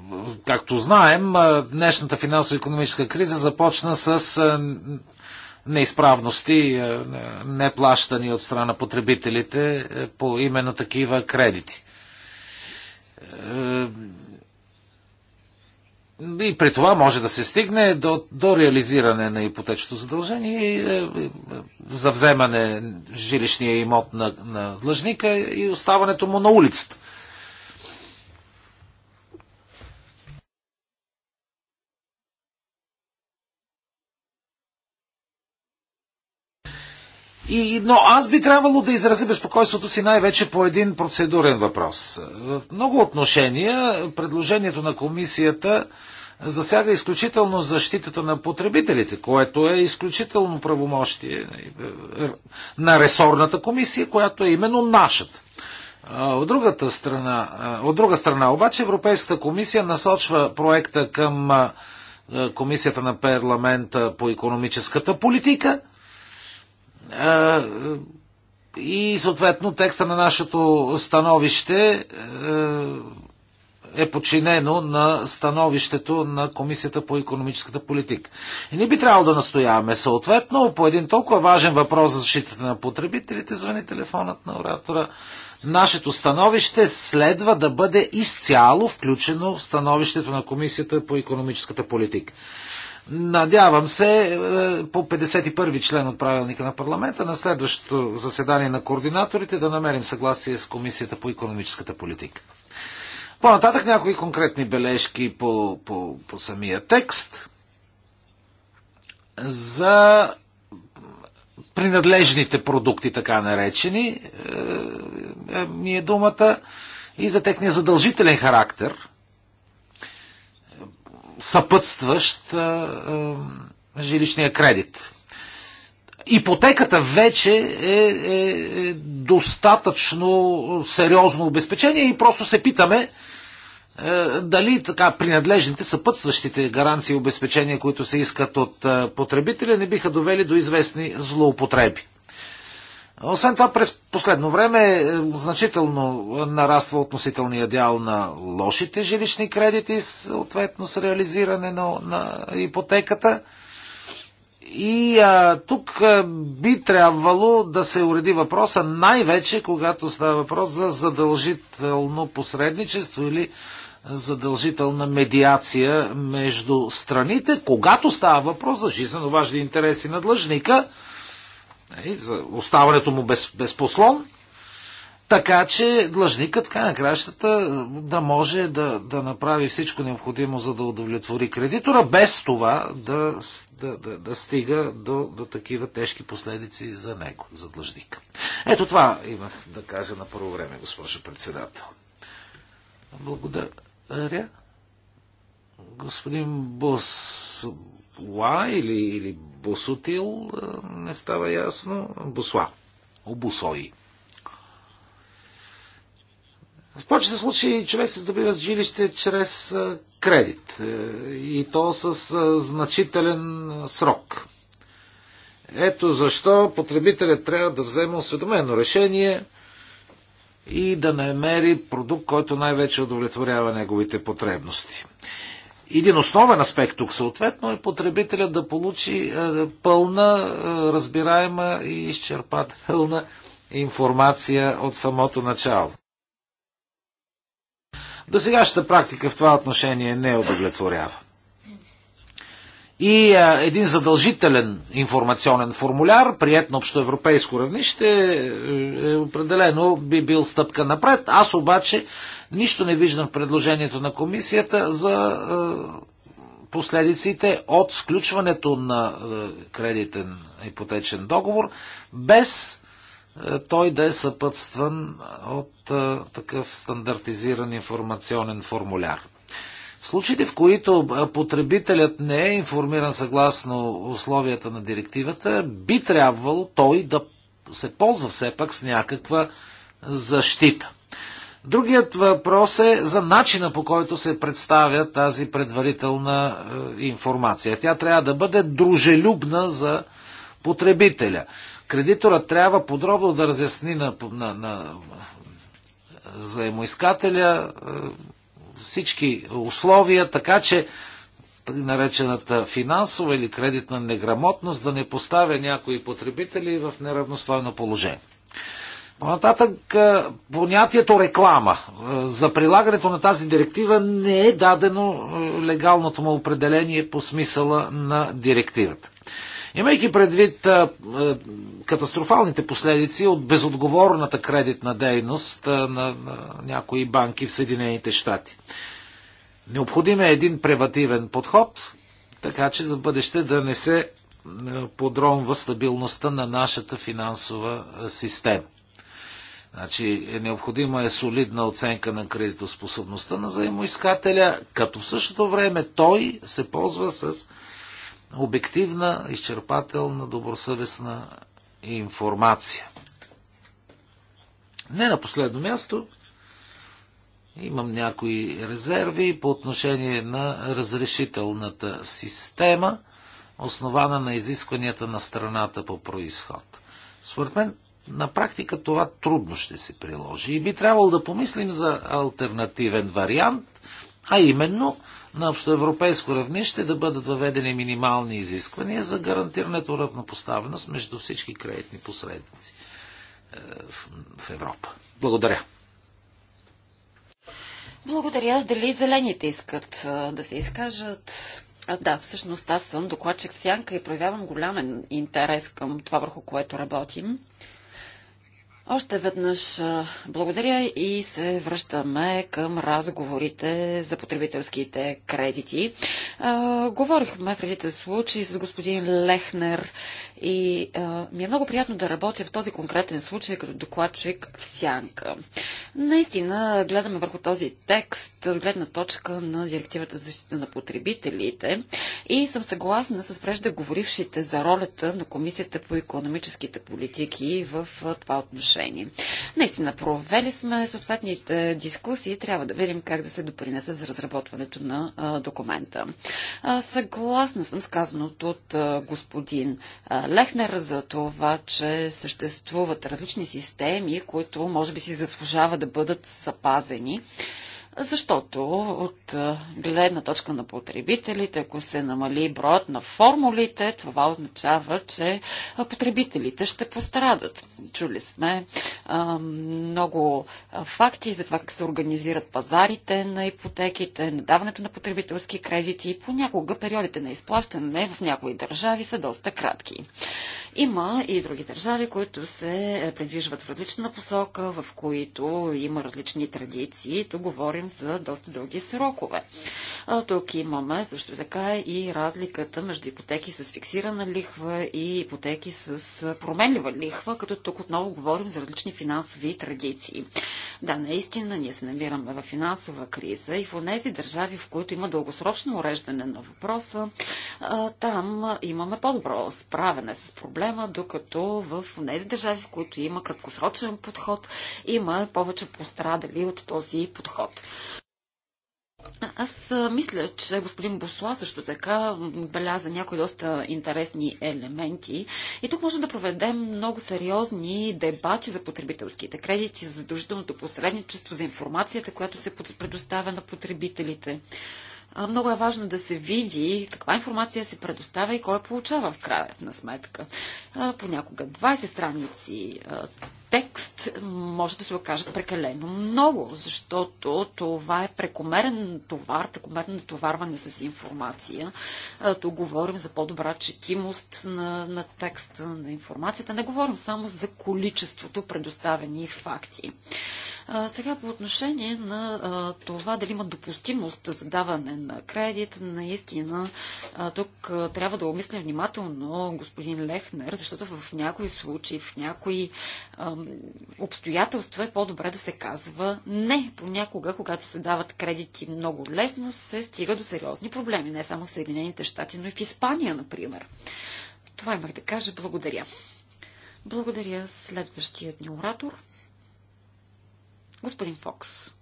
както знаем, е, днешната финансово-економическа криза започна с е, неизправности, е, неплащани от страна потребителите по именно такива кредити. Е, и при това може да се стигне до, до реализиране на ипотечното задължение, е, е, за вземане жилищния имот на, на длъжника и оставането му на улицата. И, но аз би трябвало да изразя безпокойството си най-вече по един процедурен въпрос. В много отношения предложението на комисията засяга изключително защитата на потребителите, което е изключително правомощие нали, на ресорната комисия, която е именно нашата. От, другата страна, от друга страна обаче Европейската комисия насочва проекта към Комисията на парламента по економическата политика и съответно текста на нашето становище е, е подчинено на становището на Комисията по економическата политика. И ние би трябвало да настояваме съответно по един толкова важен въпрос за защитата на потребителите, звъни телефонът на оратора. Нашето становище следва да бъде изцяло включено в становището на Комисията по економическата политика. Надявам се е, по 51 член от правилника на парламента на следващото заседание на координаторите да намерим съгласие с Комисията по економическата политика. По-нататък някои конкретни бележки по, по, по самия текст за принадлежните продукти, така наречени, е, е, ми е думата, и за техния задължителен характер – съпътстващ жилищния кредит. Ипотеката вече е, е, е достатъчно сериозно обезпечение и просто се питаме, е, дали така принадлежните, съпътстващите гаранции и обезпечения, които се искат от потребителя, не биха довели до известни злоупотреби. Освен това, през последно време е, значително нараства относителния дял на лошите жилищни кредити, съответно с реализиране на, на ипотеката. И а, тук а, би трябвало да се уреди въпроса, най-вече когато става въпрос за задължително посредничество или задължителна медиация между страните, когато става въпрос за жизненно важни интереси на длъжника – Нали? за оставането му без, без послон, така че длъжникът така на кращата да може да, да направи всичко необходимо, за да удовлетвори кредитора, без това да, да, да, да стига до, до такива тежки последици за него, за длъжника. Ето това имах да кажа на първо време, госпожа председател. Благодаря. Господин Бос, босла или, или босотил, не става ясно, босла, обусои. В повечето случаи човек се добива с жилище чрез кредит е, и то с значителен срок. Ето защо потребителят трябва да вземе осведомено решение и да намери продукт, който най-вече удовлетворява неговите потребности. Един основен аспект тук съответно е потребителя да получи е, пълна, е, разбираема и изчерпателна информация от самото начало. До сегашната практика в това отношение не е удовлетворява и а, един задължителен информационен формуляр, прият на общоевропейско равнище, е, е, определено би бил стъпка напред. Аз обаче нищо не виждам в предложението на комисията за е, последиците от сключването на е, кредитен ипотечен договор без е, той да е съпътстван от е, такъв стандартизиран информационен формуляр. В случаите, в които потребителят не е информиран съгласно условията на директивата, би трябвало той да се ползва все пак с някаква защита. Другият въпрос е за начина по който се представя тази предварителна е, информация. Тя трябва да бъде дружелюбна за потребителя. Кредиторът трябва подробно да разясни на, на, на заемоискателя е, всички условия, така че наречената финансова или кредитна неграмотност да не поставя някои потребители в неравностойно положение. Понататък понятието реклама за прилагането на тази директива не е дадено легалното му определение по смисъла на директивата. Имайки предвид а, а, катастрофалните последици от безотговорната кредитна дейност а, на, на някои банки в Съединените щати. Необходим е един превативен подход, така че за бъдеще да не се подронва стабилността на нашата финансова система. Значи, е необходима е солидна оценка на кредитоспособността на заимоискателя, като в същото време той се ползва с обективна, изчерпателна, добросъвестна информация. Не на последно място, имам някои резерви по отношение на разрешителната система, основана на изискванията на страната по происход. Според мен, на практика това трудно ще се приложи и би трябвало да помислим за альтернативен вариант, а именно на общоевропейско равнище да бъдат въведени минимални изисквания за гарантирането равнопоставеност между всички кредитни посредници е, в Европа. Благодаря. Благодаря. Дали зелените искат е, да се изкажат? А, да, всъщност аз съм докладчик в Сянка и проявявам голям интерес към това, върху което работим. Още веднъж благодаря и се връщаме към разговорите за потребителските кредити. А, говорихме в редите случаи с господин Лехнер и а, ми е много приятно да работя в този конкретен случай като докладчик в Сянка. Наистина гледаме върху този текст от гледна точка на директивата за защита на потребителите и съм съгласна с преждеговорившите за ролята на Комисията по економическите политики в това отношение отношение. Наистина, провели сме съответните дискусии. Трябва да видим как да се допринесе за разработването на документа. съгласна съм с казаното от господин Лехнер за това, че съществуват различни системи, които може би си заслужава да бъдат запазени. Защото от гледна точка на потребителите, ако се намали броят на формулите, това означава, че потребителите ще пострадат. Чули сме много факти за това как се организират пазарите на ипотеките, на даването на потребителски кредити и понякога периодите на изплащане в някои държави са доста кратки. Има и други държави, които се е, придвижват в различна посока, в които има различни традиции. Тук говорим за доста дълги срокове. А, тук имаме също така и разликата между ипотеки с фиксирана лихва и ипотеки с променлива лихва, като тук отново говорим за различни финансови традиции. Да, наистина ние се намираме в финансова криза и в тези държави, в които има дългосрочно уреждане на въпроса, там имаме по-добро справяне с проблема, докато в тези държави, в които има краткосрочен подход, има повече пострадали от този подход. Аз мисля, че господин Босла също така беляза някои доста интересни елементи. И тук може да проведем много сериозни дебати за потребителските кредити, за задължителното посредничество, за информацията, която се предоставя на потребителите. Много е важно да се види каква информация се предоставя и кой получава в крайна сметка. Понякога 20 страници текст може да се окажат прекалено много, защото това е прекомерен товар, прекомерно натоварване с информация. Тук говорим за по-добра четимост на, на текста, на информацията. Не говорим само за количеството предоставени факти. А, сега по отношение на а, това дали има допустимост за даване на кредит, наистина а, тук а, трябва да обмисля внимателно господин Лехнер, защото в някои случаи, в някои а, обстоятелства е по-добре да се казва не. Понякога, когато се дават кредити много лесно, се стига до сериозни проблеми, не само в Съединените щати, но и в Испания, например. Това имах да кажа. Благодаря. Благодаря следващият ни оратор. Господин Фокс.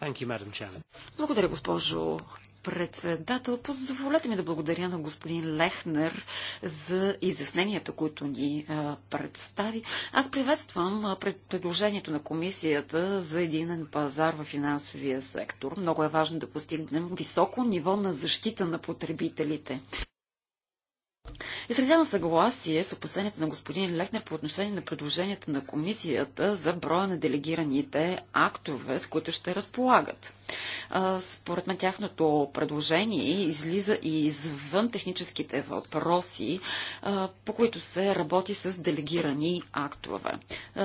You, Благодаря, госпожо председател. Позволете ми да благодаря на господин Лехнер за изясненията, които ни а, представи. Аз приветствам пред предложението на комисията за единен пазар в финансовия сектор. Много е важно да постигнем високо ниво на защита на потребителите. Изразявам съгласие с опасенията на господин Лекнер по отношение на предложенията на комисията за броя на делегираните актове, с които ще разполагат. Според мен тяхното предложение излиза и извън техническите въпроси, по които се работи с делегирани актове.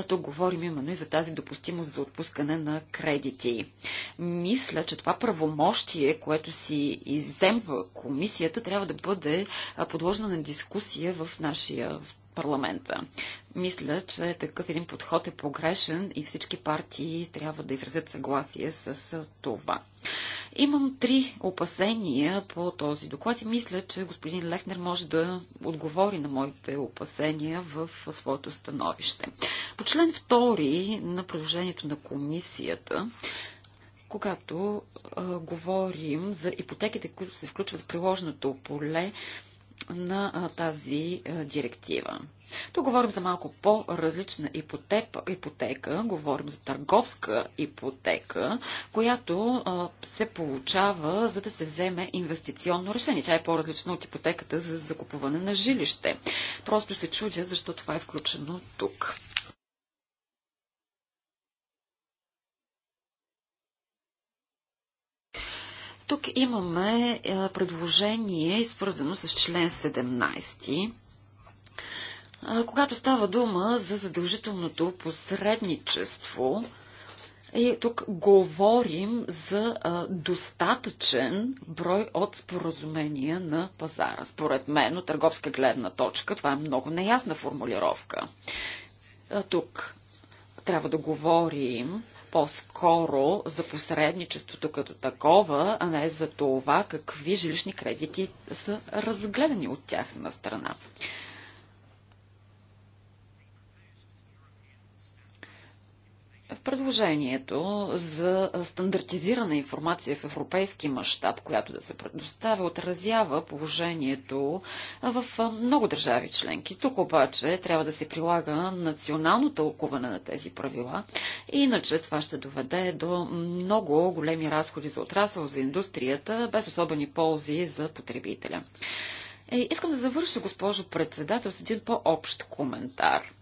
Тук говорим именно и за тази допустимост за отпускане на кредити. Мисля, че това правомощие, което си изземва комисията, трябва да бъде подложено сериозна дискусия в нашия парламента. Мисля, че такъв един подход е погрешен и всички партии трябва да изразят съгласие с това. Имам три опасения по този доклад и мисля, че господин Лехнер може да отговори на моите опасения в своето становище. По член 2 на предложението на комисията когато а, говорим за ипотеките, които се включват в приложеното поле на тази директива. Тук говорим за малко по-различна ипотека, говорим за търговска ипотека, която се получава за да се вземе инвестиционно решение. Тя е по-различна от ипотеката за закупуване на жилище. Просто се чудя защо това е включено тук. Тук имаме е, предложение, свързано с член 17 е, когато става дума за задължителното посредничество, и тук говорим за е, достатъчен брой от споразумения на пазара. Според мен, от търговска гледна точка, това е много неясна формулировка. тук трябва да говорим по-скоро за посредничеството като такова, а не за това какви жилищни кредити са разгледани от тяхна страна. В предложението за стандартизирана информация в европейски мащаб, която да се предоставя, отразява положението в много държави членки. Тук обаче трябва да се прилага национално тълкуване на тези правила, иначе това ще доведе до много големи разходи за отрасъл, за индустрията, без особени ползи за потребителя. Е, искам да завърша, госпожо председател, с един по-общ коментар –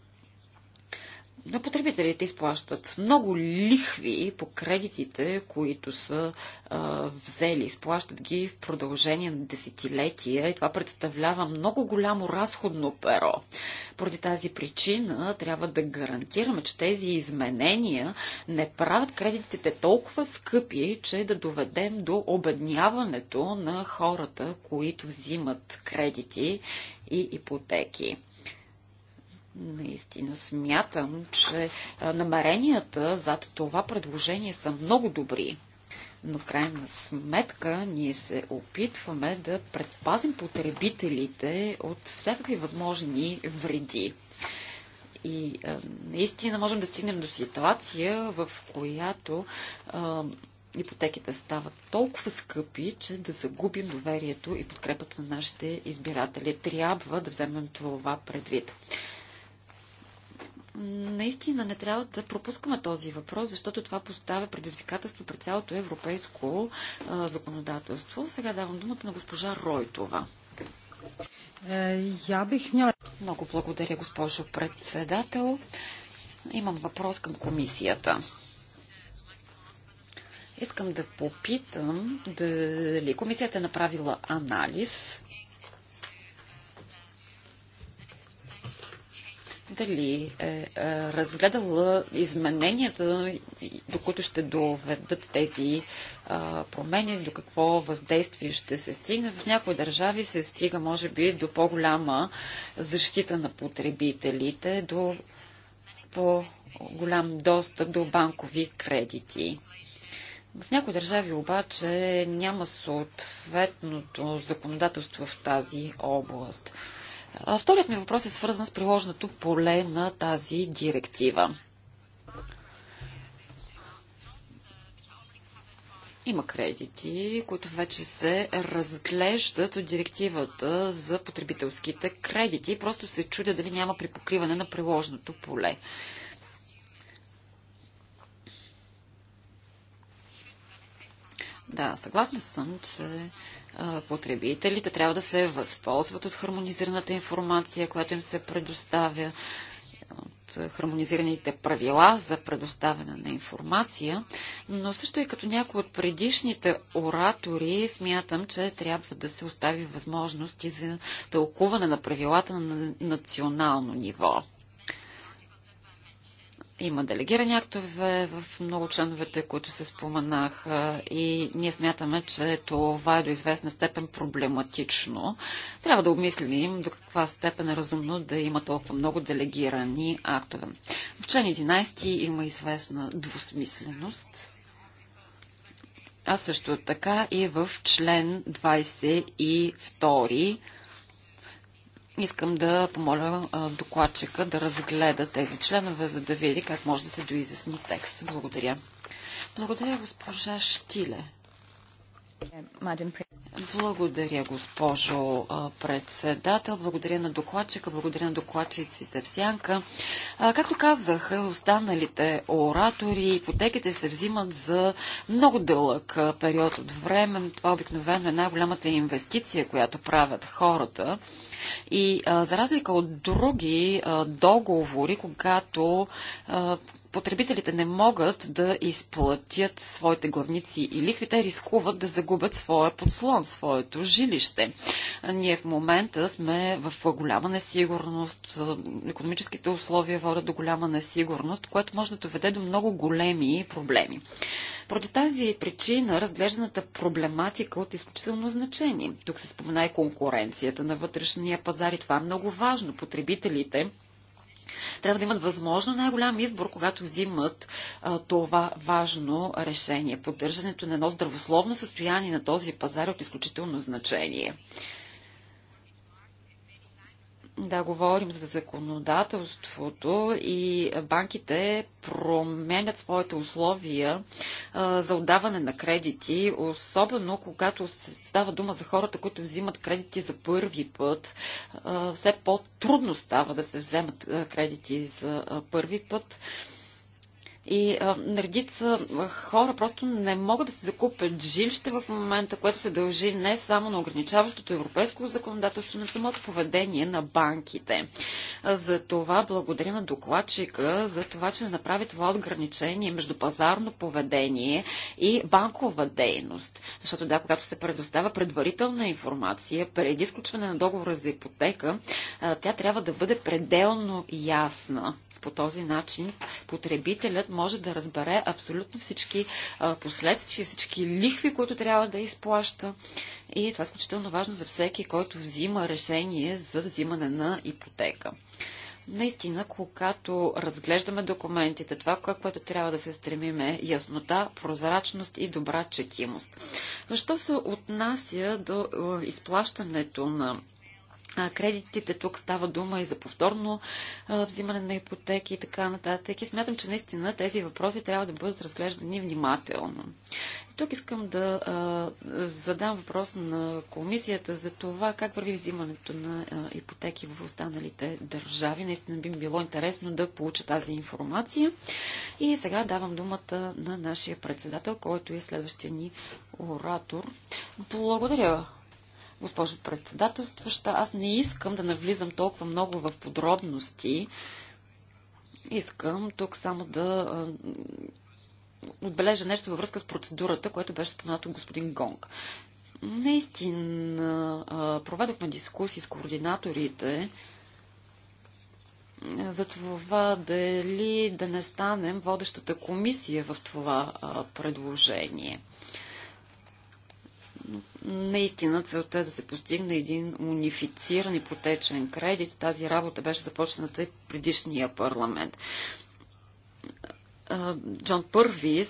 на потребителите изплащат много лихви по кредитите, които са а, взели. Изплащат ги в продължение на десетилетия и това представлява много голямо разходно перо. Поради тази причина трябва да гарантираме, че тези изменения не правят кредитите толкова скъпи, че да доведем до обедняването на хората, които взимат кредити и ипотеки. Наистина смятам, че намеренията зад това предложение са много добри. Но в крайна сметка ние се опитваме да предпазим потребителите от всякакви възможни вреди. И а, наистина можем да стигнем до ситуация, в която а, ипотеките стават толкова скъпи, че да загубим доверието и подкрепата на нашите избиратели. Трябва да вземем това предвид наистина не трябва да пропускаме този въпрос, защото това поставя предизвикателство пред цялото европейско а, законодателство. Сега давам думата на госпожа Ройтова. Е, я бих мяла... Много благодаря, госпожо председател. Имам въпрос към комисията. Искам да попитам дали комисията е направила анализ дали е, е разгледала измененията, до които ще доведат тези е, промени, до какво въздействие ще се стигне. В някои държави се стига, може би, до по-голяма защита на потребителите, до по-голям достъп до банкови кредити. В някои държави обаче няма съответното законодателство в тази област. Вторият ми въпрос е свързан с приложеното поле на тази директива. Има кредити, които вече се разглеждат от директивата за потребителските кредити просто се чудя дали няма припокриване на приложеното поле. Да, съгласна съм, че потребителите трябва да се възползват от хармонизираната информация, която им се предоставя, от хармонизираните правила за предоставяне на информация, но също и като някои от предишните оратори смятам, че трябва да се остави възможности за тълкуване на правилата на национално ниво. Има делегирани актове в много членовете, които се споменах и ние смятаме, че това е до известна степен проблематично. Трябва да обмислим до каква степен е разумно да има толкова много делегирани актове. В член 11 има известна двусмисленост. А също така и в член 22 Искам да помоля докладчика да разгледа тези членове, за да види как може да се доизясни текст. Благодаря. Благодаря, госпожа Штиле. Е, благодаря, госпожо председател. Благодаря на докладчика, благодаря на докладчиците в сянка. както казах, останалите оратори, ипотеките се взимат за много дълъг период от време. Това обикновено е най-голямата инвестиция, която правят хората. И за разлика от други договори, когато потребителите не могат да изплатят своите главници и лихви, те рискуват да загубят своя подслон, своето жилище. Ние в момента сме в голяма несигурност, економическите условия водят до голяма несигурност, което може да доведе до много големи проблеми. Поради тази причина разглежданата проблематика е от изключително значение. Тук се спомена и конкуренцията на вътрешния пазар и това е много важно. Потребителите трябва да имат възможно най-голям избор, когато взимат а, това важно решение. Поддържането на едно здравословно състояние на този пазар е от изключително значение. Да, говорим за законодателството и банките променят своите условия за отдаване на кредити, особено когато се става дума за хората, които взимат кредити за първи път. все по-трудно става да се вземат кредити за първи път. И а, редица хора просто не могат да се закупят жилище в момента, което се дължи не само на ограничаващото европейско законодателство, на самото поведение на банките. За това благодаря на докладчика, за това, че не направи това ограничение между пазарно поведение и банкова дейност. Защото да, когато се предоставя предварителна информация преди изключване на договора за ипотека, а, тя трябва да бъде пределно ясна по този начин потребителят може да разбере абсолютно всички последствия, всички лихви, които трябва да изплаща. И това е изключително важно за всеки, който взима решение за взимане на ипотека наистина, когато разглеждаме документите, това, което трябва да се стремим е яснота, прозрачност и добра четимост. Защо се отнася до изплащането на кредитите. Тук става дума и за повторно взимане на ипотеки и така нататък. И смятам, че наистина тези въпроси трябва да бъдат разглеждани внимателно. И тук искам да задам въпрос на комисията за това как върви взимането на ипотеки в останалите държави. Наистина би ми било интересно да получа тази информация. И сега давам думата на нашия председател, който е следващия ни оратор. Благодаря, Госпожо председателстваща, аз не искам да навлизам толкова много в подробности. Искам тук само да отбележа нещо във връзка с процедурата, което беше споменато от господин Гонг. Наистина проведохме дискусии с координаторите за това дали да не станем водещата комисия в това предложение наистина целта е да се постигне един унифициран и потечен кредит. Тази работа беше започната и предишния парламент. Джон Първис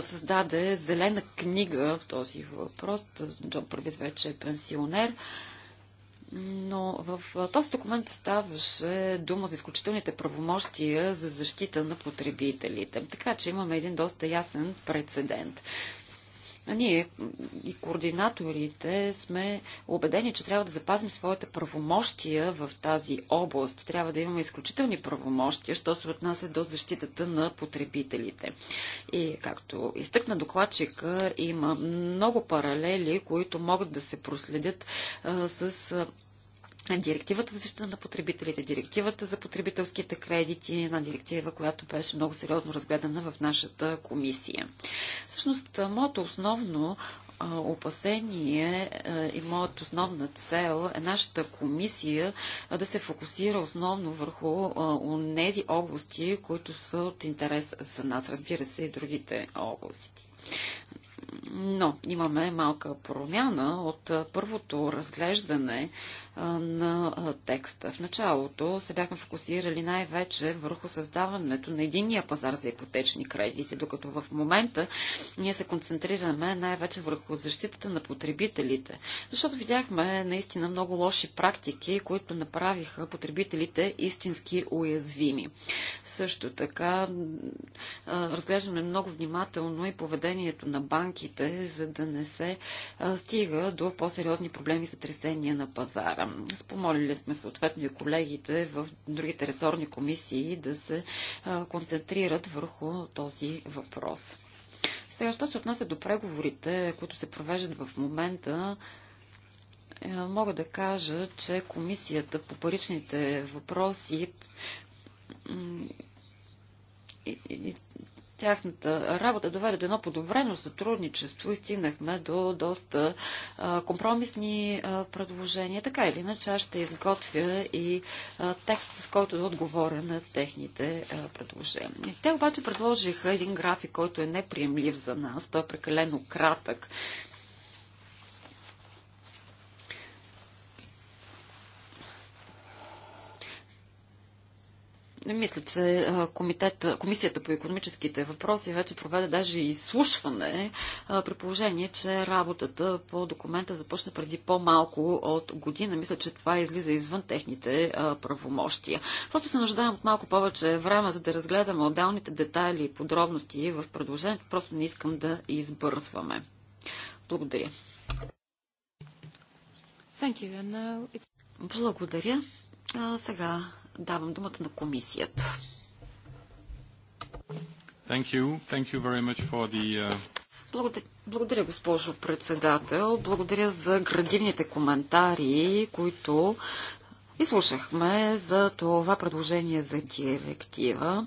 създаде зелена книга в този въпрос. Джон Първис вече е пенсионер. Но в този документ ставаше дума за изключителните правомощия за защита на потребителите. Така че имаме един доста ясен прецедент. Ние и координаторите сме убедени, че трябва да запазим своите правомощия в тази област. Трябва да имаме изключителни правомощия, що се отнася до защитата на потребителите. И както изтъкна докладчика, има много паралели, които могат да се проследят а, с директивата за защита на потребителите, директивата за потребителските кредити, една директива, която беше много сериозно разгледана в нашата комисия. Всъщност, моето основно опасение и моят основна цел е нашата комисия да се фокусира основно върху тези области, които са от интерес за нас, разбира се, и другите области. Но имаме малка промяна от първото разглеждане на текста. В началото се бяхме фокусирали най-вече върху създаването на единия пазар за ипотечни кредити, докато в момента ние се концентрираме най-вече върху защитата на потребителите, защото видяхме наистина много лоши практики, които направиха потребителите истински уязвими. Също така разглеждаме много внимателно и поведението на банките, за да не се стига до по-сериозни проблеми с тресения на пазара. Спомолили сме съответно и колегите в другите ресорни комисии да се концентрират върху този въпрос. Сега, що се отнася до преговорите, които се провеждат в момента, е, мога да кажа, че комисията по паричните въпроси и, Тяхната работа доведе до едно подобрено сътрудничество и стигнахме до доста а, компромисни а, предложения. Така или иначе, аз ще изготвя и а, текст, с който да отговоря на техните а, предложения. Те обаче предложиха един график, който е неприемлив за нас. Той е прекалено кратък. Не, Мисля, че Комисията по економическите въпроси вече проведе даже изслушване при положение, че работата по документа започна преди по-малко от година. Мисля, че това излиза извън техните правомощия. Просто се нуждаем от малко повече време, за да разгледаме отделните детайли и подробности в предложението. Просто не искам да избързваме. Благодаря. Благодаря. сега давам думата на комисията. Thank you. Thank you very much for the, uh... Благодаря, благодаря, госпожо председател. Благодаря за градивните коментари, които и слушахме за това предложение за директива.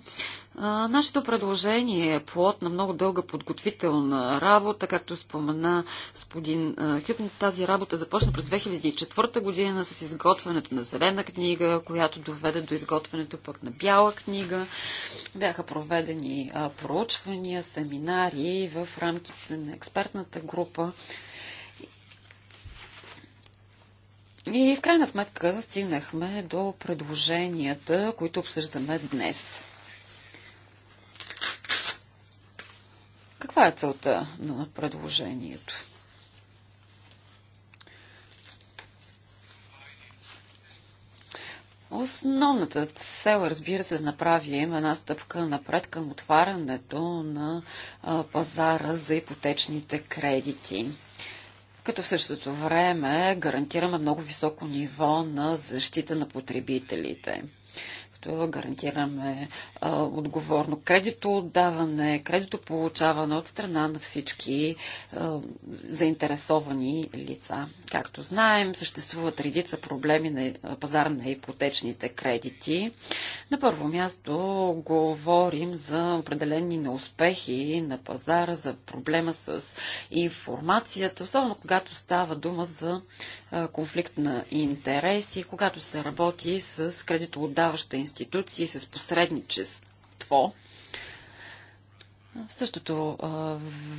нашето предложение е плод на много дълга подготвителна работа, както спомена господин Хюпн. Тази работа започна през 2004 година с изготвянето на зелена книга, която доведе до изготвянето пък на бяла книга. Бяха проведени проучвания, семинари в рамките на експертната група. И в крайна сметка стигнахме до предложенията, които обсъждаме днес. Каква е целта на предложението? Основната цел, разбира се, да направим една стъпка напред към отварянето на пазара за ипотечните кредити като в същото време гарантираме много високо ниво на защита на потребителите гарантираме а, отговорно кредитоотдаване, кредитополучаване от страна на всички а, заинтересовани лица. Както знаем, съществуват редица проблеми на пазара на ипотечните кредити. На първо място говорим за определени неуспехи на пазара, за проблема с информацията, особено когато става дума за конфликт на интереси, когато се работи с кредитоотдаваща институция институции, с посредничество. В същото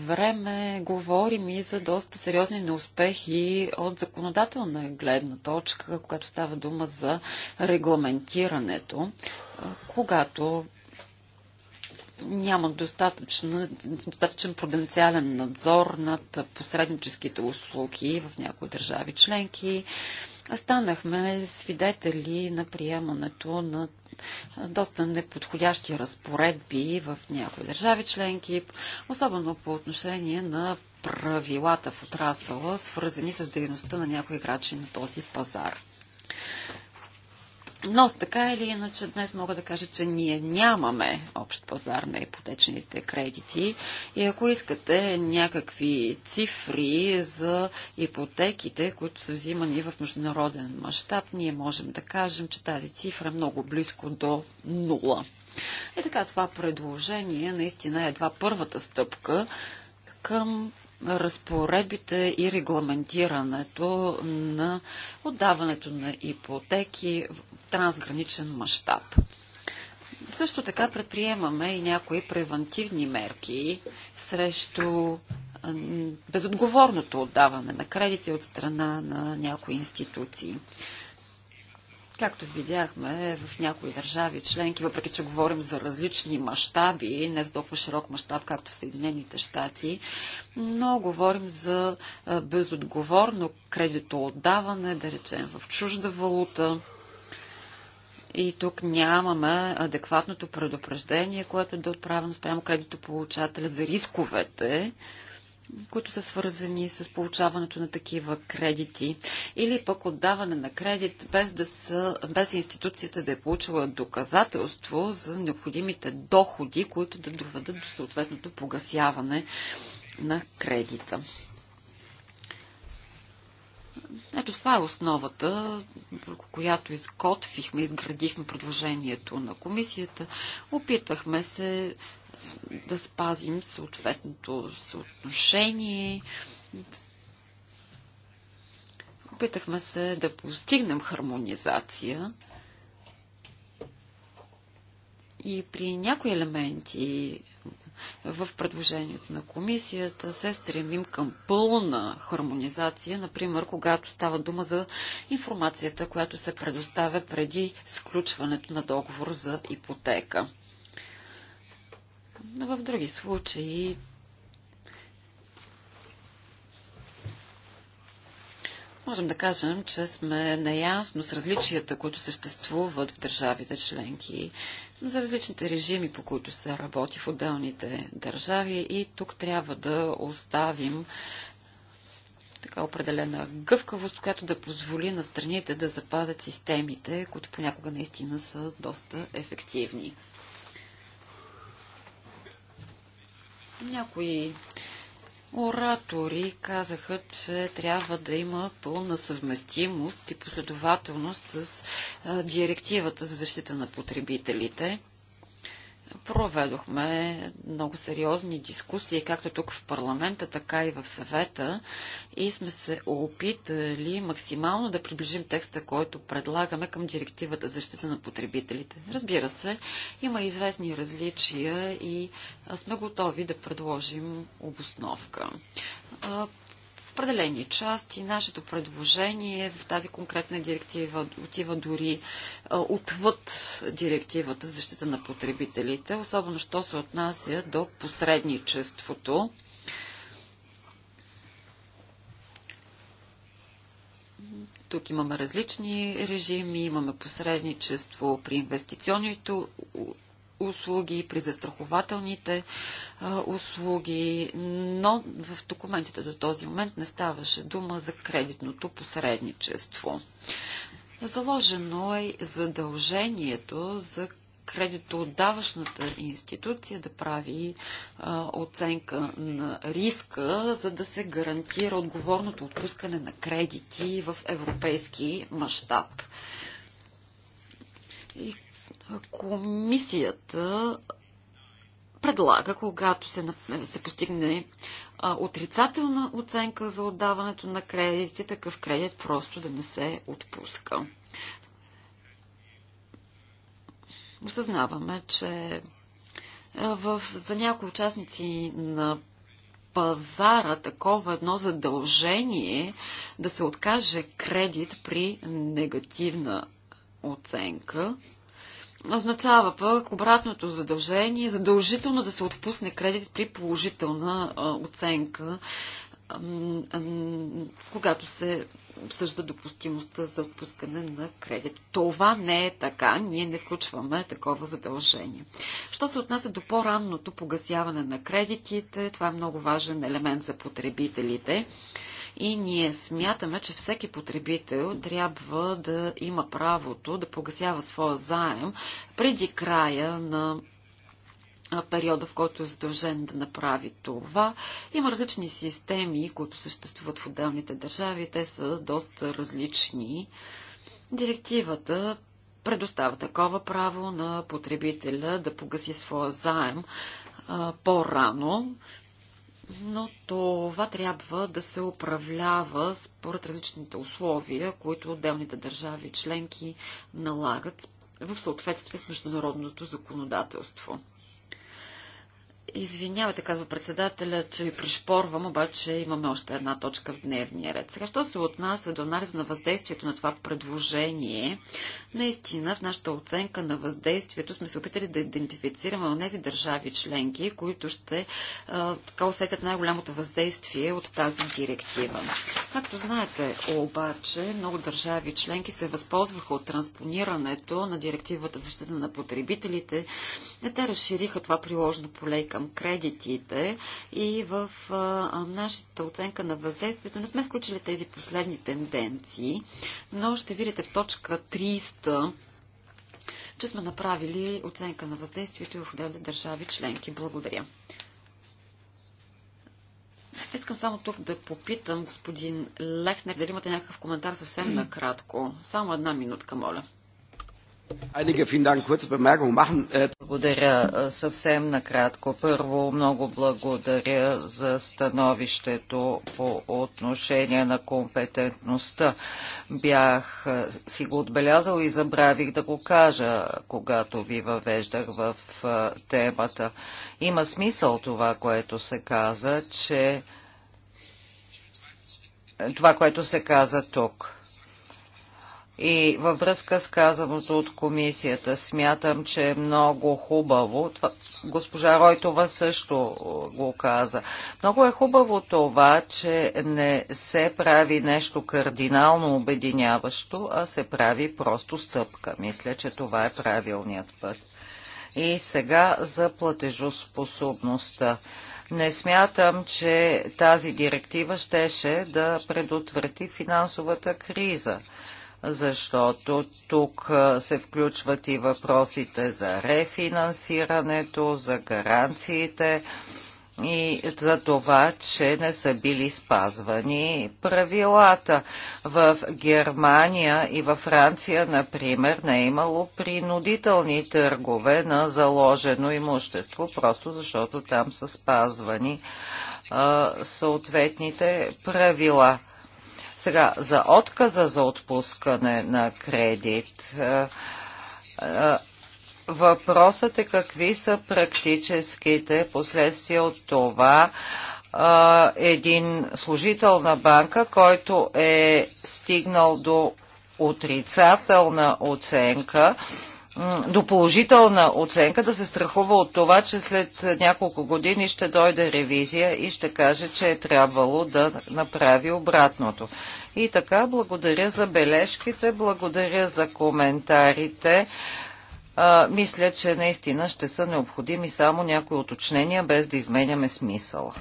време говорим и за доста сериозни неуспехи от законодателна гледна точка, когато става дума за регламентирането, когато няма достатъчен, достатъчен надзор над посредническите услуги в някои държави членки станахме свидетели на приемането на доста неподходящи разпоредби в някои държави членки, особено по отношение на правилата в отрасъла, свързани с дейността на някои играчи на този пазар. Но така или иначе днес мога да кажа, че ние нямаме общ пазар на ипотечните кредити и ако искате някакви цифри за ипотеките, които са взимани в международен мащаб, ние можем да кажем, че тази цифра е много близко до нула. Е така, това предложение наистина е едва първата стъпка към разпоредбите и регламентирането на отдаването на ипотеки трансграничен мащаб. Също така предприемаме и някои превентивни мерки срещу безотговорното отдаване на кредити от страна на някои институции. Както видяхме в някои държави членки, въпреки че говорим за различни мащаби, не за толкова широк мащаб, както в Съединените щати, но говорим за безотговорно кредитоотдаване, да речем в чужда валута. И тук нямаме адекватното предупреждение, което да отправим спрямо кредитополучателя за рисковете, които са свързани с получаването на такива кредити или пък отдаване на кредит без, да са, без институцията да е получила доказателство за необходимите доходи, които да доведат до съответното погасяване на кредита. Ето това е основата, върху която изготвихме, изградихме предложението на комисията. Опитвахме се да спазим съответното съотношение. Опитахме се да постигнем хармонизация. И при някои елементи в предложението на комисията се стремим към пълна хармонизация, например, когато става дума за информацията, която се предоставя преди сключването на договор за ипотека. Но в други случаи Можем да кажем, че сме наясно с различията, които съществуват в държавите членки за различните режими, по които се работи в отделните държави и тук трябва да оставим така определена гъвкавост, която да позволи на страните да запазят системите, които понякога наистина са доста ефективни. Някои оратори казаха, че трябва да има пълна съвместимост и последователност с директивата за защита на потребителите проведохме много сериозни дискусии, както тук в парламента, така и в съвета и сме се опитали максимално да приближим текста, който предлагаме към директивата защита на потребителите. Разбира се, има известни различия и сме готови да предложим обосновка определени части. Нашето предложение в тази конкретна директива отива дори отвъд директивата за защита на потребителите, особено що се отнася до посредничеството. Тук имаме различни режими, имаме посредничество при инвестиционните услуги, при застрахователните а, услуги, но в документите до този момент не ставаше дума за кредитното посредничество. Заложено е задължението за кредитоотдаващната институция да прави а, оценка на риска, за да се гарантира отговорното отпускане на кредити в европейски мащаб. И Комисията предлага, когато се, се постигне а, отрицателна оценка за отдаването на кредити, такъв кредит просто да не се отпуска. Осъзнаваме, че в, за някои участници на пазара такова едно задължение да се откаже кредит при негативна оценка означава пък обратното задължение, задължително да се отпусне кредит при положителна оценка, когато се обсъжда допустимостта за отпускане на кредит. Това не е така. Ние не включваме такова задължение. Що се отнася до по-ранното погасяване на кредитите, това е много важен елемент за потребителите. И ние смятаме, че всеки потребител трябва да има правото да погасява своя заем преди края на периода, в който е задължен да направи това. Има различни системи, които съществуват в отделните държави. Те са доста различни. Директивата предоставя такова право на потребителя да погаси своя заем по-рано, но това трябва да се управлява според различните условия, които отделните държави членки налагат в съответствие с международното законодателство. Извинявате, казва председателя, че ви пришпорвам, обаче имаме още една точка в дневния ред. Сега, що се отнася до анализ на въздействието на това предложение, наистина в нашата оценка на въздействието сме се опитали да идентифицираме от тези държави членки, които ще а, така усетят най-голямото въздействие от тази директива. Както знаете, обаче, много държави членки се възползваха от транспонирането на директивата защита на потребителите. Те разшириха това приложено поле към кредитите и в нашата оценка на въздействието не сме включили тези последни тенденции, но ще видите в точка 300 че сме направили оценка на въздействието и в отделни държави членки. Благодаря. Искам само тук да попитам господин Лехнер дали имате някакъв коментар съвсем накратко. Само една минутка, моля. Äh, благодаря съвсем накратко. Първо, много благодаря за становището по отношение на компетентността. Бях си го отбелязал и забравих да го кажа, когато ви въвеждах в темата. Има смисъл това, което се каза, че това, което се каза тук – и във връзка с казаното от комисията, смятам, че е много хубаво. Това, госпожа Ройтова също е, го каза. Много е хубаво това, че не се прави нещо кардинално обединяващо, а се прави просто стъпка. Мисля, че това е правилният път. И сега за платежоспособността. Не смятам, че тази директива щеше да предотврати финансовата криза защото тук се включват и въпросите за рефинансирането, за гаранциите и за това, че не са били спазвани правилата. В Германия и във Франция, например, не е имало принудителни търгове на заложено имущество, просто защото там са спазвани а, съответните правила. Сега, за отказа за отпускане на кредит, е, е, въпросът е какви са практическите последствия от това, е, един служител на банка, който е стигнал до отрицателна оценка, до положителна оценка, да се страхува от това, че след няколко години ще дойде ревизия и ще каже, че е трябвало да направи обратното. И така, благодаря за бележките, благодаря за коментарите а, мисля, че наистина ще са необходими само някои уточнения, без да изменяме смисъла.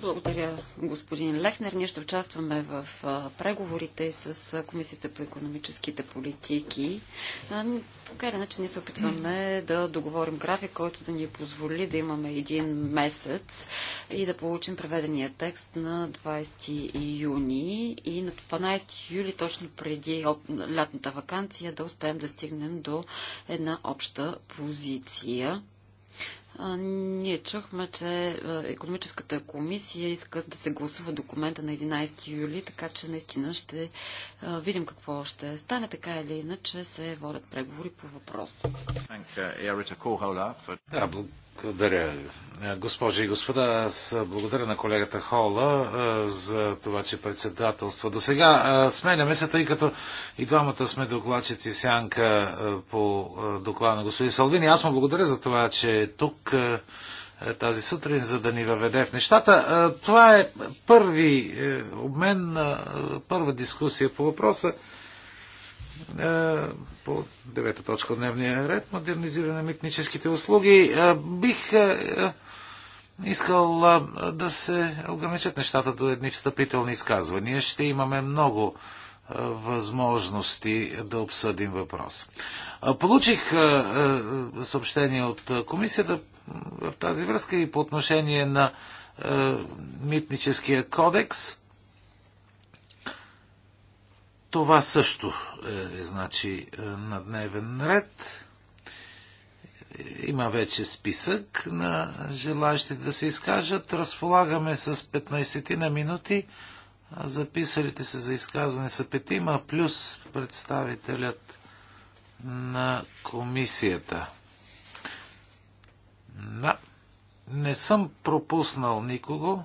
Благодаря, господин Лехнер. Ние ще участваме в преговорите с Комисията по економическите политики. Така или иначе ние се опитваме да договорим график, който да ни позволи да имаме един месец и да получим преведения текст на 20 юни и на 12 юли, точно преди лятната вакансия, да успеем да стигнем до една обща позиция ние чухме, че економическата комисия иска да се гласува документа на 11 юли, така че наистина ще видим какво ще стане. Така или иначе се водят преговори по въпроса. Uh, да, благодаря. Е, госпожи и господа, аз благодаря на колегата Хола е, за това, че председателства. До сега е, сменяме се, тъй като и двамата сме докладчици в сянка по доклада на господин Салвини. Аз му благодаря за това, че е тук тази сутрин, за да ни въведе в нещата. Това е първи обмен, първа дискусия по въпроса. Е, по девета точка от дневния ред, модернизиране на митническите услуги. Е, бих е, искал да се ограничат нещата до едни встъпителни изказвания. Ще имаме много възможности да обсъдим въпрос. Получих съобщение от комисията в тази връзка и по отношение на митническия кодекс. Това също е, е значи е, на дневен ред. Има вече списък на желащите да се изкажат. Разполагаме с 15 на минути. А записалите се за изказване са петима, плюс представителят на комисията. Да, не съм пропуснал никого.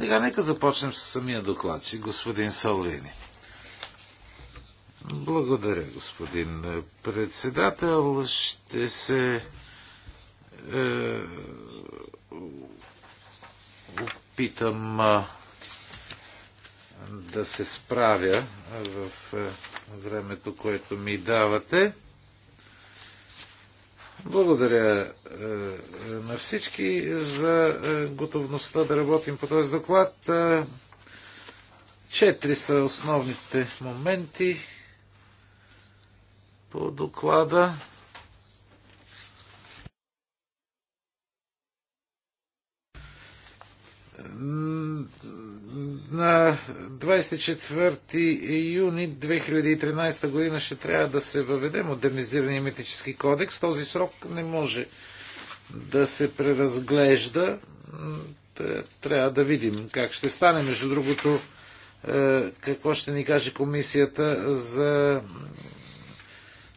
Сега нека започнем с самия докладчик, господин Саулини. Благодаря, господин председател. Ще се е, опитам е, да се справя в е, времето, което ми давате. Благодаря е, е, на всички за е, готовността да работим по този доклад. Четири са основните моменти по доклада на 24 юни 2013 година ще трябва да се въведе модернизирания митически кодекс. Този срок не може да се преразглежда. Трябва да видим как ще стане. Между другото, е, какво ще ни каже комисията за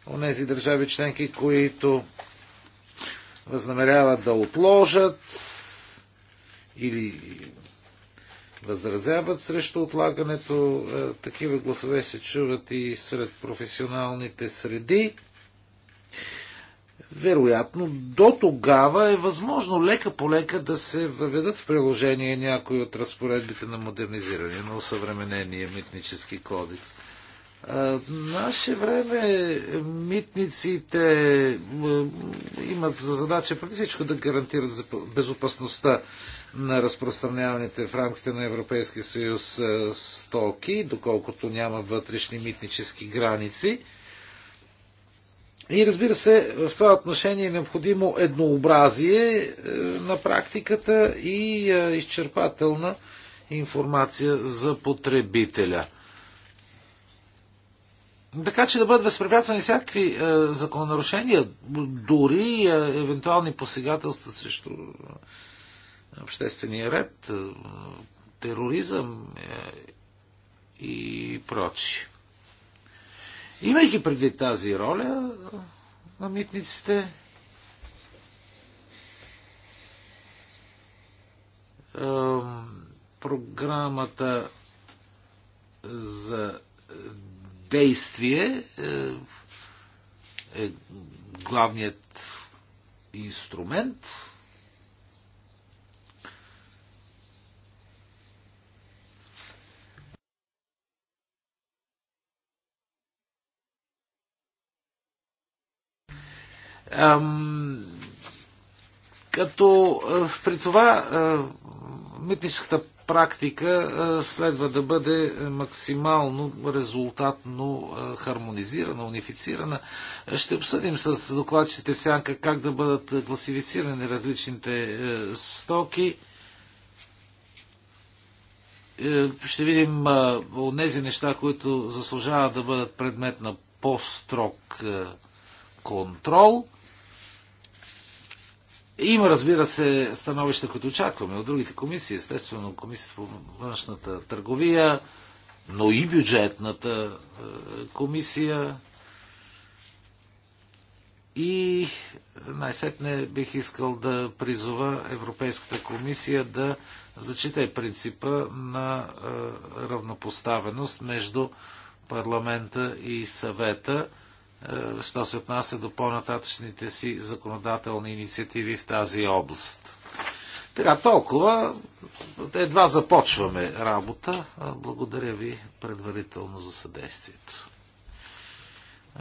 онези държави членки, които възнамеряват да отложат или възразяват срещу отлагането. Е, такива гласове се чуват и сред професионалните среди. Вероятно, до тогава е възможно лека по лека да се въведат в приложение някои от разпоредбите на модернизиране на усъвременения митнически кодекс. В е, наше време е, митниците имат за задача преди всичко да гарантират безопасността на разпространяваните в рамките на Европейския съюз е, стоки, доколкото няма вътрешни митнически граници. И разбира се, в това отношение е необходимо еднообразие е, на практиката и е, изчерпателна информация за потребителя. Така че да бъдат възпрепятствани всякакви е, закононарушения, дори е, евентуални посегателства срещу обществения ред, е, тероризъм е, и прочи. Имайки предвид тази роля на митниците, е, програмата за действие е главният инструмент, Ам, като при това митническата практика следва да бъде максимално резултатно хармонизирана, унифицирана. Ще обсъдим с докладчите в сянка как да бъдат класифицирани различните е, стоки. Е, ще видим тези неща, които заслужават да бъдат предмет на по-строг е, контрол. Има, разбира се, становища, които очакваме от другите комисии, естествено комисията по външната търговия, но и бюджетната е, комисия. И най-сетне бих искал да призова Европейската комисия да зачита принципа на е, равнопоставеност между парламента и съвета е, що се отнася до по-нататъчните си законодателни инициативи в тази област. Така, толкова. Едва започваме работа. Е, благодаря ви предварително за съдействието.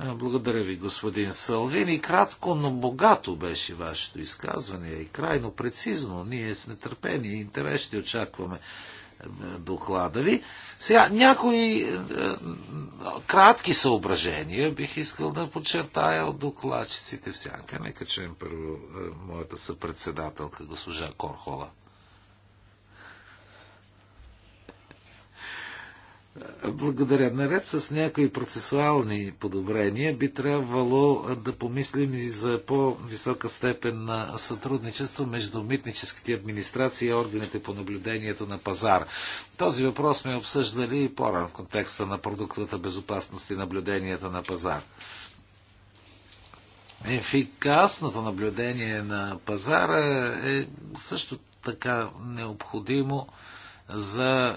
Е, благодаря ви, господин и Кратко, но богато беше вашето изказване и крайно прецизно. Ние с нетърпение и интерес ще очакваме доклада ви. Сега някои е, кратки съображения бих искал да подчертая от докладчиците в сянка. Нека чуем първо е, моята съпредседателка, госпожа Корхола. Благодаря. Наред с някои процесуални подобрения би трябвало да помислим и за по-висока степен на сътрудничество между митническите администрации и органите по наблюдението на пазара. Този въпрос сме обсъждали и по-рано в контекста на продуктовата безопасност и наблюдението на пазар. Ефикасното наблюдение на пазара е също така необходимо за е,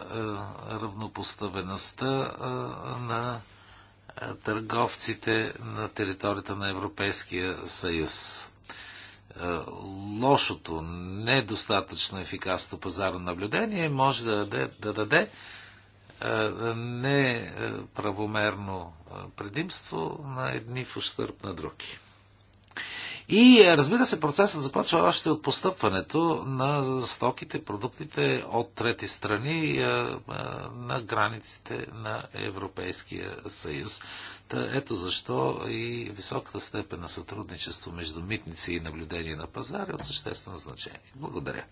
равнопоставеността е, на е, търговците на територията на Европейския съюз. Лошото, недостатъчно ефикасно пазарно наблюдение може да даде, да даде неправомерно предимство на едни в ущърп на други. И разбира се, процесът започва още от постъпването на стоките, продуктите от трети страни на границите на Европейския съюз. Та ето защо и високата степен на сътрудничество между митници и наблюдение на пазар е от съществено значение. Благодаря.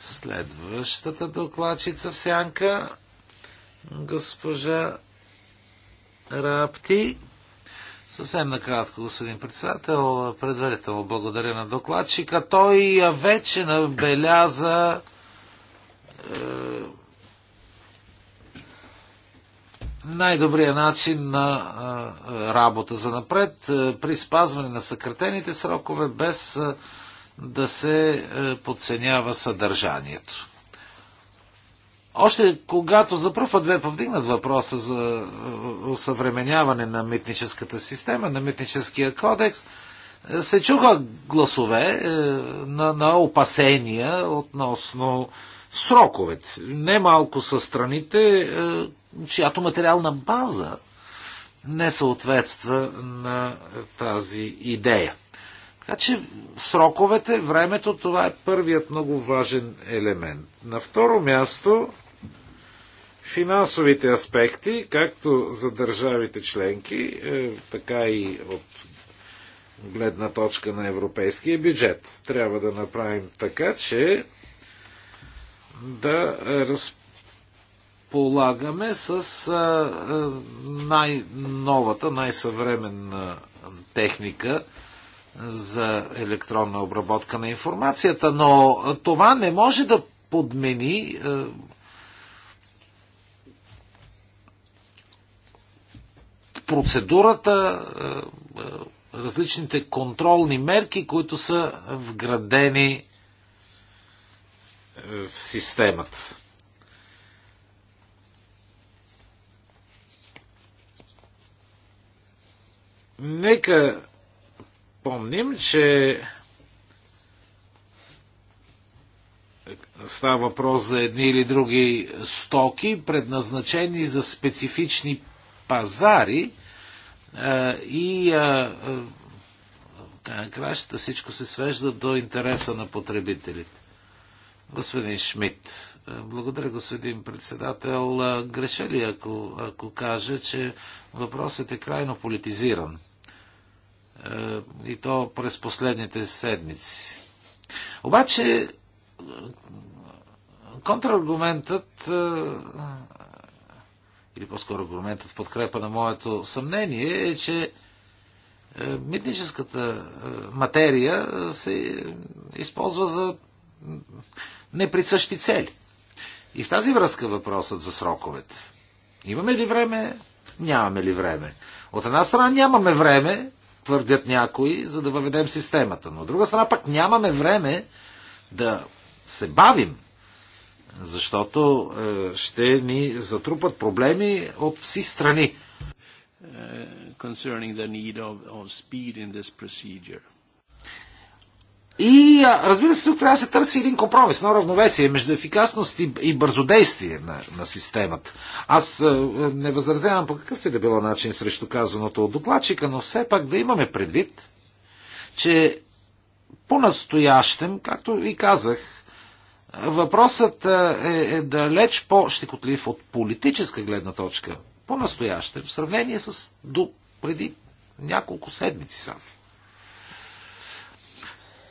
Следващата докладчица в сянка, госпожа Рапти. Съвсем накратко, господин председател, предварително благодаря на докладчика. Той вече набеляза е, най-добрия начин на е, работа за напред е, при спазване на съкратените срокове, без е, да се е, подценява съдържанието. Още когато за първ път бе повдигнат въпроса за е, съвременяване на митническата система, на митническия кодекс, е, се чуха гласове е, на, на опасения относно сроковете. Немалко са страните, чиято материална база не съответства на тази идея. Така че сроковете, времето, това е първият много важен елемент. На второ място, финансовите аспекти, както за държавите членки, е, така и от гледна точка на европейския бюджет. Трябва да направим така, че да разполагаме с е, е, най-новата, най-съвременна техника за електронна обработка на информацията, но това не може да подмени процедурата, е, е, различните контролни мерки, които са вградени е, в системата. Нека помним, че става въпрос за едни или други стоки, предназначени за специфични пазари е, и е, е, на кращата всичко се свежда до интереса на потребителите. Господин Шмидт, благодаря, господин председател. Греша ли, ако, ако кажа, че въпросът е крайно политизиран? И то през последните седмици. Обаче, контраргументът или по-скоро аргументът в подкрепа на моето съмнение е, че е, митническата е, материя се използва за неприсъщи цели. И в тази връзка въпросът за сроковете. Имаме ли време? Нямаме ли време? От една страна нямаме време, твърдят някои, за да въведем системата, но от друга страна пък нямаме време да се бавим защото е, ще ни затрупат проблеми от всички страни. Е, и разбира се, тук трябва да се търси един компромис, едно равновесие между ефикасност и, и бързодействие на, на системата. Аз е, не възразявам по какъвто и да било начин срещу казаното от докладчика, но все пак да имаме предвид, че по-настоящем, както и казах Въпросът е, е, е далеч по-щекотлив от политическа гледна точка, по настояща в сравнение с до преди няколко седмици само.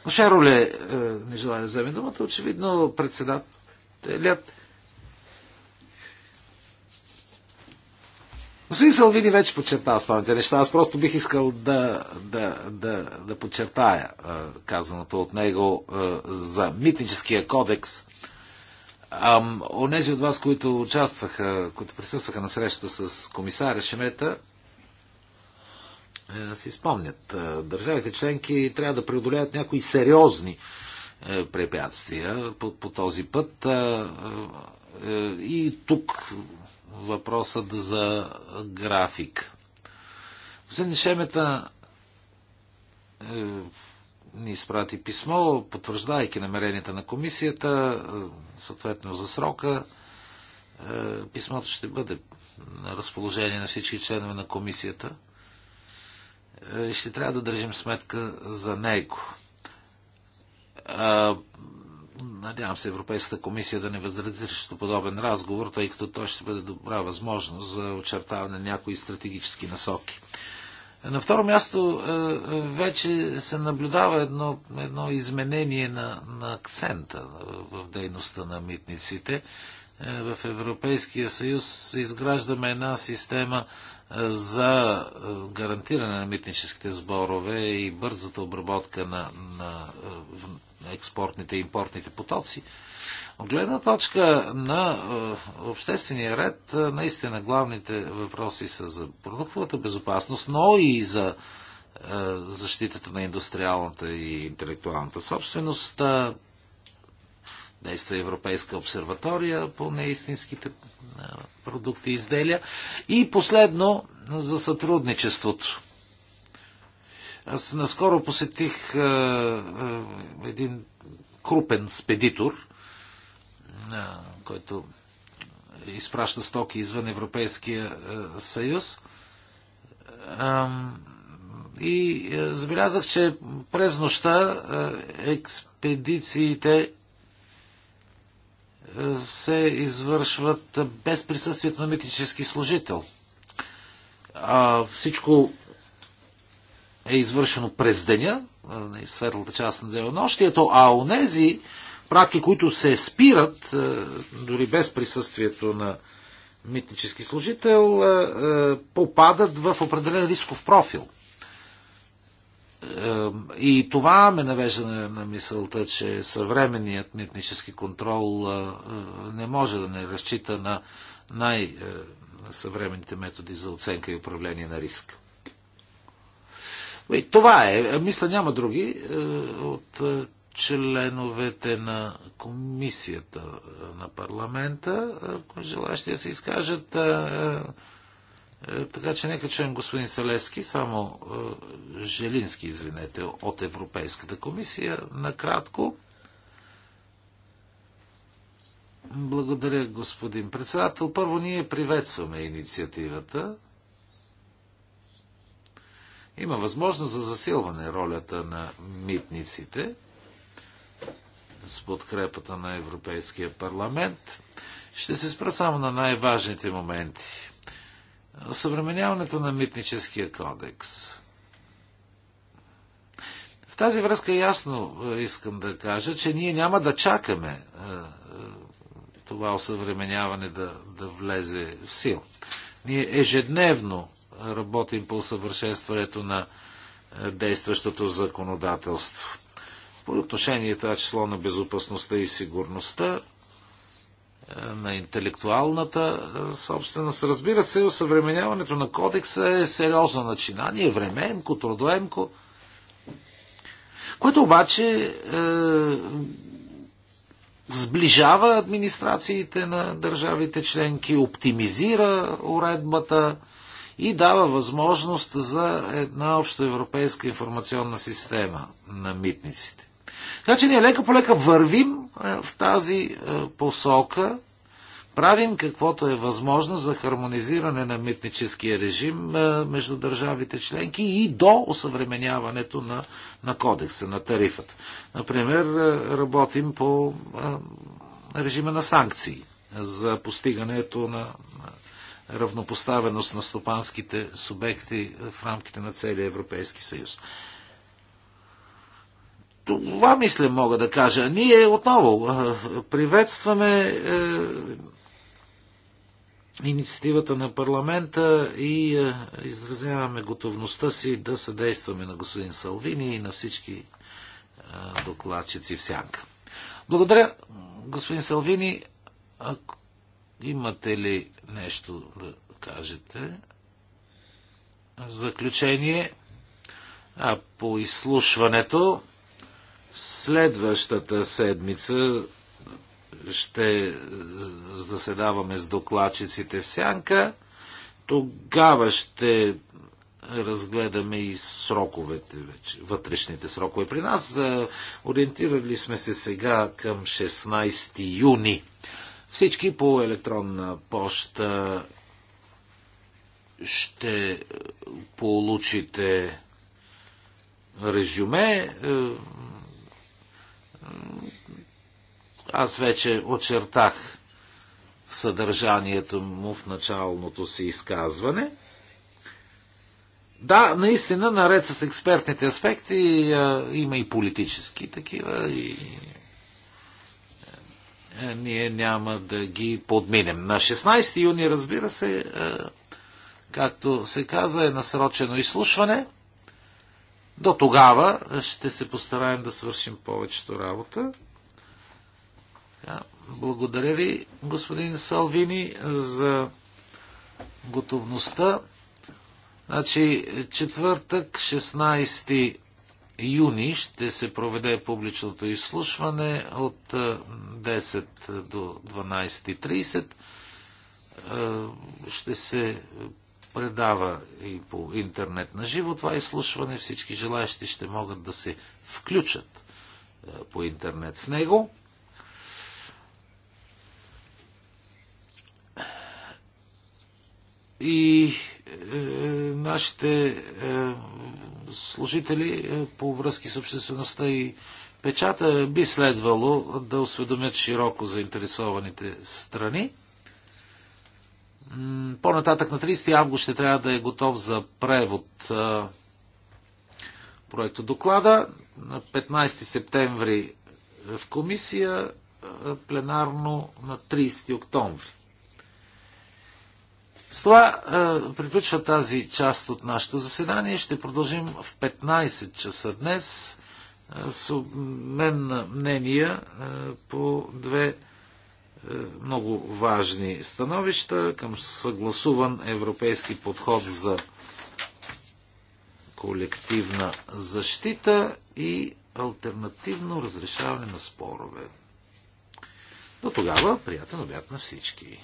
Шароле е, не желая да вземе думата. Очевидно председателят Господин Салвини вече подчерта основните неща. Аз просто бих искал да, да, да, да подчертая казаното от него за митническия кодекс. онези от вас, които участваха, които присъстваха на среща с комисаря Шемета, е, си спомнят. Държавите членки трябва да преодоляват някои сериозни е, препятствия по, по този път. Е, и тук въпросът за график. Господин Шемета е, ни изпрати писмо, потвърждайки намеренията на комисията, е, съответно за срока. Е, писмото ще бъде на разположение на всички членове на комисията. Е, ще трябва да държим сметка за него е, Надявам се Европейската комисия да не възрази срещу подобен разговор, тъй като той ще бъде добра възможност за очертаване на някои стратегически насоки. На второ място е, е, вече се наблюдава едно, едно изменение на, на акцента в дейността на митниците. Е, в Европейския съюз изграждаме една система за гарантиране на митническите сборове и бързата обработка на, на експортните и импортните потоци. От гледна точка на е, обществения ред, е, наистина главните въпроси са за продуктовата безопасност, но и за е, защитата на индустриалната и интелектуалната собственост. Действа Европейска обсерватория по неистинските продукти и изделия. И последно за сътрудничеството. Аз наскоро посетих а, е, а, е, един крупен спедитор, а, е, който изпраща стоки извън Европейския а, съюз. А, и а, забелязах, че през нощта а, експедициите се извършват без присъствието на митнически служител. А, всичко е извършено през деня, в светлата част на денонощието, а онези пратки, които се спират, дори без присъствието на митнически служител, попадат в определен рисков профил. И това ме навежда на мисълта, че съвременният митнически контрол не може да не разчита на най-съвременните методи за оценка и управление на риска. И е, това е. Мисля, няма други е, от е, членовете на комисията на парламента, ако желащи да се изкажат. Така че нека чуем господин Селески, само Желински, извинете, от Европейската комисия. Накратко. Благодаря, господин председател. Първо, ние приветстваме инициативата има възможност за засилване ролята на митниците с подкрепата на Европейския парламент. Ще се спра само на най-важните моменти. Съвременяването на митническия кодекс. В тази връзка ясно е, искам да кажа, че ние няма да чакаме е, е, това осъвременяване да, да влезе в сил. Ние ежедневно работим по усъвършенстването на е, действащото законодателство. По отношение това число на безопасността и сигурността, е, на интелектуалната е, собственост. Разбира се, съвременяването на кодекса е сериозно начинание, времеемко, трудоемко, което обаче е, сближава администрациите на държавите членки, оптимизира уредбата, е, и дава възможност за една общоевропейска информационна система на митниците. Така че ние лека по лека вървим е, в тази е, посока, правим каквото е възможно за хармонизиране на митническия режим е, между държавите членки и до осъвременяването на, на кодекса, на тарифата. Например, работим по режима на санкции за постигането на, равнопоставеност на стопанските субекти в рамките на целия Европейски съюз. Това, мисля, мога да кажа. Ние отново приветстваме е, инициативата на парламента и е, изразяваме готовността си да съдействаме на господин Салвини и на всички е, докладчици в сянка. Благодаря, господин Салвини. Ако Имате ли нещо да кажете? В заключение, а по изслушването, следващата седмица ще е, заседаваме с докладчиците в сянка. Тогава ще разгледаме и сроковете вече, вътрешните срокове при нас. Е, ориентирали сме се сега към 16 юни. Всички по електронна поща ще получите резюме. Аз вече очертах съдържанието му в началното си изказване. Да, наистина, наред с експертните аспекти, има и политически такива, и е, ние няма да ги подминем. На 16 юни, разбира се, е, както се каза, е насрочено изслушване. До тогава ще се постараем да свършим повечето работа. Благодаря ви, господин Салвини, за готовността. Значи, четвъртък, 16 юни ще се проведе публичното изслушване от 10 е, до 12.30. Е, ще се предава и по интернет на живо това изслушване. Всички желаящи ще могат да се включат е, по интернет в него. И е, нашите е, служители е, по връзки с обществеността и печата би следвало да осведомят широко заинтересованите страни. По-нататък на 30 август ще трябва да е готов за превод проекта доклада. На 15 септември в комисия, пленарно на 30 октомври. С това е, приключва тази част от нашето заседание. Ще продължим в 15 часа днес е, с обмен на мнения е, по две е, много важни становища към съгласуван европейски подход за колективна защита и альтернативно разрешаване на спорове. До тогава приятен обяд на всички!